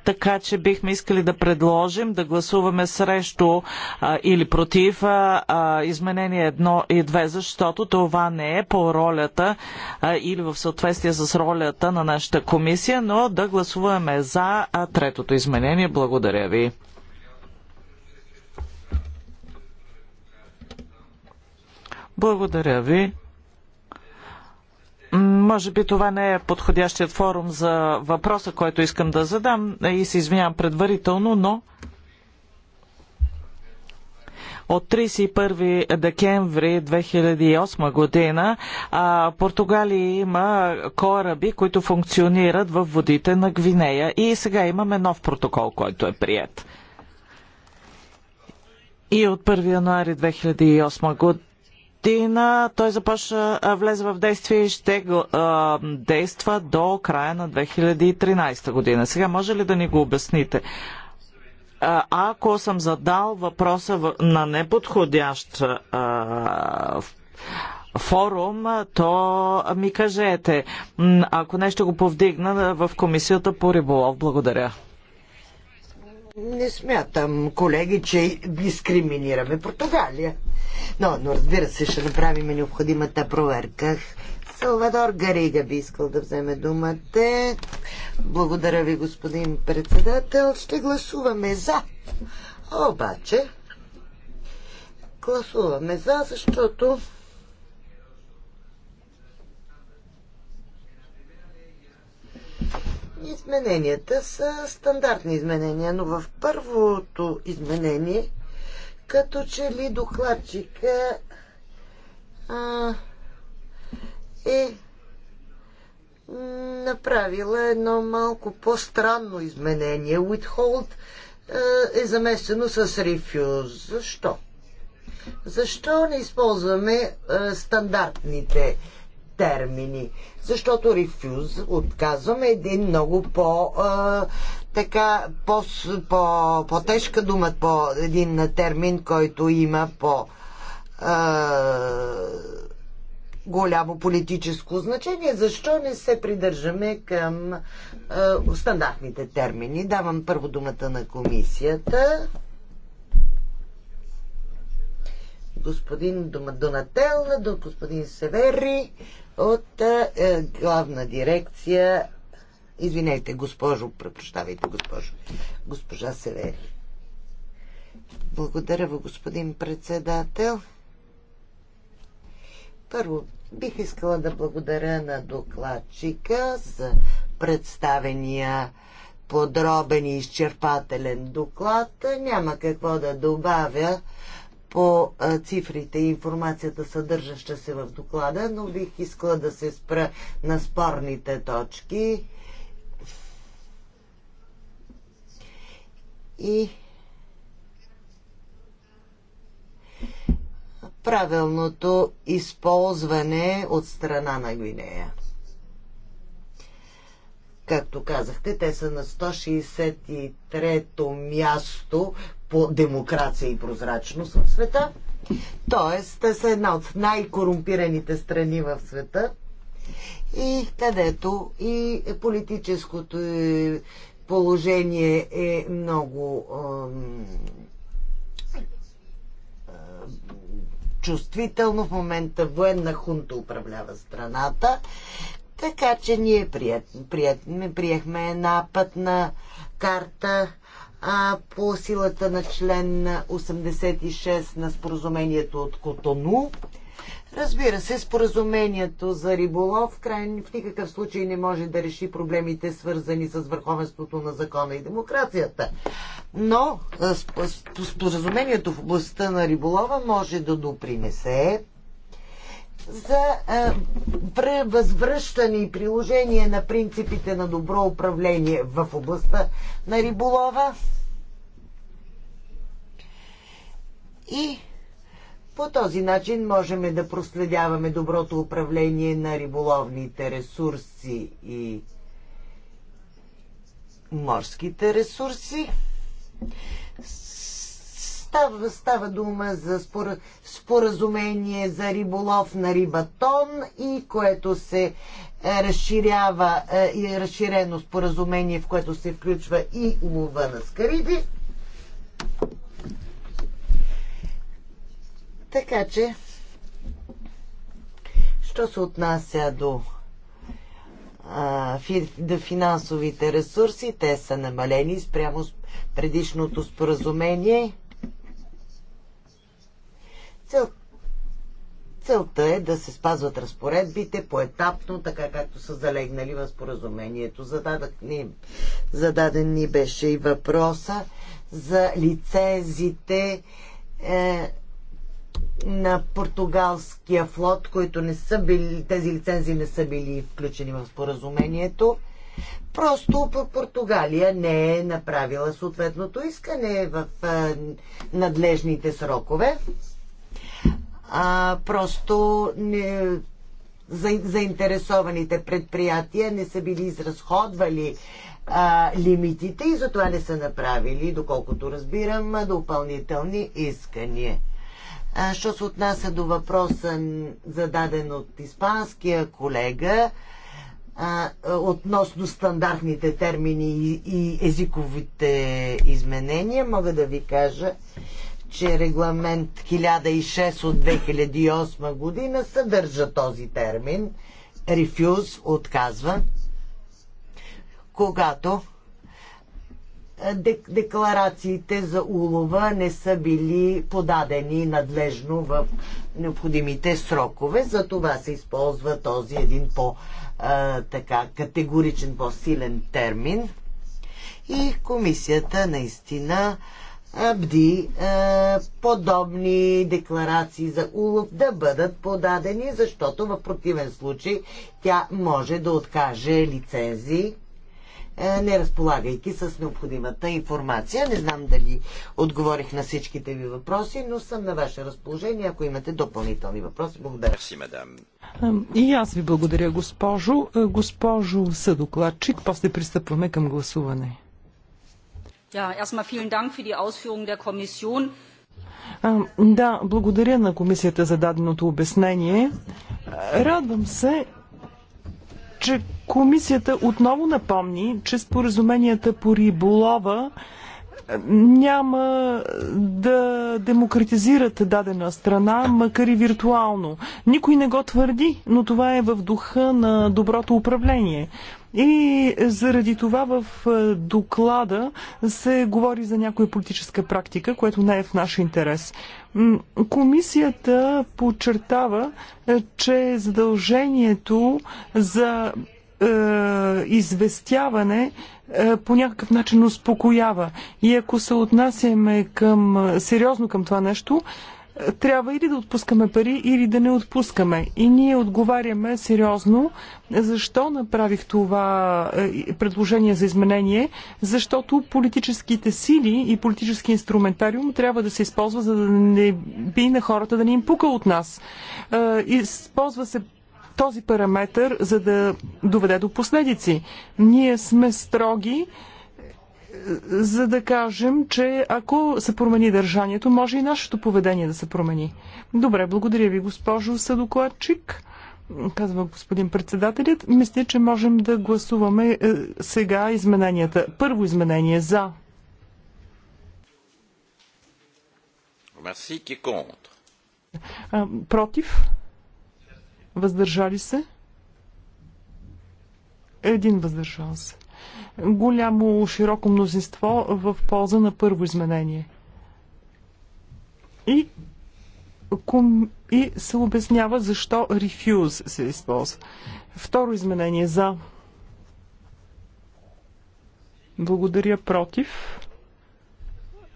S4: така че бихме искали да предложим да гласуваме срещу а, или против а, а, изменение 1 и 2, защото това не е по ролята а, или в съответствие с ролята на нашата комисия, но да гласуваме за а, третото изменение. Благодаря ви. Благодаря ви. Може би това не е подходящият форум за въпроса, който искам да задам и се извинявам предварително, но от 31 декември 2008 година а, Португалия има кораби, които функционират в водите на Гвинея и сега имаме нов протокол, който е прият. И от 1 януари 2008 година година той започна, влезе в действие и ще го, а, действа до края на 2013 година. Сега може ли да ни го обясните? ако съм задал въпроса на неподходящ а, форум, то ми кажете, ако нещо го повдигна в комисията по риболов. Благодаря.
S3: Не смятам, колеги, че дискриминираме Португалия. Но, но разбира се, ще направим необходимата проверка. Салвадор Гарига би искал да вземе думата. Благодаря ви, господин председател. Ще гласуваме за. Обаче, гласуваме за, защото Измененията са стандартни изменения, но в първото изменение, като че ли докладчика а, е направила едно малко по-странно изменение. Withhold е замесено с Refuse. Защо? Защо не използваме стандартните термини. Защото рефюз, отказваме, един много по- а, така, по, по, по-тежка дума, по един термин, който има по а, голямо политическо значение. Защо не се придържаме към а, стандартните термини? Давам първо думата на комисията. Господин Донател, до господин Севери, от е, е, главна дирекция. Извинете, госпожо, препрощавайте, госпожо. Госпожа Севери. Благодаря ви, господин председател. Първо, бих искала да благодаря на докладчика за представения подробен и изчерпателен доклад. Няма какво да добавя по цифрите и информацията, съдържаща се в доклада, но бих искала да се спра на спорните точки. И правилното използване от страна на Гвинея. Както казахте, те са на 163-то място по демокрация и прозрачност в света. Тоест, те са една от най-корумпираните страни в света и където и политическото е положение е много чувствително. В момента военна хунта управлява страната. Така че ние прият, прият, приехме една пътна карта а, по силата на член 86 на споразумението от Котону. Разбира се, споразумението за риболов в, край, в никакъв случай не може да реши проблемите, свързани с върховенството на закона и демокрацията. Но споразумението в областта на риболова може да допринесе за е, възвръщане и приложение на принципите на добро управление в областта на риболова. И по този начин можем да проследяваме доброто управление на риболовните ресурси и морските ресурси. Става, става дума за спор, споразумение за риболов на рибатон и което се е, разширява е, и е разширено споразумение, в което се включва и улова на скариди. Така че, що се отнася до а, финансовите ресурси, те са намалени спрямо предишното споразумение Цел, целта е да се спазват разпоредбите поетапно, така както са залегнали в споразумението. Зададък ни, зададен ни беше и въпроса за лицензите е, на португалския флот, които не са били, тези лицензии не са били включени в споразумението. Просто Португалия не е направила съответното искане в е, надлежните срокове а, просто не, за, заинтересованите предприятия не са били изразходвали а, лимитите и затова не са направили, доколкото разбирам, допълнителни искания. А, що се отнася до въпроса, зададен от испанския колега, а, относно стандартните термини и, и езиковите изменения, мога да ви кажа, че регламент 1006 от 2008 година съдържа този термин. Рефюз отказва, когато е, декларациите за улова не са били подадени надлежно в необходимите срокове. За това се използва този един по- е, така категоричен, по-силен термин. И комисията наистина бди е, подобни декларации за улов да бъдат подадени, защото в противен случай тя може да откаже лицензи, е, не разполагайки с необходимата информация. Не знам дали отговорих на всичките ви въпроси, но съм на ваше разположение, ако имате допълнителни въпроси.
S2: Благодаря. Си,
S1: мадам.
S2: И аз ви благодаря, госпожо. Е, госпожо съдокладчик, после пристъпваме към гласуване.
S1: Ja, erstmal vielen Dank für die Ausführungen der Kommission.
S2: Да, благодаря на комисията за даденото обяснение. Радвам се, че комисията отново напомни, че споразуменията по риболова е, няма да демократизират дадена страна, макар и виртуално. Никой не го твърди, но това е в духа на доброто управление. И заради това в е, доклада се говори за някоя политическа практика, което не е в наш интерес. Комисията подчертава, е, че задължението за е, известяване по някакъв начин успокоява. И ако се отнасяме към, сериозно към това нещо, трябва или да отпускаме пари, или да не отпускаме. И ние отговаряме сериозно защо направих това е, предложение за изменение, защото политическите сили и политически инструментариум трябва да се използва, за да не би на хората да ни им пука от нас. Е, използва се този параметр, за да доведе до последици. Ние сме строги, за да кажем, че ако се промени държанието, може и нашето поведение да се промени. Добре, благодаря ви, госпожо съдокладчик. Казва господин председателят. Мисля, че можем да гласуваме е, сега измененията. Първо изменение за. Мерси, ки Против. Въздържали се. Един въздържал се голямо широко мнозинство в полза на първо изменение. И, ком, и се обяснява защо refuse се използва. Второ изменение за благодаря против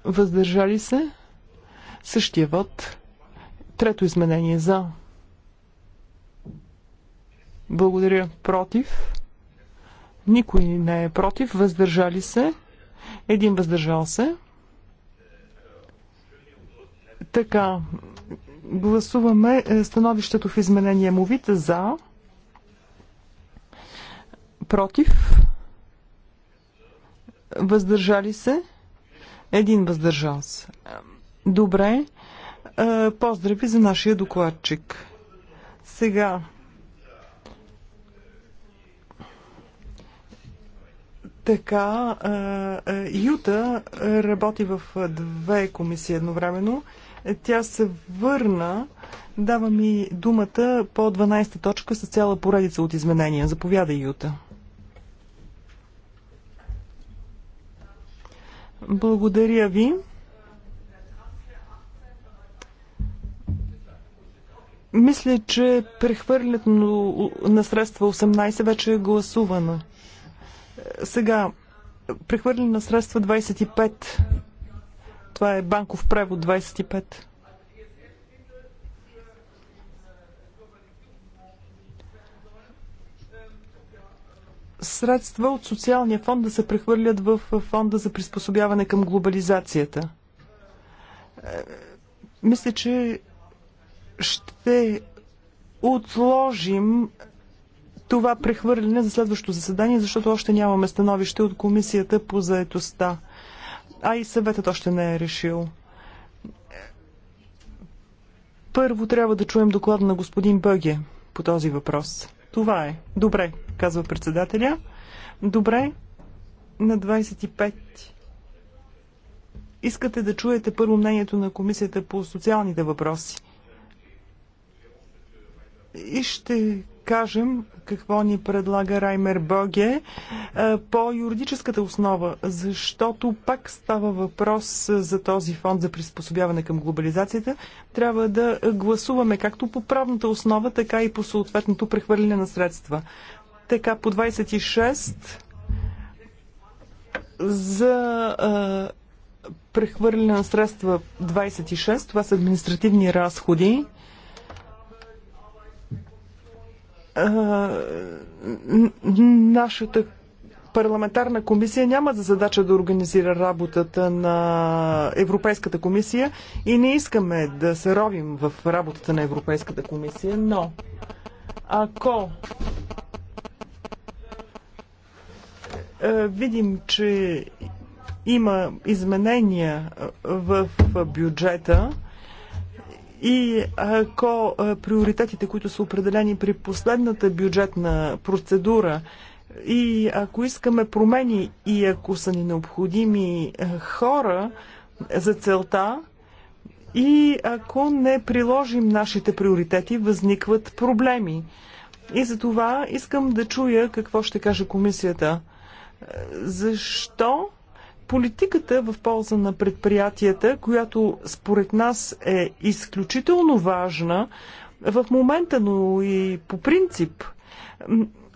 S2: въздържали се същия вод. Трето изменение за благодаря против никой не е против. Въздържали се. Един въздържал се. Така, гласуваме е, становището в изменение му вид за, против, въздържали се, един въздържал се. Добре, е, поздрави за нашия докладчик. Сега Така, Юта работи в две комисии едновременно. Тя се върна. Дава ми думата по 12-та точка с цяла поредица от изменения. Заповядай, Юта. Благодаря ви. Мисля, че прехвърлянето на средства 18 вече е гласувано. Сега, прехвърлени на средства 25. Това е банков превод 25. средства от социалния фонд да се прехвърлят в фонда за приспособяване към глобализацията. Е, мисля, че ще отложим това прехвърляне за следващото заседание, защото още нямаме становище от комисията по заетостта. А и съветът още не е решил. Първо трябва да чуем доклада на господин Бъге по този въпрос. Това е. Добре, казва председателя. Добре, на 25. Искате да чуете първо мнението на комисията по социалните въпроси. И ще кажем какво ни предлага Раймер Боге е, по юридическата основа, защото пак става въпрос е, за този фонд за приспособяване към глобализацията. Трябва да гласуваме както по правната основа, така и по съответното прехвърляне на средства. Така по 26 за е, прехвърляне на средства 26, това са административни разходи. нашата парламентарна комисия няма за задача да организира работата на Европейската комисия и не искаме да се ровим в работата на Европейската комисия, но ако видим, че има изменения в бюджета, и ако приоритетите, които са определени при последната бюджетна процедура, и ако искаме промени и ако са ни необходими хора за целта, и ако не приложим нашите приоритети, възникват проблеми. И за това искам да чуя какво ще каже комисията. Защо Политиката в полза на предприятията, която според нас е изключително важна в момента, но и по принцип,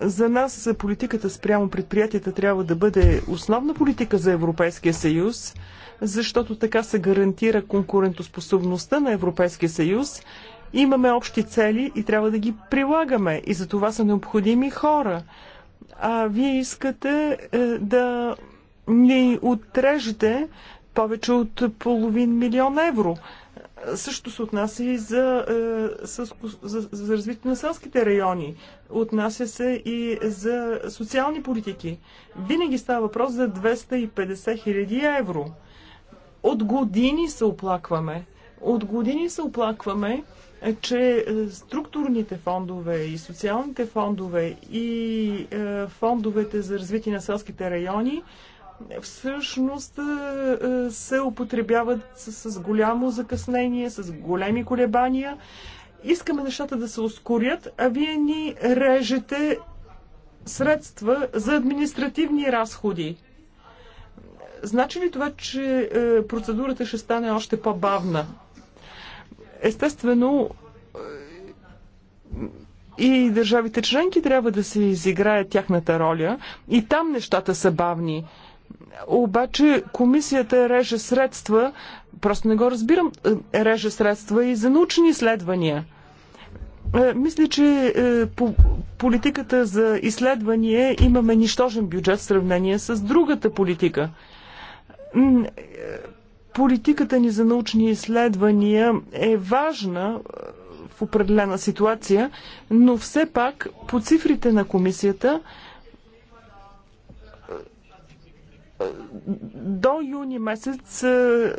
S2: за нас политиката спрямо предприятията трябва да бъде основна политика за Европейския съюз, защото така се гарантира конкурентоспособността на Европейския съюз. Имаме общи цели и трябва да ги прилагаме. И за това са необходими хора. А вие искате е, да ни отрежете повече от половин милион евро. Също се отнася и за, е, за, за развитие на селските райони. Отнася се и за социални политики. Винаги става въпрос за 250 хиляди евро. От години се оплакваме. От години се оплакваме, е, че е, структурните фондове и социалните фондове и фондовете за развитие на селските райони всъщност е, е, се употребяват с, голямо закъснение, с големи колебания. Искаме нещата да се ускорят, а вие ни режете средства за административни разходи. Значи ли това, че е, процедурата ще стане още по-бавна? Естествено, и държавите членки трябва да се изиграят тяхната роля. И там нещата са бавни обаче комисията реже средства, просто не го разбирам, е, реже средства и за научни изследвания. Е, мисля, че е, по политиката за изследвания имаме нищожен бюджет в сравнение с другата политика. Политиката ни за научни изследвания е важна в определена ситуация, но все пак по цифрите на комисията до юни месец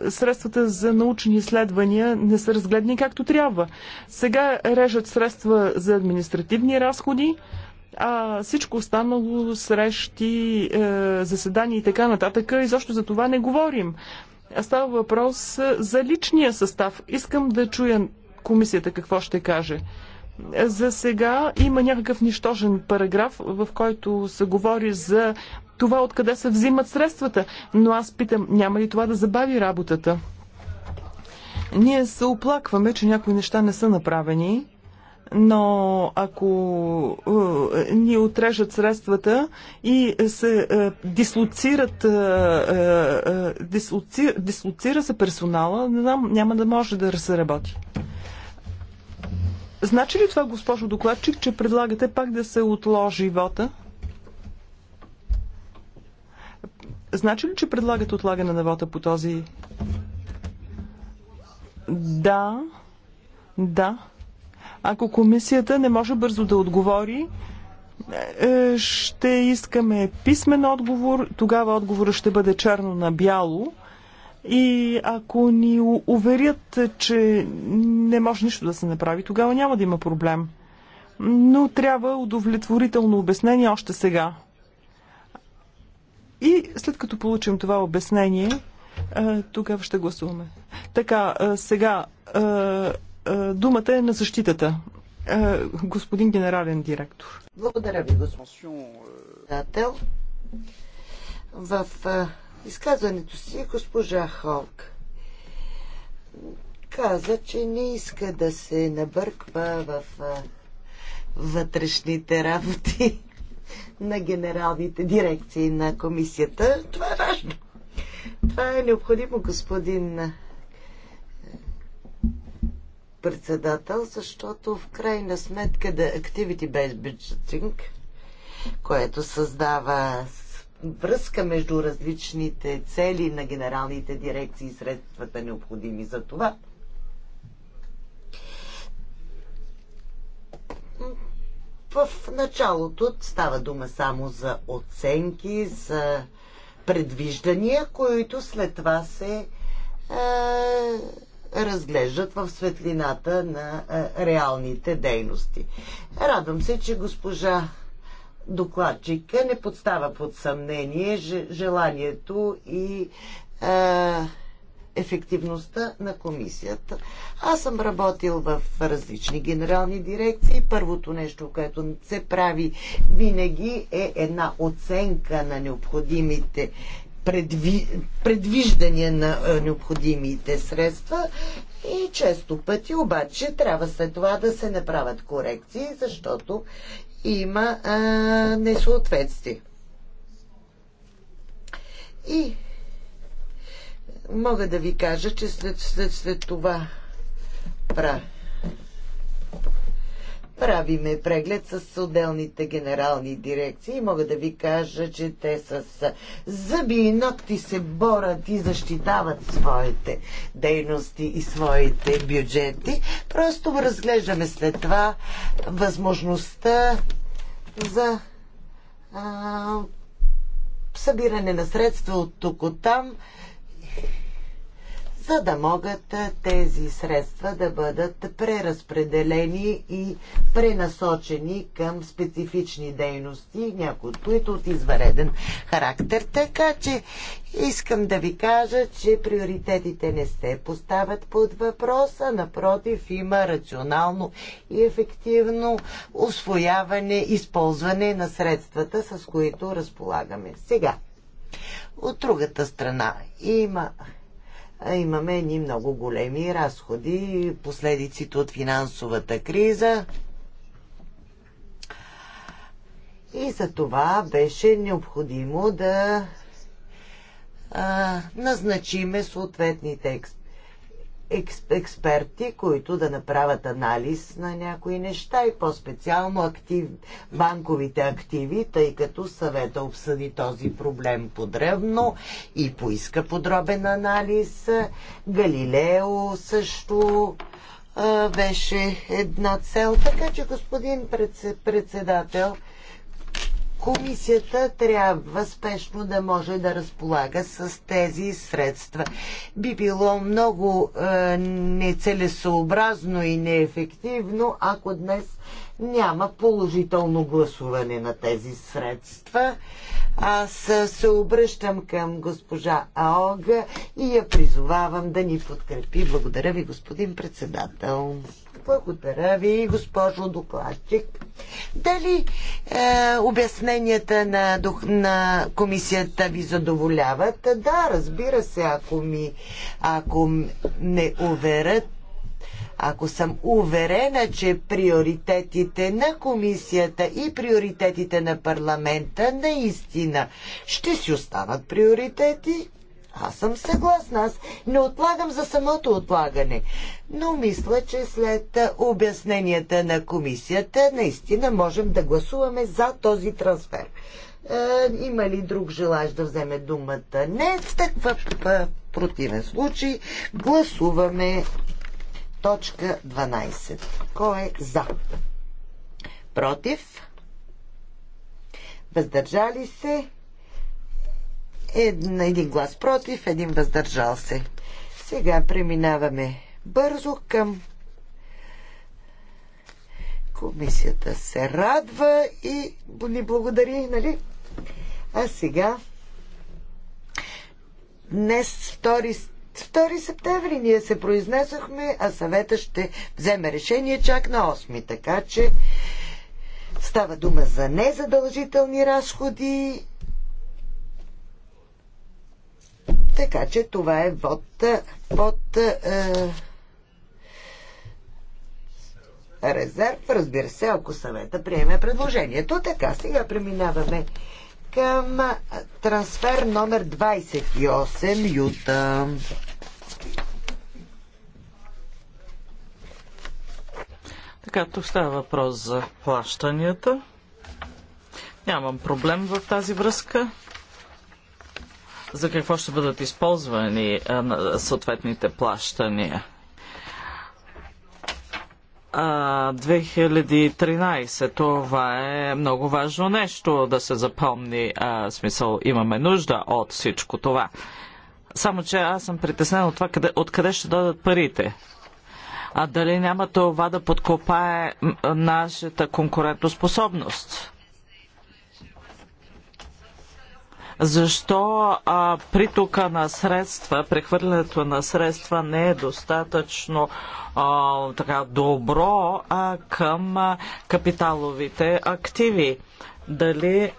S2: средствата за научни изследвания не са разгледани както трябва. Сега режат средства за административни разходи, а всичко останало, срещи, е, заседания и така нататък, изобщо за това не говорим. Става въпрос за личния състав. Искам да чуя комисията какво ще каже. За сега има някакъв нищожен параграф, в който се говори за това откъде се взимат средствата. Но аз питам, няма ли това да забави работата? Ние се оплакваме, че някои неща не са направени, но ако е, ни отрежат средствата и се е, дислоцират, е, е, е дислоци, дислоцира се персонала, не знам, няма да може да се работи. Значи ли това, госпожо докладчик, че предлагате пак да се отложи вота? Значи ли, че предлагат отлагане на вота по този? Да. Да. Ако комисията не може бързо да отговори, е, ще искаме писмен отговор. Тогава отговорът ще бъде черно на бяло. И ако ни уверят, че не може нищо да се направи, тогава няма да има проблем. Но трябва удовлетворително обяснение още сега. И след като получим това обяснение, тогава ще гласуваме. Така, сега думата е на защитата. Господин генерален директор.
S3: Благодаря ви, господин председател. В изказването си госпожа Холк каза, че не иска да се набърква в вътрешните работи на генералните дирекции на комисията. Това е важно. Това е необходимо, господин е, председател, защото в крайна сметка да Activity Based Budgeting, което създава връзка между различните цели на генералните дирекции и средствата необходими за това. В началото става дума само за оценки, за предвиждания, които след това се е, разглеждат в светлината на е, реалните дейности. Радвам се, че госпожа докладчика не подстава под съмнение желанието и е, ефективността на комисията. Аз съм работил в различни генерални дирекции. Първото нещо, което се прави винаги е една оценка на необходимите предви... предвиждания на е, необходимите средства и често пъти обаче трябва след това да се направят корекции, защото има а, е, несъответствие. И мога да ви кажа, че след, след, след това пра, правиме преглед с отделните генерални дирекции и мога да ви кажа, че те с зъби и ногти се борят и защитават своите дейности и своите бюджети. Просто разглеждаме след това възможността за а, събиране на средства от тук от там за да могат тези средства да бъдат преразпределени и пренасочени към специфични дейности, някои от които от извареден характер. Така че искам да ви кажа, че приоритетите не се поставят под въпроса, напротив има рационално и ефективно освояване, използване на средствата, с които разполагаме. Сега, от другата страна има имаме едни много големи разходи, последиците от финансовата криза. И за това беше необходимо да а, назначиме съответните експерти експерти, които да направят анализ на някои неща и по-специално актив, банковите активи, тъй като съвета обсъди този проблем подребно и поиска подробен анализ. Галилео също а, беше една цел. Така че, господин председател, Комисията трябва спешно да може да разполага с тези средства. Би било много е, нецелесообразно и неефективно, ако днес няма положително гласуване на тези средства. Аз се обръщам към госпожа Аога и я призовавам да ни подкрепи. Благодаря ви, господин председател. Благодаря ви, госпожо докладчик. Дали е, обясненията на, на комисията ви задоволяват? Да, разбира се, ако ми ако не уверят, ако съм уверена, че приоритетите на комисията и приоритетите на парламента наистина ще си останат приоритети, аз съм съгласна, аз не отлагам за самото отлагане. Но мисля, че след обясненията на комисията, наистина можем да гласуваме за този трансфер. Е, има ли друг желаж да вземе думата? Не, в такъв противен случай гласуваме точка 12. Кой е за? Против? Въздържали се? Един, един глас против, един въздържал се. Сега преминаваме бързо към комисията се радва и ни благодари, нали? А сега днес 2, 2 септември ние се произнесохме, а съвета ще вземе решение чак на 8, така че става дума за незадължителни разходи Така че това е вод под е, резерв, разбира се, ако съвета приеме предложението. Така, сега преминаваме към трансфер номер 28 Юта.
S4: Така, тук става въпрос за плащанията. Нямам проблем в тази връзка за какво ще бъдат използвани а, съответните плащания. А, 2013. Това е много важно нещо да се запомни. А, смисъл, имаме нужда от всичко това. Само, че аз съм притеснен от това къде, откъде ще дойдат парите. А дали няма това да подкопае нашата конкурентоспособност? защо а, притока на средства, прехвърлянето на средства не е достатъчно а, така, добро а, към а, капиталовите активи. Дали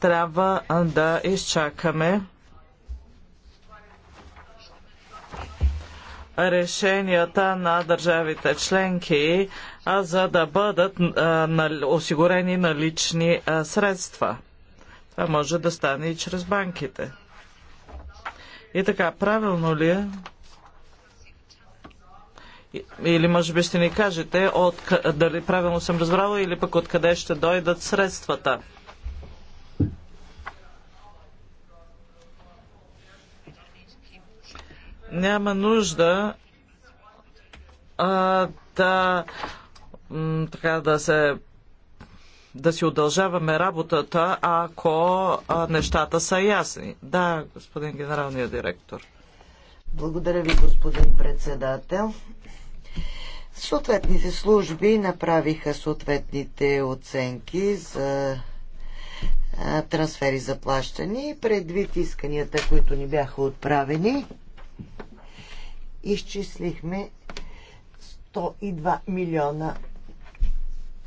S4: трябва да изчакаме решенията на държавите членки, а за да бъдат а, на, осигурени налични а, средства. Това може да стане и чрез банките. И така, правилно ли е? Или може би ще ни кажете от, дали правилно съм разбрала или пък откъде ще дойдат средствата. Няма нужда а, да, така да се да си удължаваме работата, ако нещата са ясни. Да, господин генералния директор.
S3: Благодаря ви, господин председател. Съответните служби направиха съответните оценки за трансфери за плащане и предвид исканията, които ни бяха отправени, изчислихме 102 милиона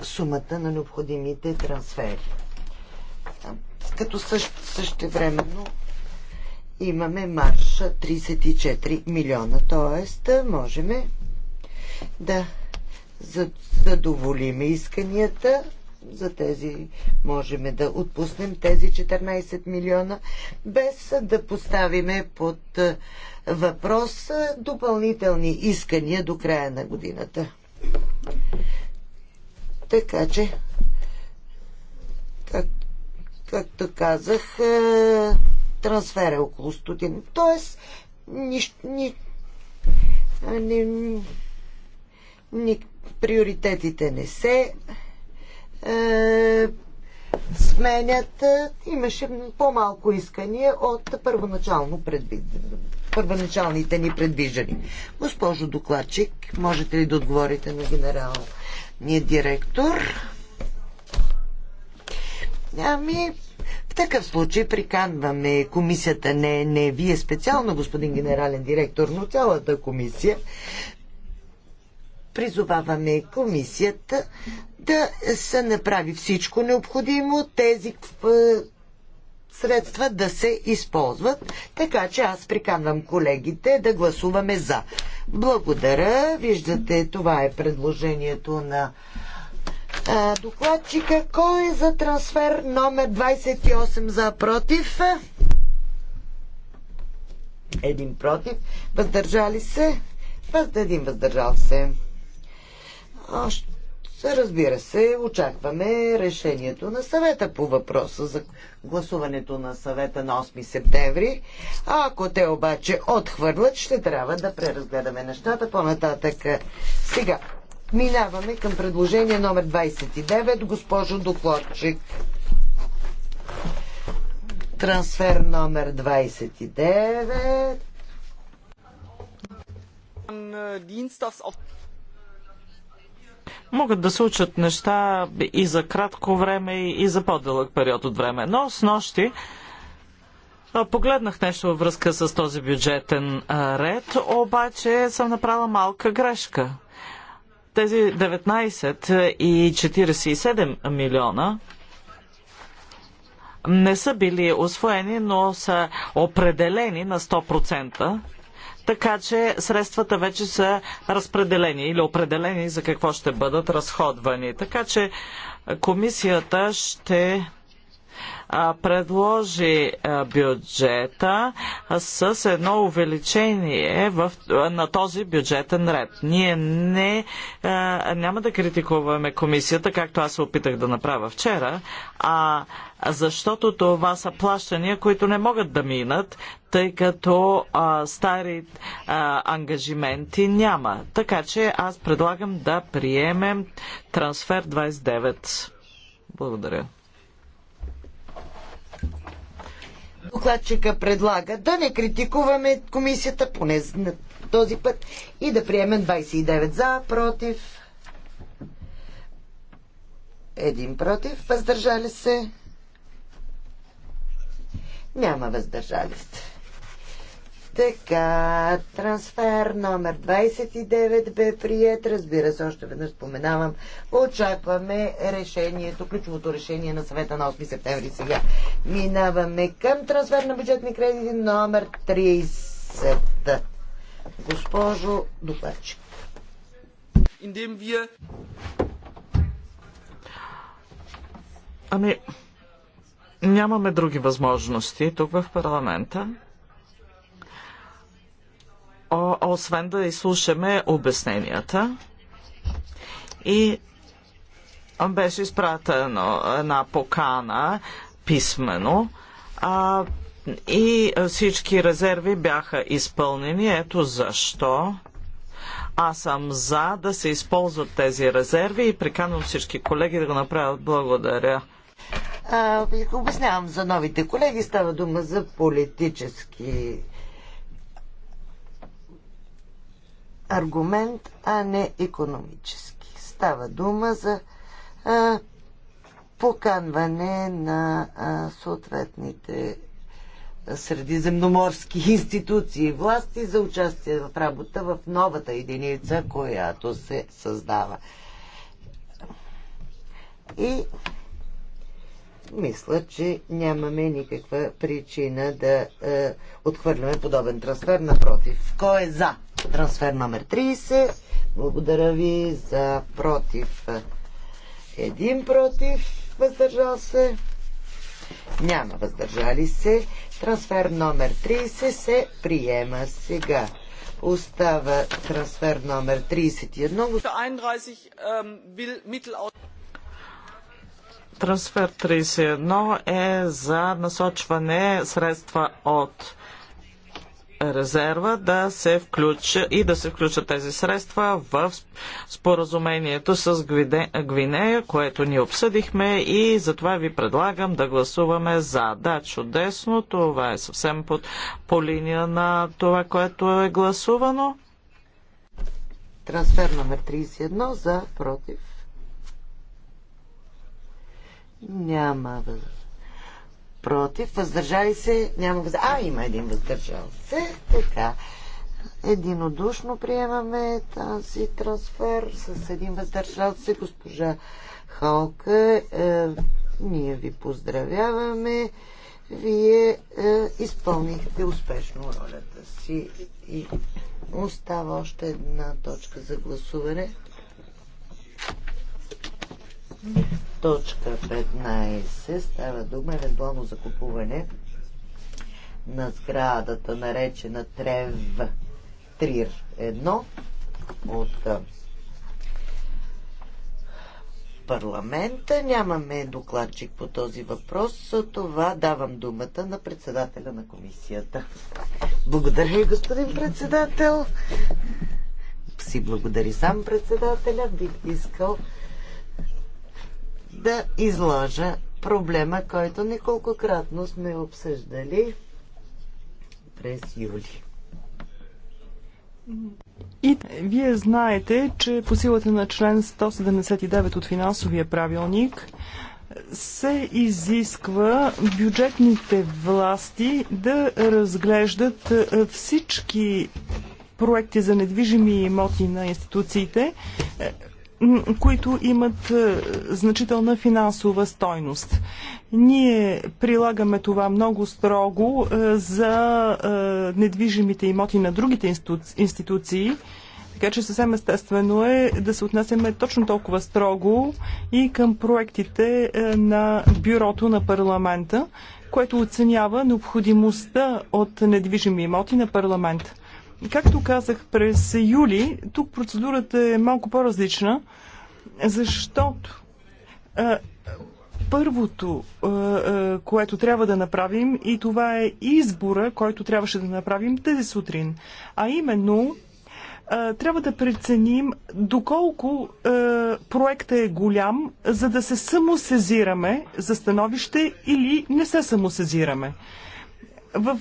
S3: сумата на необходимите трансфери. Като също, времено имаме марш 34 милиона, т.е. можем да задоволим исканията за тези, можем да отпуснем тези 14 милиона, без да поставиме под е, въпрос е, допълнителни искания до края на годината. Така че, как, както казах, е, трансфер е около 100. Тоест, нищо. Ни, ни, ни, ни, приоритетите не се е, сменят. Имаше по-малко искания от първоначално предвид, първоначалните ни предвиждани. Госпожо докладчик, можете ли да отговорите на генерал ни директор. Ами, в такъв случай приканваме комисията, не, не вие специално, господин генерален директор, но цялата комисия. Призоваваме комисията да се направи всичко необходимо тези средства да се използват. Така че аз приканвам колегите да гласуваме за. Благодаря. Виждате, това е предложението на а, докладчика. Кой е за трансфер номер 28 за против? Един против. Въздържали се? Един въздържал се. Още Разбира се, очакваме решението на съвета по въпроса за гласуването на съвета на 8 септември. А ако те обаче отхвърлят, ще трябва да преразгледаме нещата по-нататък. Сега, минаваме към предложение номер 29, госпожо Докладчик. Трансфер номер 29 могат да се учат
S4: неща и за кратко време, и за по-дълъг период от време. Но с нощи погледнах нещо във връзка с този бюджетен ред, обаче съм направила малка грешка. Тези 19 и 47 милиона не са били освоени, но са определени на 100% така че средствата вече са разпределени или определени за какво ще бъдат разходвани. Така че комисията ще предложи бюджета с едно увеличение в, на този бюджетен ред. Ние не, няма да критикуваме комисията, както аз се опитах да направя вчера, а защото това са плащания, които не могат да минат, тъй като а, стари а, ангажименти няма. Така че аз предлагам да приемем трансфер 29. Благодаря.
S3: Докладчика предлага да не критикуваме комисията, поне на този път, и да приемем 29 за, против. Един против, въздържали се. Няма въздържали се. Така, трансфер номер 29 бе прият. Разбира се, още веднъж споменавам. Очакваме решението, ключовото решение на съвета на 8 септември сега. Минаваме към трансфер на бюджетни кредити номер 30. Госпожо Дубачик.
S4: Ами, нямаме други възможности тук в парламента освен да изслушаме обясненията. И беше изпратено една покана писмено а, и всички резерви бяха изпълнени. Ето защо аз съм за да се използват тези резерви и приканвам всички колеги да го направят. Благодаря.
S3: А, обяснявам за новите колеги. Става дума за политически аргумент, а не економически. Става дума за а, поканване на а, съответните средиземноморски [laughs] институции и власти за участие в работа в новата единица, която се създава. И мисля, че нямаме никаква причина да е, отхвърляме подобен трансфер. Напротив, кой е за? Трансфер номер 30. Благодаря ви за против. Един против. Въздържал се. Няма въздържали се. Трансфер номер 30 се приема сега. Остава трансфер номер 31. Ähm,
S4: трансфер 31 е за насочване средства от резерва да се включат и да се включат тези средства в споразумението с Гвинея, което ни обсъдихме и затова ви предлагам да гласуваме за. Да, чудесно, това е съвсем под, по линия на това, което е гласувано.
S3: Трансфер номер 31 за против. Няма възраст против, въздържали се, няма въздържали. А, има един въздържал се. Така. Единодушно приемаме тази трансфер с един въздържал се. Госпожа Халка, е, ние ви поздравяваме. Вие е, изпълнихте успешно ролята си и остава още една точка за гласуване. Точка 15 става дума за закупуване на сградата, наречена Трев Трир 1 от парламента. Нямаме докладчик по този въпрос. Това давам думата на председателя на комисията. Благодаря ви, господин председател. Си благодари сам председателя. Бих искал да изложа проблема, който неколкократно сме обсъждали през юли.
S2: И вие знаете, че по силата на член 179 от финансовия правилник се изисква бюджетните власти да разглеждат е, всички проекти за недвижими имоти на институциите, е, които имат е, значителна финансова стойност. Ние прилагаме това много строго е, за е, недвижимите имоти на другите институции, така че съвсем естествено е да се отнасяме точно толкова строго и към проектите на бюрото на парламента, което оценява необходимостта от недвижими имоти на парламента. Както казах през юли, тук процедурата е малко по-различна, защото а, първото, което трябва да направим, и това е избора, който трябваше да направим тези сутрин, а именно трябва да преценим доколко е, проектът е голям, за да се самосезираме за становище или не се самосезираме. В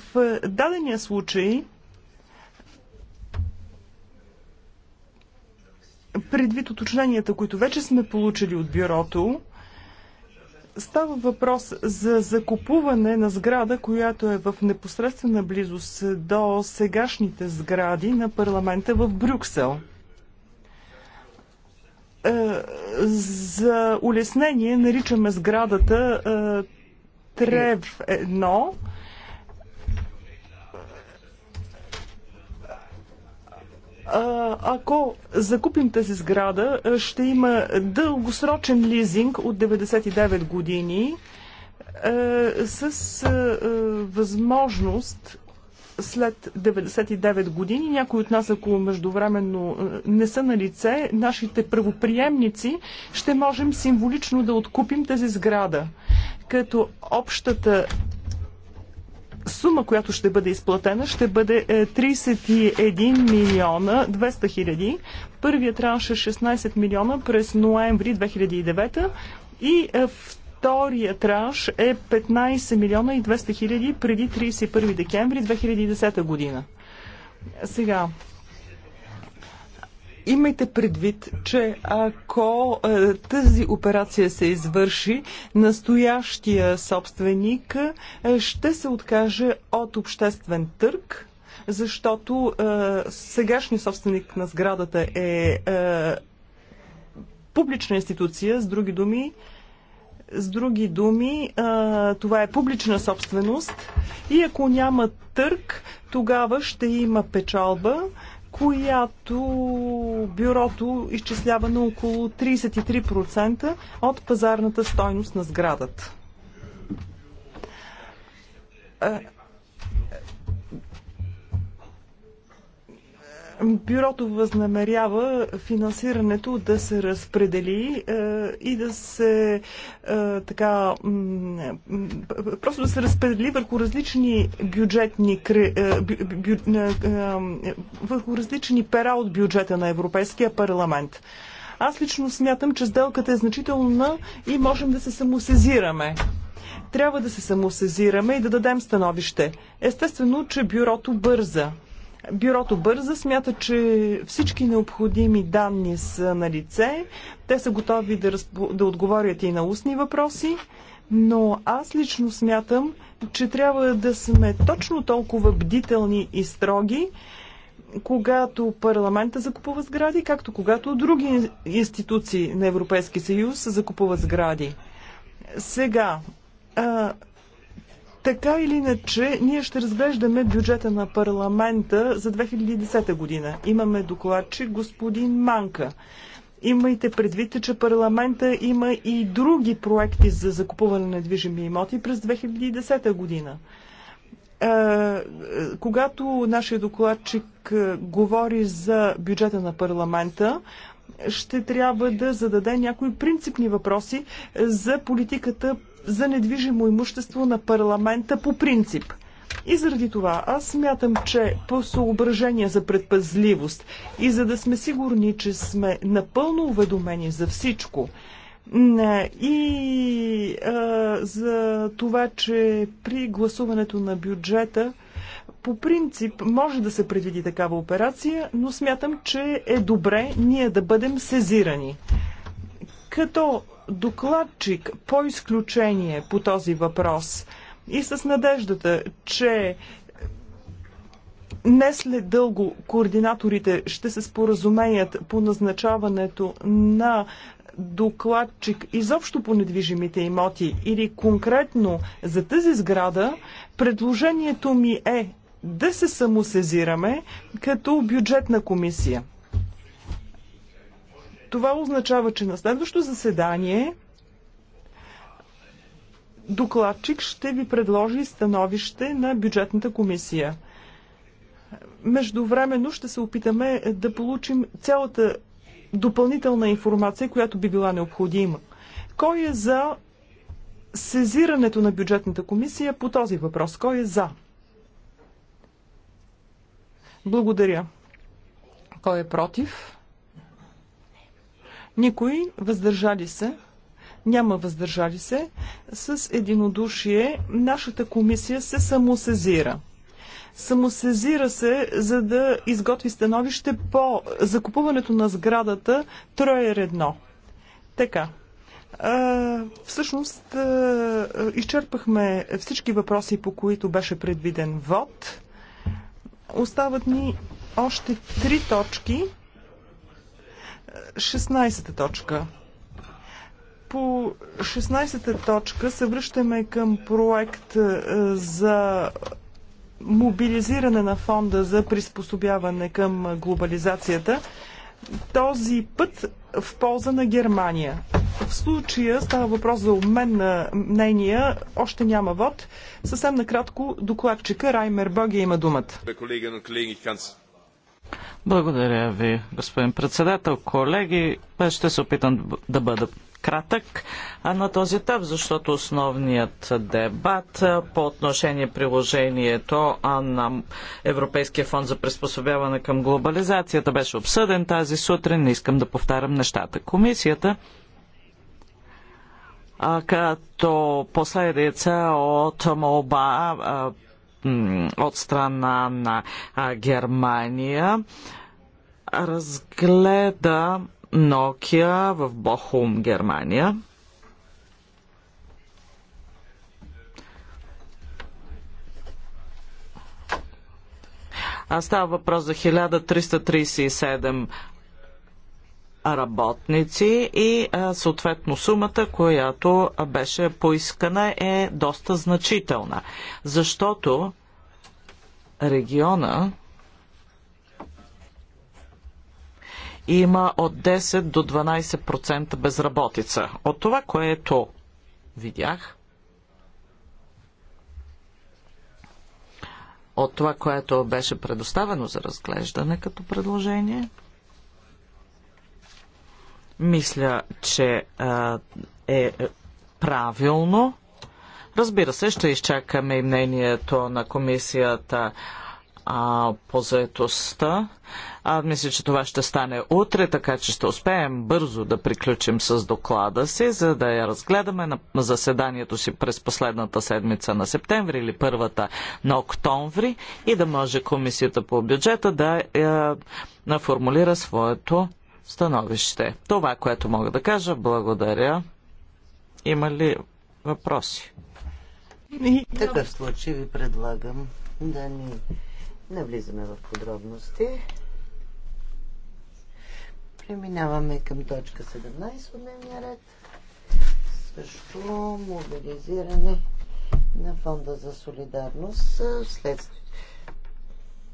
S2: дадения случай Предвид уточненията, които вече сме получили от бюрото, Става въпрос за закупуване на сграда, която е в непосредствена близост до сегашните сгради на парламента в Брюксел. Е, за улеснение наричаме сградата е, Трев 1 ако закупим тази сграда, ще има дългосрочен лизинг от 99 години с възможност след 99 години, някои от нас, ако междувременно не са на лице, нашите правоприемници, ще можем символично да откупим тази сграда. Като общата сума, която ще бъде изплатена, ще бъде 31 е, милиона 200 хиляди. Първият транш е 16 милиона през ноември 2009 и е, вторият транш е 15 милиона и 200 хиляди преди 31 декември 2010 година. Сега, Имайте предвид, че ако е, тази операция се извърши, настоящия собственик е, ще се откаже от обществен търг, защото е, сегашният собственик на сградата е публична институция, с други думи, с други думи, това е публична собственост и ако няма търг, тогава ще има печалба която бюрото изчислява на около 33% от пазарната стойност на сградата е, Бюрото възнамерява финансирането да се разпредели е, и да се е, така е, просто да се разпредели върху различни бюджетни е, бю, бю, е, върху различни пера от бюджета на Европейския парламент. Аз лично смятам, че сделката е значителна и можем да се самосезираме трябва да се самосезираме и да дадем становище. Естествено, че бюрото бърза. Бюрото бърза, смята, че всички необходими данни са на лице. Те са готови да, разпо... да отговорят и на устни въпроси, но аз лично смятам, че трябва да сме точно толкова бдителни и строги, когато парламента закупува сгради, както когато други институции на Европейски съюз закупуват сгради. Сега, така или иначе, ние ще разглеждаме бюджета на парламента за 2010 година. Имаме докладчик господин Манка. Имайте предвид, че парламента има и други проекти за закупуване на движими имоти през 2010 година. Е, когато нашия докладчик е, говори за бюджета на парламента, ще трябва да зададе някои принципни въпроси за политиката за недвижимо имущество на парламента по принцип. И заради това аз смятам, че по съображение за предпазливост и за да сме сигурни, че сме напълно уведомени за всичко, и а, за това, че при гласуването на бюджета по принцип може да се предвиди такава операция, но смятам, че е добре ние да бъдем сезирани. Като докладчик по изключение по този въпрос и с надеждата, че не след дълго координаторите ще се споразумеят по назначаването на докладчик изобщо по недвижимите имоти или конкретно за тази сграда, предложението ми е да се самосезираме като бюджетна комисия. Това означава, че на следващото заседание докладчик ще ви предложи становище на бюджетната комисия. Междувременно ще се опитаме да получим цялата допълнителна информация, която би била необходима. Кой е за сезирането на бюджетната комисия по този въпрос? Кой е за? Благодаря. Кой е против? Никой въздържали се? Няма въздържали се. С единодушие нашата комисия се самосезира самосезира се, за да изготви становище по закупуването на сградата трое редно. Така. А, всъщност, а, изчерпахме всички въпроси, по които беше предвиден вод. Остават ни още три точки. 16-та точка. По 16-та точка се връщаме към проект е, за мобилизиране на фонда за приспособяване към глобализацията. Този път в полза на Германия. В случая става въпрос за обмен на мнения. Още няма вод. Съвсем накратко докладчика Раймер Боги има думата.
S4: Благодаря ви, господин председател. Колеги, ще се опитам да бъда кратък а на този етап, защото основният дебат по отношение приложението на Европейския фонд за приспособяване към глобализацията беше обсъден тази сутрин. Не искам да повтарям нещата. Комисията като последица от молба от страна на Германия разгледа Nokia в Бохум, Германия. А става въпрос за 1337 работници и съответно сумата, която беше поискана е доста значителна, защото региона има от 10 до 12% безработица. От това, което видях, от това, което беше предоставено за разглеждане като предложение – мисля, че а, е, е правилно. Разбира се, ще изчакаме и мнението на комисията а, по заетостта. А, мисля, че това ще стане утре, така че ще успеем бързо да приключим с доклада си, за да я разгледаме на заседанието си през последната седмица на септември или първата на октомври и да може комисията по бюджета да я е, формулира своето становище. Това, което мога да кажа, благодаря.
S3: Има ли въпроси? В такъв случай ви предлагам да ни навлизаме в подробности. Преминаваме към точка 17 от дневния ред. Също мобилизиране на Фонда за солидарност следствие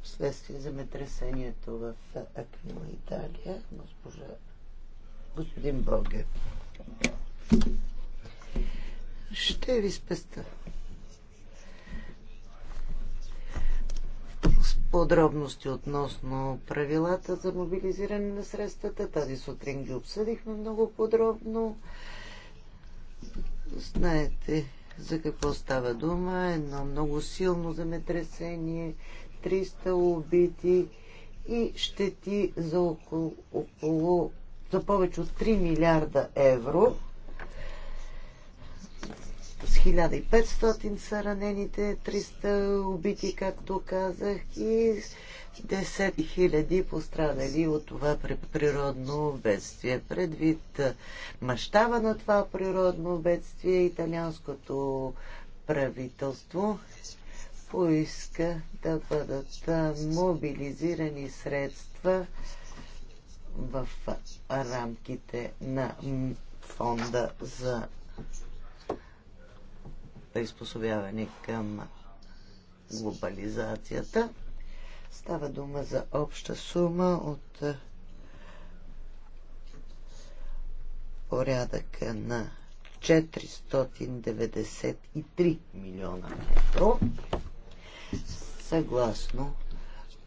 S3: следствие земетресението в Аквила, Италия. Госпожа, господин Боге. Ще ви спеста. С подробности относно правилата за мобилизиране на средствата. Тази сутрин ги обсъдихме много подробно. Знаете за какво става дума. Едно много силно земетресение 300 убити и щети за около, около за повече от 3 милиарда евро. С 1500 са ранените, 300 убити, както казах, и 10 000 пострадали от това природно бедствие. Предвид мащаба на това природно бедствие, италианското правителство поиска да бъдат мобилизирани средства в рамките на фонда за приспособяване към глобализацията. Става дума за обща сума от порядъка на 493 милиона евро съгласно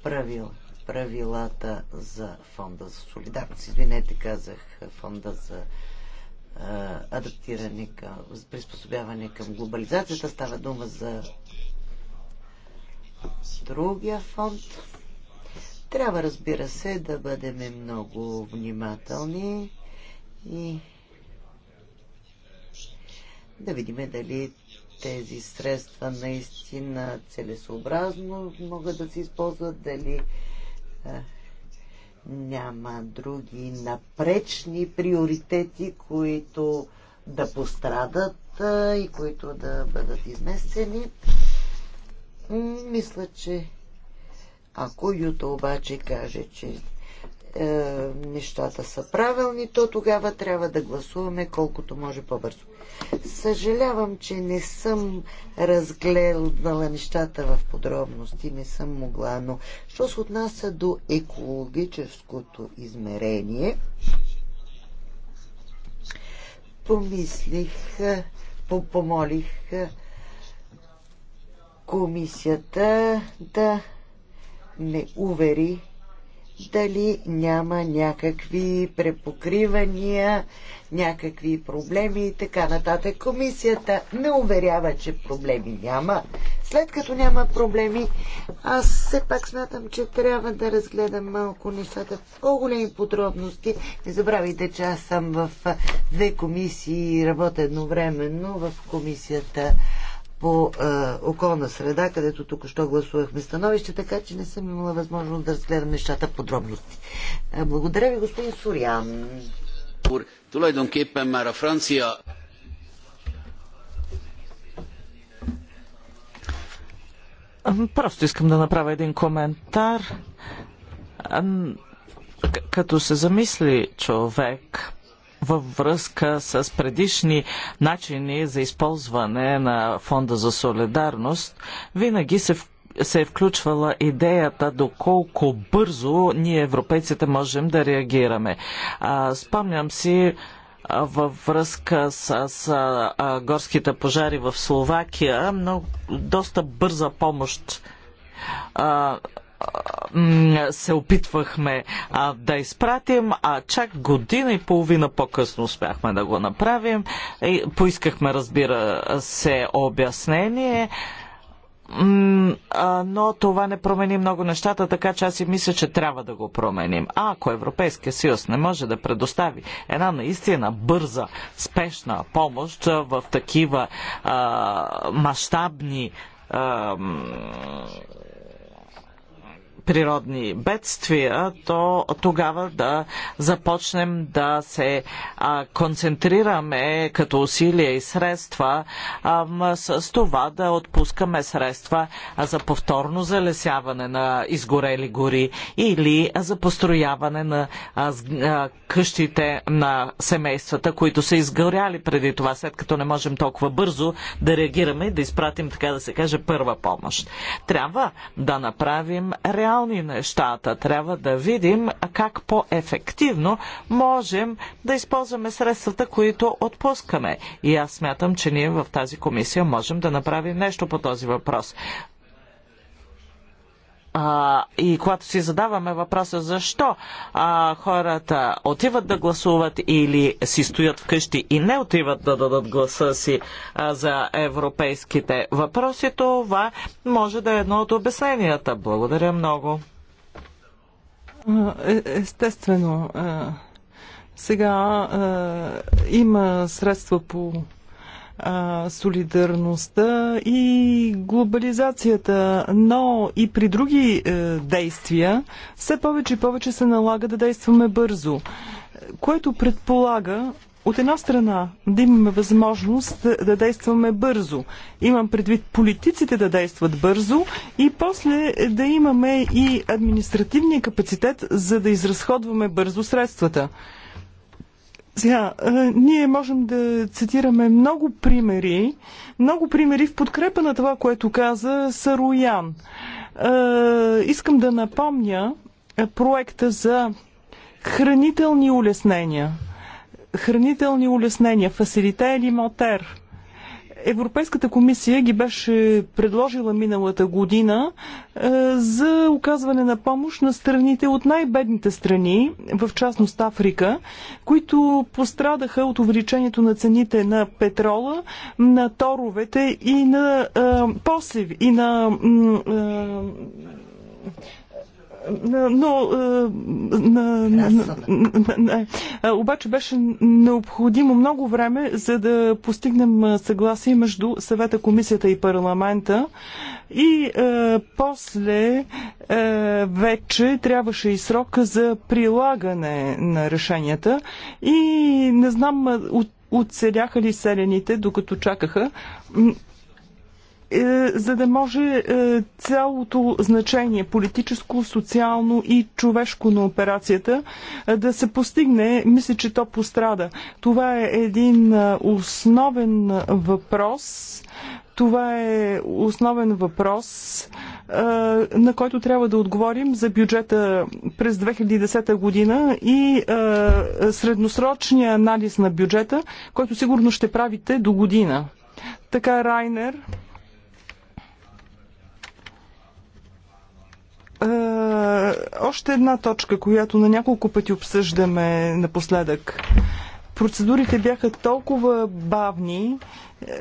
S3: правил, правилата за фонда за солидарност. Извинете, казах фонда за а, адаптиране към, приспособяване към глобализацията. Става дума за другия фонд. Трябва, разбира се, да бъдем много внимателни и да видим дали тези средства наистина целесообразно могат да се използват, дали а, е, няма други напречни приоритети, които да пострадат а, е, и които да бъдат изместени. Мисля, че ако Юта обаче каже, че е, нещата са правилни, то тогава трябва да гласуваме колкото може по-бързо. Съжалявам, че не съм разгледала нещата в подробности, не съм могла, но що се отнася до екологическото измерение, помислих, е, помолих е, комисията да ме увери, дали няма някакви препокривания, някакви проблеми и така нататък. Комисията не уверява, че проблеми няма. След като няма проблеми, аз все пак смятам, че трябва да разгледам малко нещата в по-големи подробности. Не забравяйте, че аз съм в две комисии и работя едновременно в комисията по а, е, околна среда, където тук що гласувахме становище, така че не съм имала възможност да разгледам нещата подробности. А, е, благодаря ви, господин Сурян.
S4: Просто искам да направя един коментар. Като се замисли човек във връзка с предишни начини за използване на Фонда за солидарност, винаги се се е включвала идеята доколко бързо ние европейците можем да реагираме. А, спомням си а, във връзка с, а, а, горските пожари в Словакия, но доста бърза помощ а, се опитвахме а, да изпратим, а чак година и половина по-късно успяхме да го направим. И поискахме, разбира се, обяснение но това не промени много нещата, така че аз си мисля, че трябва да го променим. А ако Европейския съюз не може да предостави една наистина бърза, спешна помощ в такива а, мащабни а, природни бедствия, то тогава да започнем да се а, концентрираме като усилия и средства а, с това да отпускаме средства за повторно залесяване на изгорели гори или за построяване на а, къщите на семействата, които са изгоряли преди това, след като не можем толкова бързо да реагираме и да изпратим, така да се каже, първа помощ. Трябва да направим реално нормални нещата. Трябва да видим как по-ефективно можем да използваме средствата, които отпускаме. И аз смятам, че ние в тази комисия можем да направим нещо по този въпрос. А, и когато си задаваме въпроса защо а, хората отиват да гласуват или си стоят вкъщи и не отиват да дадат гласа си а, за европейските въпроси, това може да е едно от обясненията. Благодаря много.
S2: Е, естествено. Сега е, има средства по солидарността и глобализацията, но и при други е, действия все повече и повече се налага да действаме бързо, което предполага от една страна да имаме възможност да, да действаме бързо. Имам предвид политиците да действат бързо и после да имаме и административния капацитет, за да изразходваме бързо средствата. Сега, ние можем да цитираме много примери, много примери в подкрепа на това, което каза Сароян. Искам да напомня проекта за хранителни улеснения. Хранителни улеснения, фасилите или мотер – Европейската комисия ги беше предложила миналата година е, за оказване на помощ на страните от най-бедните страни, в частност Африка, които пострадаха от увеличението на цените на петрола, на торовете и на е, посев и на е, е, но е, на, на, на, е, обаче беше необходимо много време, за да постигнем съгласие между съвета, комисията и парламента. И е, после е, вече трябваше и срок за прилагане на решенията. И не знам от оцеляха ли селените, докато чакаха. Е, за да може е, цялото значение политическо, социално и човешко на операцията е, да се постигне, мисля, че то пострада. Това е един основен въпрос. Това е основен въпрос, на който трябва да отговорим за бюджета през 2010 година и средносрочния анализ на бюджета, който сигурно ще правите до година. Така, Райнер. Е, още една точка, която на няколко пъти обсъждаме напоследък. Процедурите бяха толкова бавни,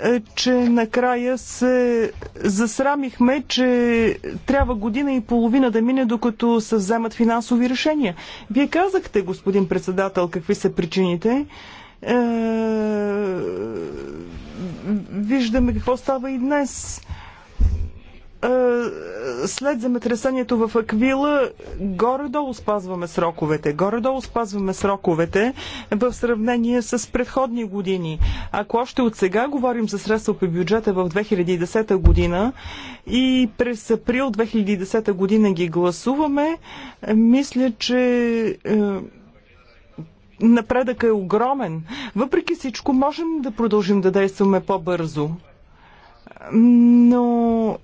S2: е, че накрая се засрамихме, че трябва година и половина да мине, докато се вземат финансови решения. Вие казахте, господин председател, какви са причините. Е... Виждаме какво става и днес. Е след земетресението в Аквила, горе-долу спазваме сроковете. Горе-долу спазваме сроковете в сравнение с предходни години. Ако още от сега говорим за средства по бюджета в 2010 година и през април 2010 година ги гласуваме, мисля, че е, напредъка е огромен. Въпреки всичко, можем да продължим да действаме по-бързо. Но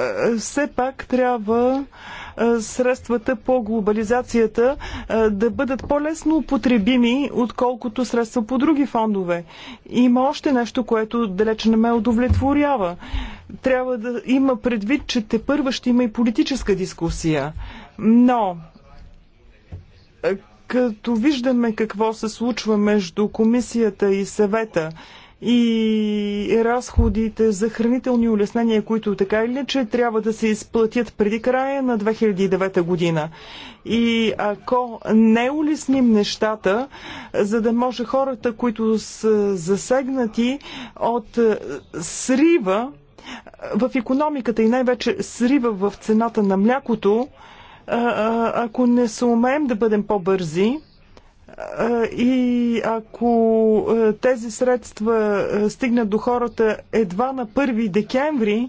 S2: е, все пак трябва е, средствата по глобализацията е, да бъдат по-лесно употребими, отколкото средства по други фондове. Има още нещо, което далеч не ме удовлетворява. Трябва да има предвид, че те първа ще има и политическа дискусия. Но като виждаме какво се случва между комисията и съвета, и разходите за хранителни улеснения, които така или иначе трябва да се изплатят преди края на 2009 година. И ако не улесним нещата, за да може хората, които са засегнати от е, срива в економиката и най-вече срива в цената на млякото, ако не се умеем да бъдем по-бързи, и ако е, тези средства е, стигнат до хората едва на 1 декември,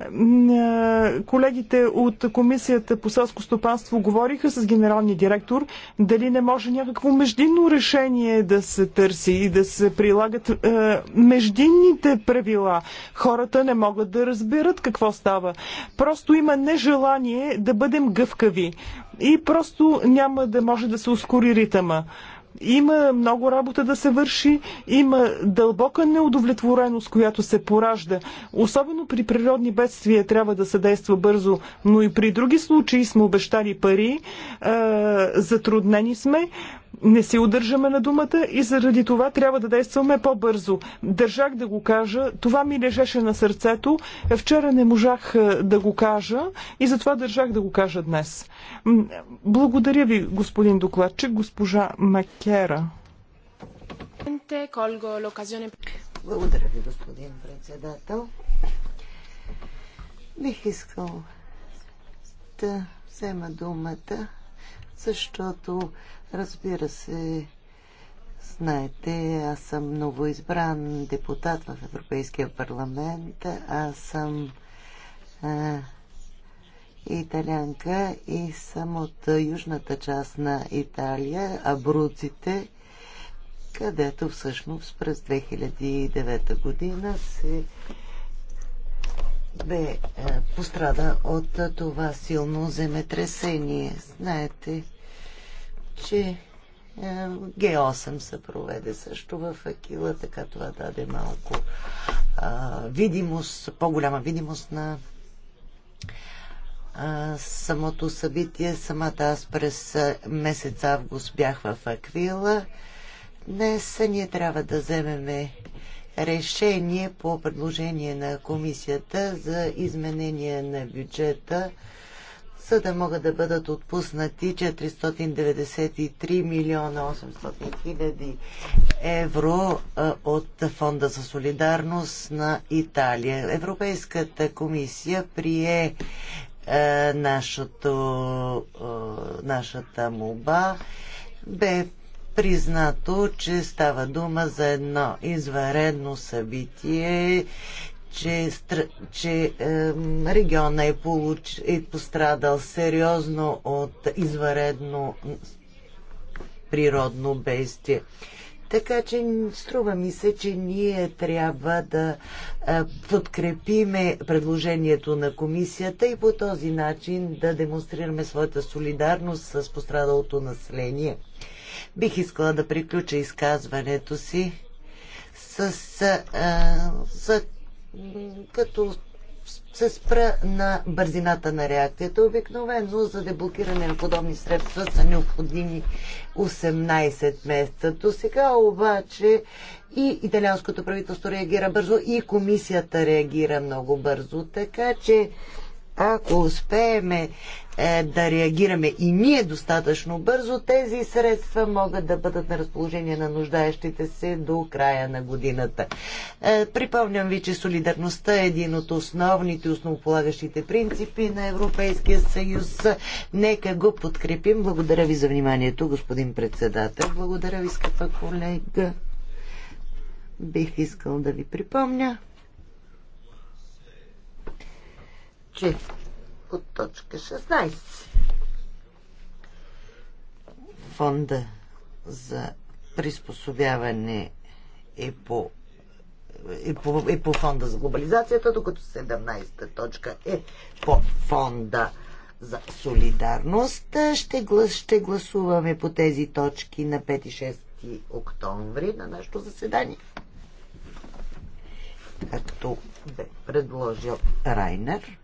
S2: е, колегите от Комисията по селско стопанство говориха с генералния директор дали не може някакво междинно решение да се търси и да се прилагат е, междинните правила. Хората не могат да разберат какво става. Просто има нежелание да бъдем гъвкави и просто няма да може да се ускори ритъма. Има много работа да се върши, има дълбока неудовлетвореност, която се поражда. Особено при природни бедствия трябва да се действа бързо, но и при други случаи сме обещали пари, затруднени сме не се удържаме на думата и заради това трябва да действаме по-бързо. Държах да го кажа, това ми лежеше на сърцето. Вчера не можах е, да го кажа и затова държах да го кажа днес. Благодаря ви, господин докладчик, госпожа Макера.
S3: Благодаря ви, господин председател. Бих искал да взема думата, защото Разбира се, знаете, аз съм новоизбран депутат в Европейския парламент. Аз съм а, италянка и съм от южната част на Италия, Абруците, където всъщност през 2009 година се бе пострада от това силно земетресение. Знаете, че е, Г8 се проведе също в Акила, така това даде малко а, видимост, по-голяма видимост на а, самото събитие. Самата аз през е, месец август бях в Аквила. Днес ние трябва да вземем решение по предложение на комисията за изменение на бюджета за да могат да бъдат отпуснати 493 милиона 800 хиляди евро от Фонда за солидарност на Италия. Европейската комисия прие нашото, нашата муба. Бе признато, че става дума за едно изваредно събитие че, че е, региона е, получ, е пострадал сериозно от изваредно природно бестие. Така че струва ми се, че ние трябва да е, подкрепиме предложението на комисията и по този начин да демонстрираме своята солидарност с пострадалото население. Бих искала да приключа изказването си с а, е, за като се спра на бързината на реакцията. Обикновено за деблокиране на подобни средства са необходими 18 месеца. До сега обаче и италианското правителство реагира бързо, и комисията реагира много бързо. Така че ако успееме е, да реагираме и ние достатъчно бързо, тези средства могат да бъдат на разположение на нуждаещите се до края на годината. Е, припомням ви, че солидарността е един от основните, основополагащите принципи на Европейския съюз. Нека го подкрепим. Благодаря ви за вниманието, господин председател. Благодаря ви, скъпа колега. Бих искал да ви припомня. че от точка 16 фонда за приспособяване е по и е по, и е по фонда за глобализацията, докато 17-та точка е по фонда за солидарност. Ще, глас, ще гласуваме по тези точки на 5 и 6 октомври на нашето заседание. Както бе предложил Райнер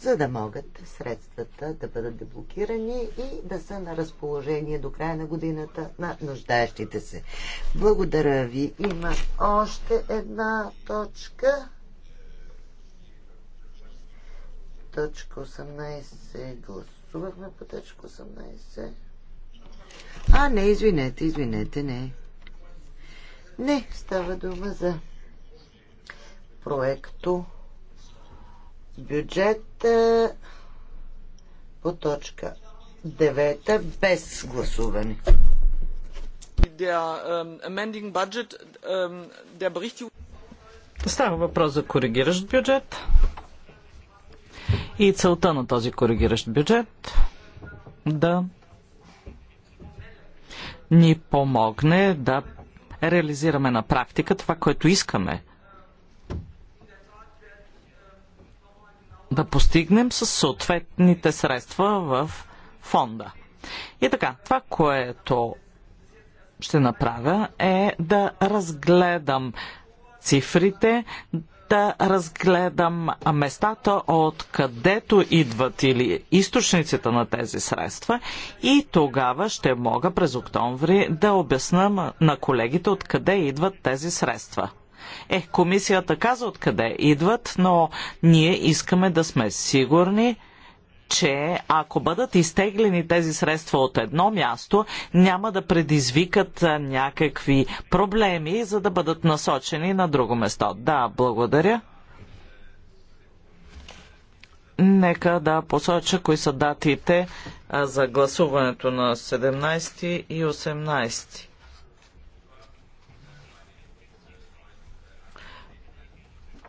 S3: за да могат средствата да бъдат деблокирани и да са на разположение до края на годината на нуждаещите се. Благодаря ви. Има още една точка. Точка 18. Гласувахме по точка 18. А, не, извинете, извинете, не. Не, става дума за проекто бюджет по точка 9 без гласуване.
S4: Ähm, ähm,
S3: Става въпрос за коригиращ
S4: бюджет и целта на този коригиращ бюджет да ни помогне да реализираме на практика това, което искаме да постигнем с съответните средства в фонда. И така, това, което ще направя е да разгледам цифрите, да разгледам местата, от където идват или източниците на тези средства и тогава ще мога през октомври да обясна на колегите откъде идват тези средства. Ех, комисията каза откъде идват, но ние искаме да сме сигурни, че ако бъдат изтеглени тези средства от едно място, няма да предизвикат някакви проблеми, за да бъдат насочени на друго место. Да, благодаря. Нека да посоча кои са датите за гласуването на 17 и 18.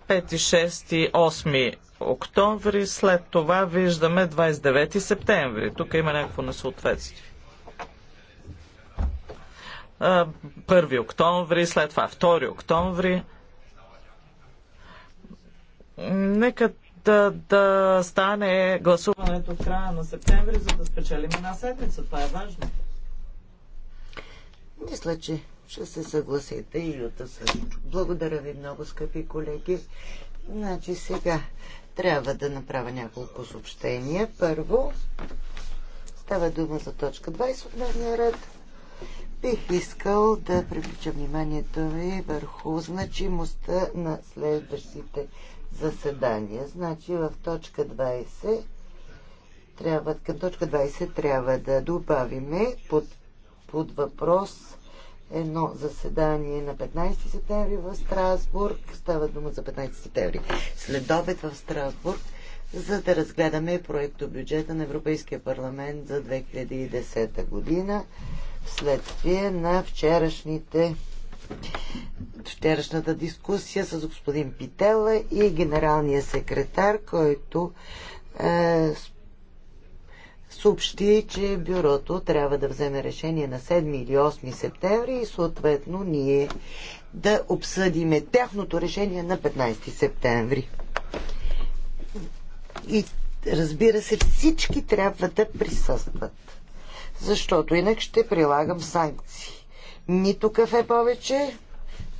S4: 5, 6 и 8 октомври, след това виждаме 29 септември. Тук има някакво несъответствие. 1 октомври, след това 2 октомври. Нека да, да стане гласуването в края на септември, за да спечелим една седмица. Това е важно.
S3: Мисля, че ще се съгласите и Юта също. Благодаря ви много, скъпи колеги. Значи сега трябва да направя няколко съобщения. Първо, става дума за точка 20 от дневния ред. Бих искал да привлича вниманието ви върху значимостта на следващите заседания. Значи в точка 20 трябва, към точка 20 трябва да добавиме под, под въпрос едно заседание на 15 септември в Страсбург. Става дума за 15 септември. След обед в Страсбург, за да разгледаме проекто бюджета на Европейския парламент за 2010 година вследствие на вчерашните вчерашната дискусия с господин Питела и генералния секретар, който е, съобщи, че бюрото трябва да вземе решение на 7 или 8 септември и съответно ние да обсъдиме тяхното решение на 15 септември. И разбира се, всички трябва да присъстват, защото инак ще прилагам санкции. Нито кафе повече,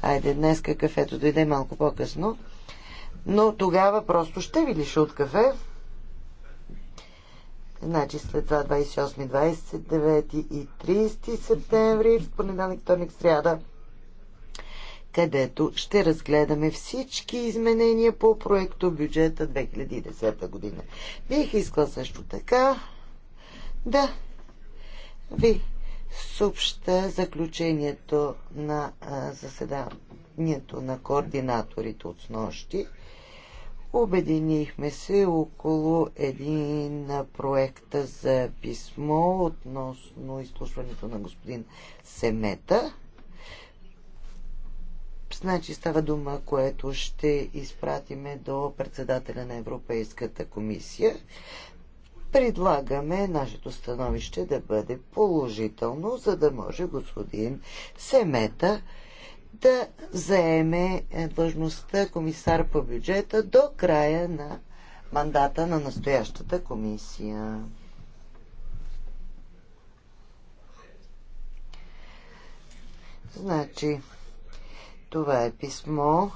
S3: айде днес кафето дойде малко по-късно, но тогава просто ще ви лиша от кафе, Значи след това 28, 29 и 30 септември, в понеделник, вторник, сряда, където ще разгледаме всички изменения по проекто бюджета 2010 година. Бих искал също така да ви съобща заключението на заседанието на координаторите от снощи. Обединихме се около един проект за писмо относно изслушването на господин Семета. Значи става дума, което ще изпратиме до председателя на Европейската комисия. Предлагаме нашето становище да бъде положително, за да може господин Семета да заеме е, длъжността комисар по бюджета до края на мандата на настоящата комисия. Значи, това е писмо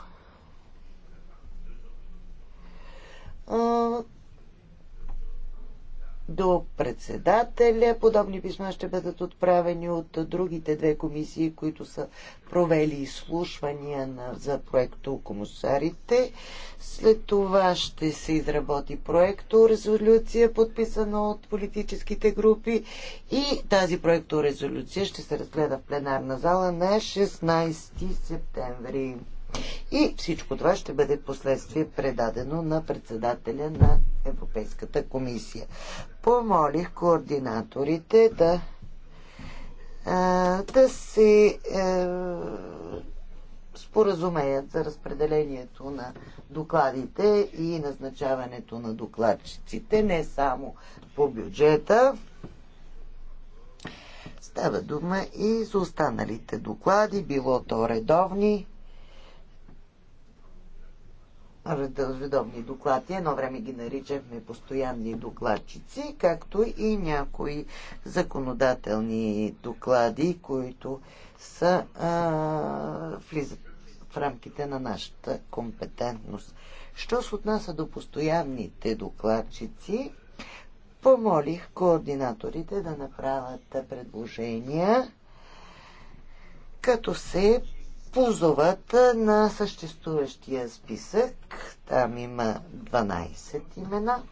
S3: до председателя. Подобни писма ще бъдат отправени от другите две комисии, които са провели изслушвания на, за проекто комусарите. След това ще се изработи проекто резолюция, подписана от политическите групи и тази проекто резолюция ще се разгледа в пленарна зала на 16 септември. И всичко това ще бъде последствие предадено на председателя на Европейската комисия. Помолих координаторите да да се споразумеят за разпределението на докладите и назначаването на докладчиците, не само по бюджета. Става дума и за останалите доклади, било то редовни редовни доклади. Едно време ги наричахме постоянни докладчици, както и някои законодателни доклади, които са, а, влизат в рамките на нашата компетентност. Що се отнася до постоянните докладчици, помолих координаторите да направят предложения, като се позоват на съществуващия списък. Там има 12 имена.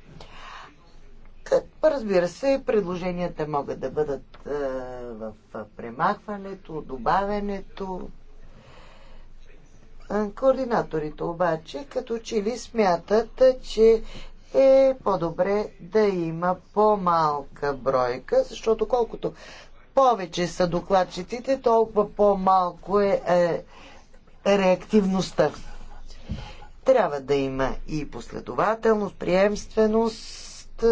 S3: Разбира се, предложенията могат да бъдат е, в премахването, добавянето. Е, координаторите обаче като че ли смятат, че е по-добре да има по-малка бройка, защото колкото повече са докладчиците, толкова по-малко е, е реактивността. Трябва да има и последователност, приемственост,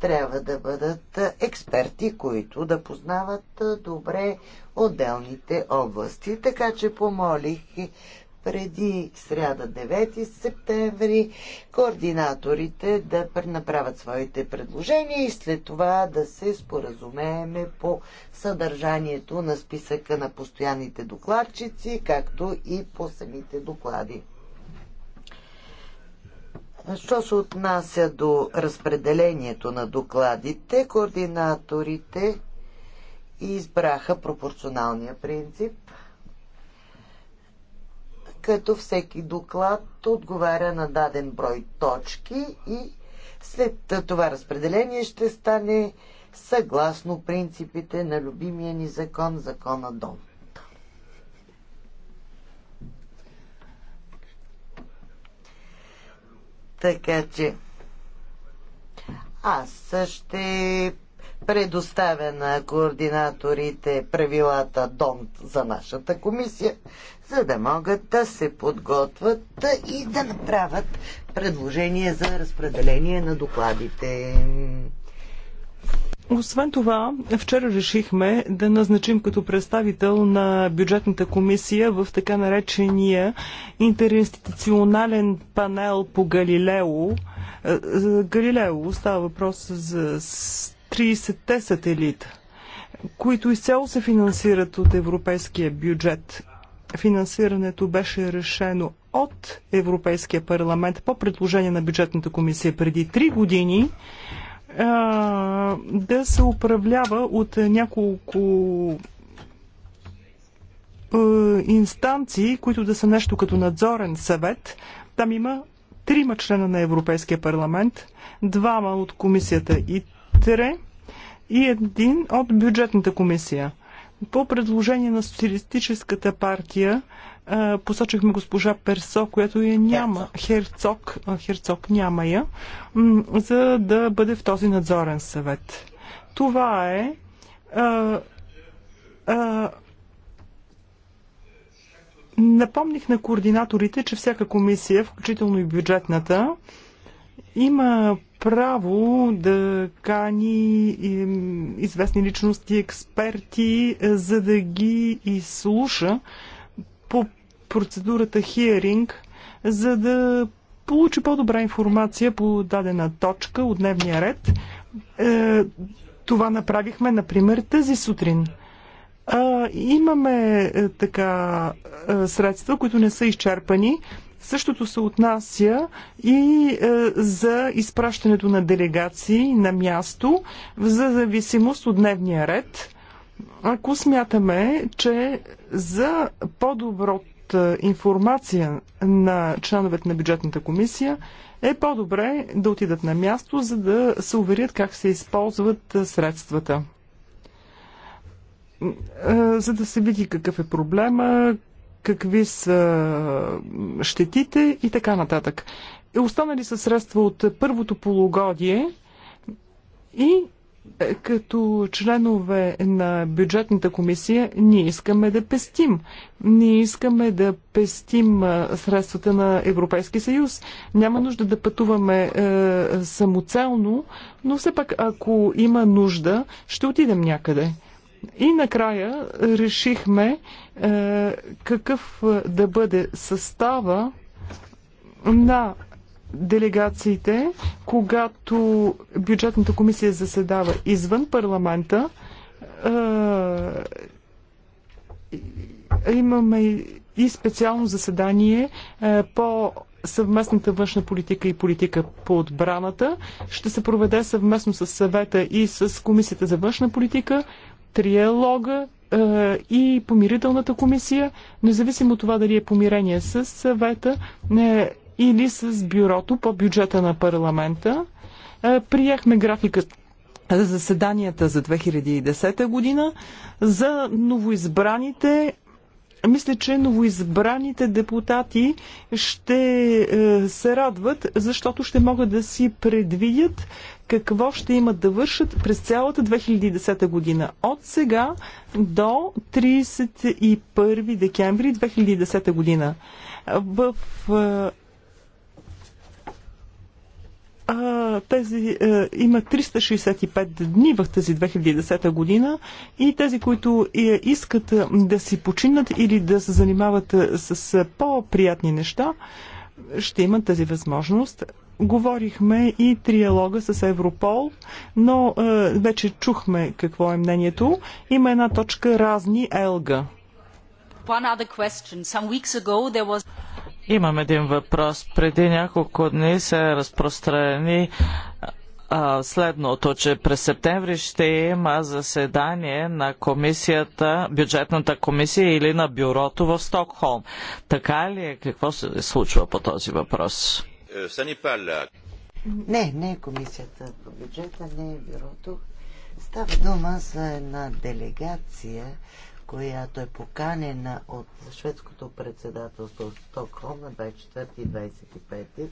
S3: трябва да бъдат експерти, които да познават е, добре отделните области. Така че помолих преди сряда 9 септември координаторите да направят своите предложения и след това да се споразумееме по съдържанието на списъка на постоянните докладчици, както и по самите доклади. Що се отнася до разпределението на докладите, координаторите избраха пропорционалния принцип като всеки доклад отговаря на даден брой точки и след това разпределение ще стане съгласно принципите на любимия ни закон, закона Дом. Така че аз ще предоставя на координаторите правилата ДОНТ за нашата комисия, за да могат да се подготвят и да направят предложение за разпределение на докладите.
S2: Освен това, вчера решихме да назначим като представител на бюджетната комисия в така наречения интеринституционален панел по Галилео. Е, е, Галилео става въпрос за 30-те сателита, които изцяло се финансират от европейския бюджет. Финансирането беше решено от Европейския парламент по предложение на бюджетната комисия преди 3 години да се управлява от няколко инстанции, които да са нещо като надзорен съвет. Там има трима члена на Европейския парламент, двама от комисията и ИТРЕ и един от бюджетната комисия. По предложение на Социалистическата партия посочихме госпожа Персо, която я няма. Херцог. Херцог няма я, за да бъде в този надзорен съвет. Това е. А, а, напомних на координаторите, че всяка комисия, включително и бюджетната, има право да кани известни личности, експерти, е, за да ги изслуша по процедурата хиеринг, за да получи по-добра информация по дадена точка от дневния ред. Е, това направихме, например, тази сутрин. имаме е, така средства, които не са изчерпани. Същото се отнася и е, за изпращането на делегации на място в зависимост от дневния ред. Ако смятаме, че за по-добро е, информация на членовете на бюджетната комисия, е по-добре да отидат на място, за да се уверят как се използват е, средствата. За да се види какъв е проблема, какви са щетите и така нататък. Останали са средства от първото полугодие и е, като членове на бюджетната комисия, ние искаме да пестим. Ние искаме да пестим е, средствата на Европейски съюз. Няма нужда да пътуваме е, самоцелно, но все пак, ако има нужда, ще отидем някъде. И накрая решихме е, какъв е, да бъде състава на делегациите, когато бюджетната комисия заседава извън парламента. Е, имаме и специално заседание е, по съвместната външна политика и политика по отбраната. Ще се проведе съвместно с съвета и с Комисията за външна политика триалога и помирителната комисия, независимо от това дали е помирение с съвета или с бюрото по бюджета на парламента. Приехме графикът заседанията за 2010 година за новоизбраните мисля, че новоизбраните депутати ще е, се радват, защото ще могат да си предвидят какво ще имат да вършат през цялата 2010 година. От сега до 31 декември 2010 година. В е, тези е, има 365 дни в тази 2010 година и тези, които е, искат е, да си починат или да се занимават с по-приятни неща, ще имат тази възможност. Говорихме и триалога с Европол, но е, вече чухме какво е мнението. Има една точка разни Елга.
S4: Was... Имам един въпрос. Преди няколко дни се разпространи а, следното, че през септември ще има заседание на комисията, бюджетната комисия или на бюрото в Стокхолм. Така ли е? Какво се случва по този въпрос?
S3: Не, не е комисията по бюджета, не е бюрото. Става дума за една делегация която е поканена от шведското председателство в Стокхолм на 24 и 25.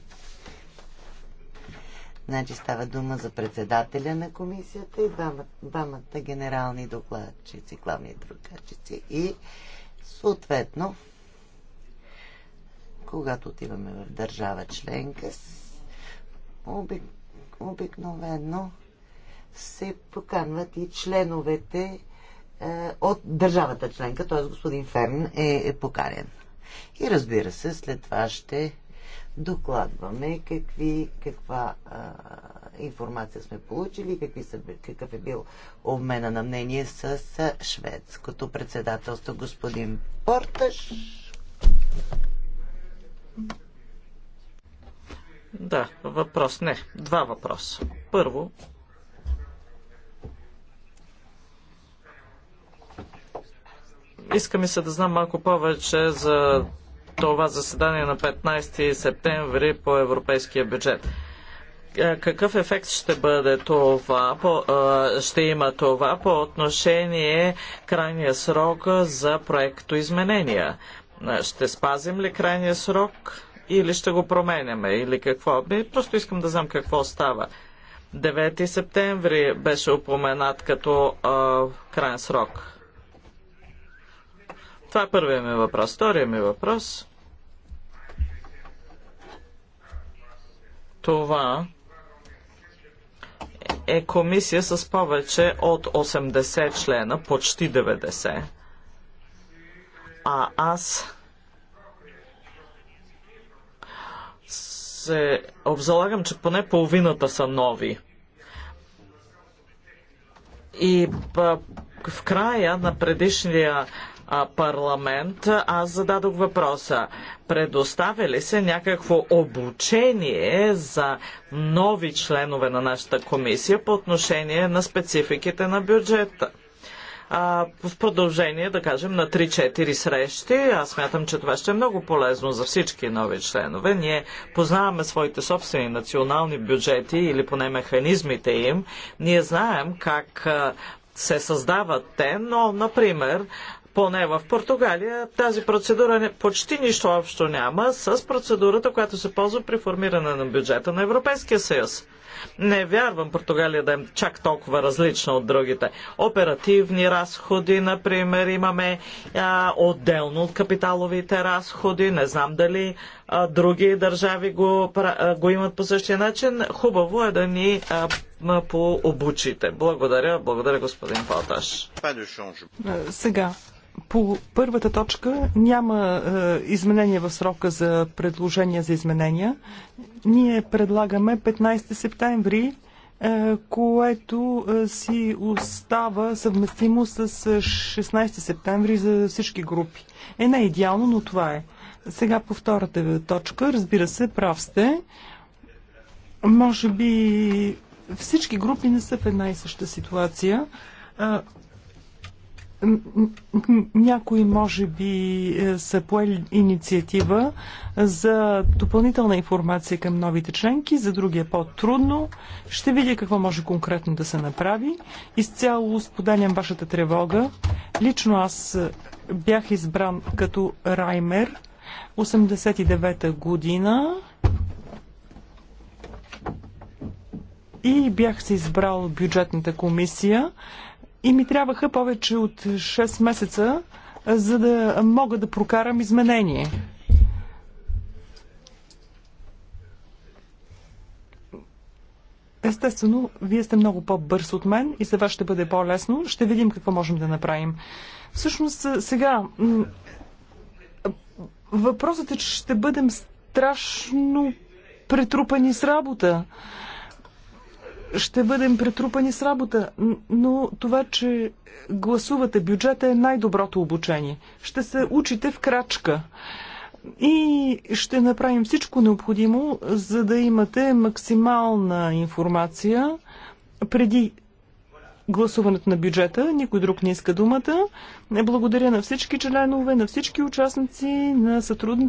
S3: Значи става дума за председателя на комисията и двамата, двамата генерални докладчици, главни докладчици и съответно когато отиваме в държава членка, обик, обикновено се поканват и членовете е, от държавата членка, т.е. господин Ферн е, е покарен. И разбира се, след това ще докладваме какви, каква а, информация сме получили, какви са, какъв е бил обмена на мнение с, с шведското председателство господин Порташ.
S4: Да, въпрос не. Два въпроса. Първо, иска ми се да знам малко повече за това заседание на 15 септември по европейския бюджет. Е, какъв ефект ще бъде това, по, е, ще има това по отношение крайния срок за проекто изменения? Е, ще спазим ли крайния срок или ще го променяме или какво? Просто искам да знам какво става. 9 септември беше упоменат като а, крайен срок. Това е първият ми въпрос. Вторият ми въпрос. Това е комисия с повече от 80 члена, почти 90. А аз се обзалагам, че поне половината са нови. И в края на предишния парламент, аз зададох въпроса. Предоставя ли се някакво обучение за нови членове на нашата комисия по отношение на спецификите на бюджета? а, в продължение, да кажем, на 3-4 срещи. Аз смятам, че това ще е много полезно за всички нови членове. Ние познаваме своите собствени национални бюджети или поне механизмите им. Ние знаем как се създават те, но, например, поне в Португалия, тази процедура почти нищо общо няма с процедурата, която се ползва при формиране на бюджета на Европейския съюз. Не вярвам Португалия да е чак толкова различна от другите. Оперативни разходи, например, имаме а, отделно от капиталовите разходи. Не знам дали а, други държави го, а, го имат по същия начин. Хубаво е да ни а, по обучите. Благодаря, благодаря господин Палташ.
S2: Сега по първата точка няма е, изменение в срока за предложения за изменения. Ние предлагаме 15 септември, е, което е, си остава съвместимо с 16 е, септември за всички групи. Е, не идеално, но това е. Сега по втората точка, разбира се, прав сте. Може би всички групи не са в една и съща ситуация някои може би е, са поели инициатива за допълнителна информация към новите членки, за други е по-трудно. Ще видя какво може конкретно да се направи. Изцяло споделям вашата тревога. Лично аз е, бях избран като Раймер 89-та година и бях се избрал бюджетната комисия. И ми трябваха повече от 6 месеца, за да мога да прокарам изменение. Естествено, вие сте много по-бърз от мен и за вас ще бъде по-лесно. Ще видим какво можем да направим. Всъщност, сега, въпросът е, че ще бъдем страшно претрупани с работа ще бъдем претрупани с работа, но това, че гласувате бюджета е най-доброто обучение. Ще се учите в крачка и ще направим всичко необходимо, за да имате максимална информация преди гласуването на бюджета. Никой друг не иска думата. Благодаря на всички членове, на всички участници, на сътрудници.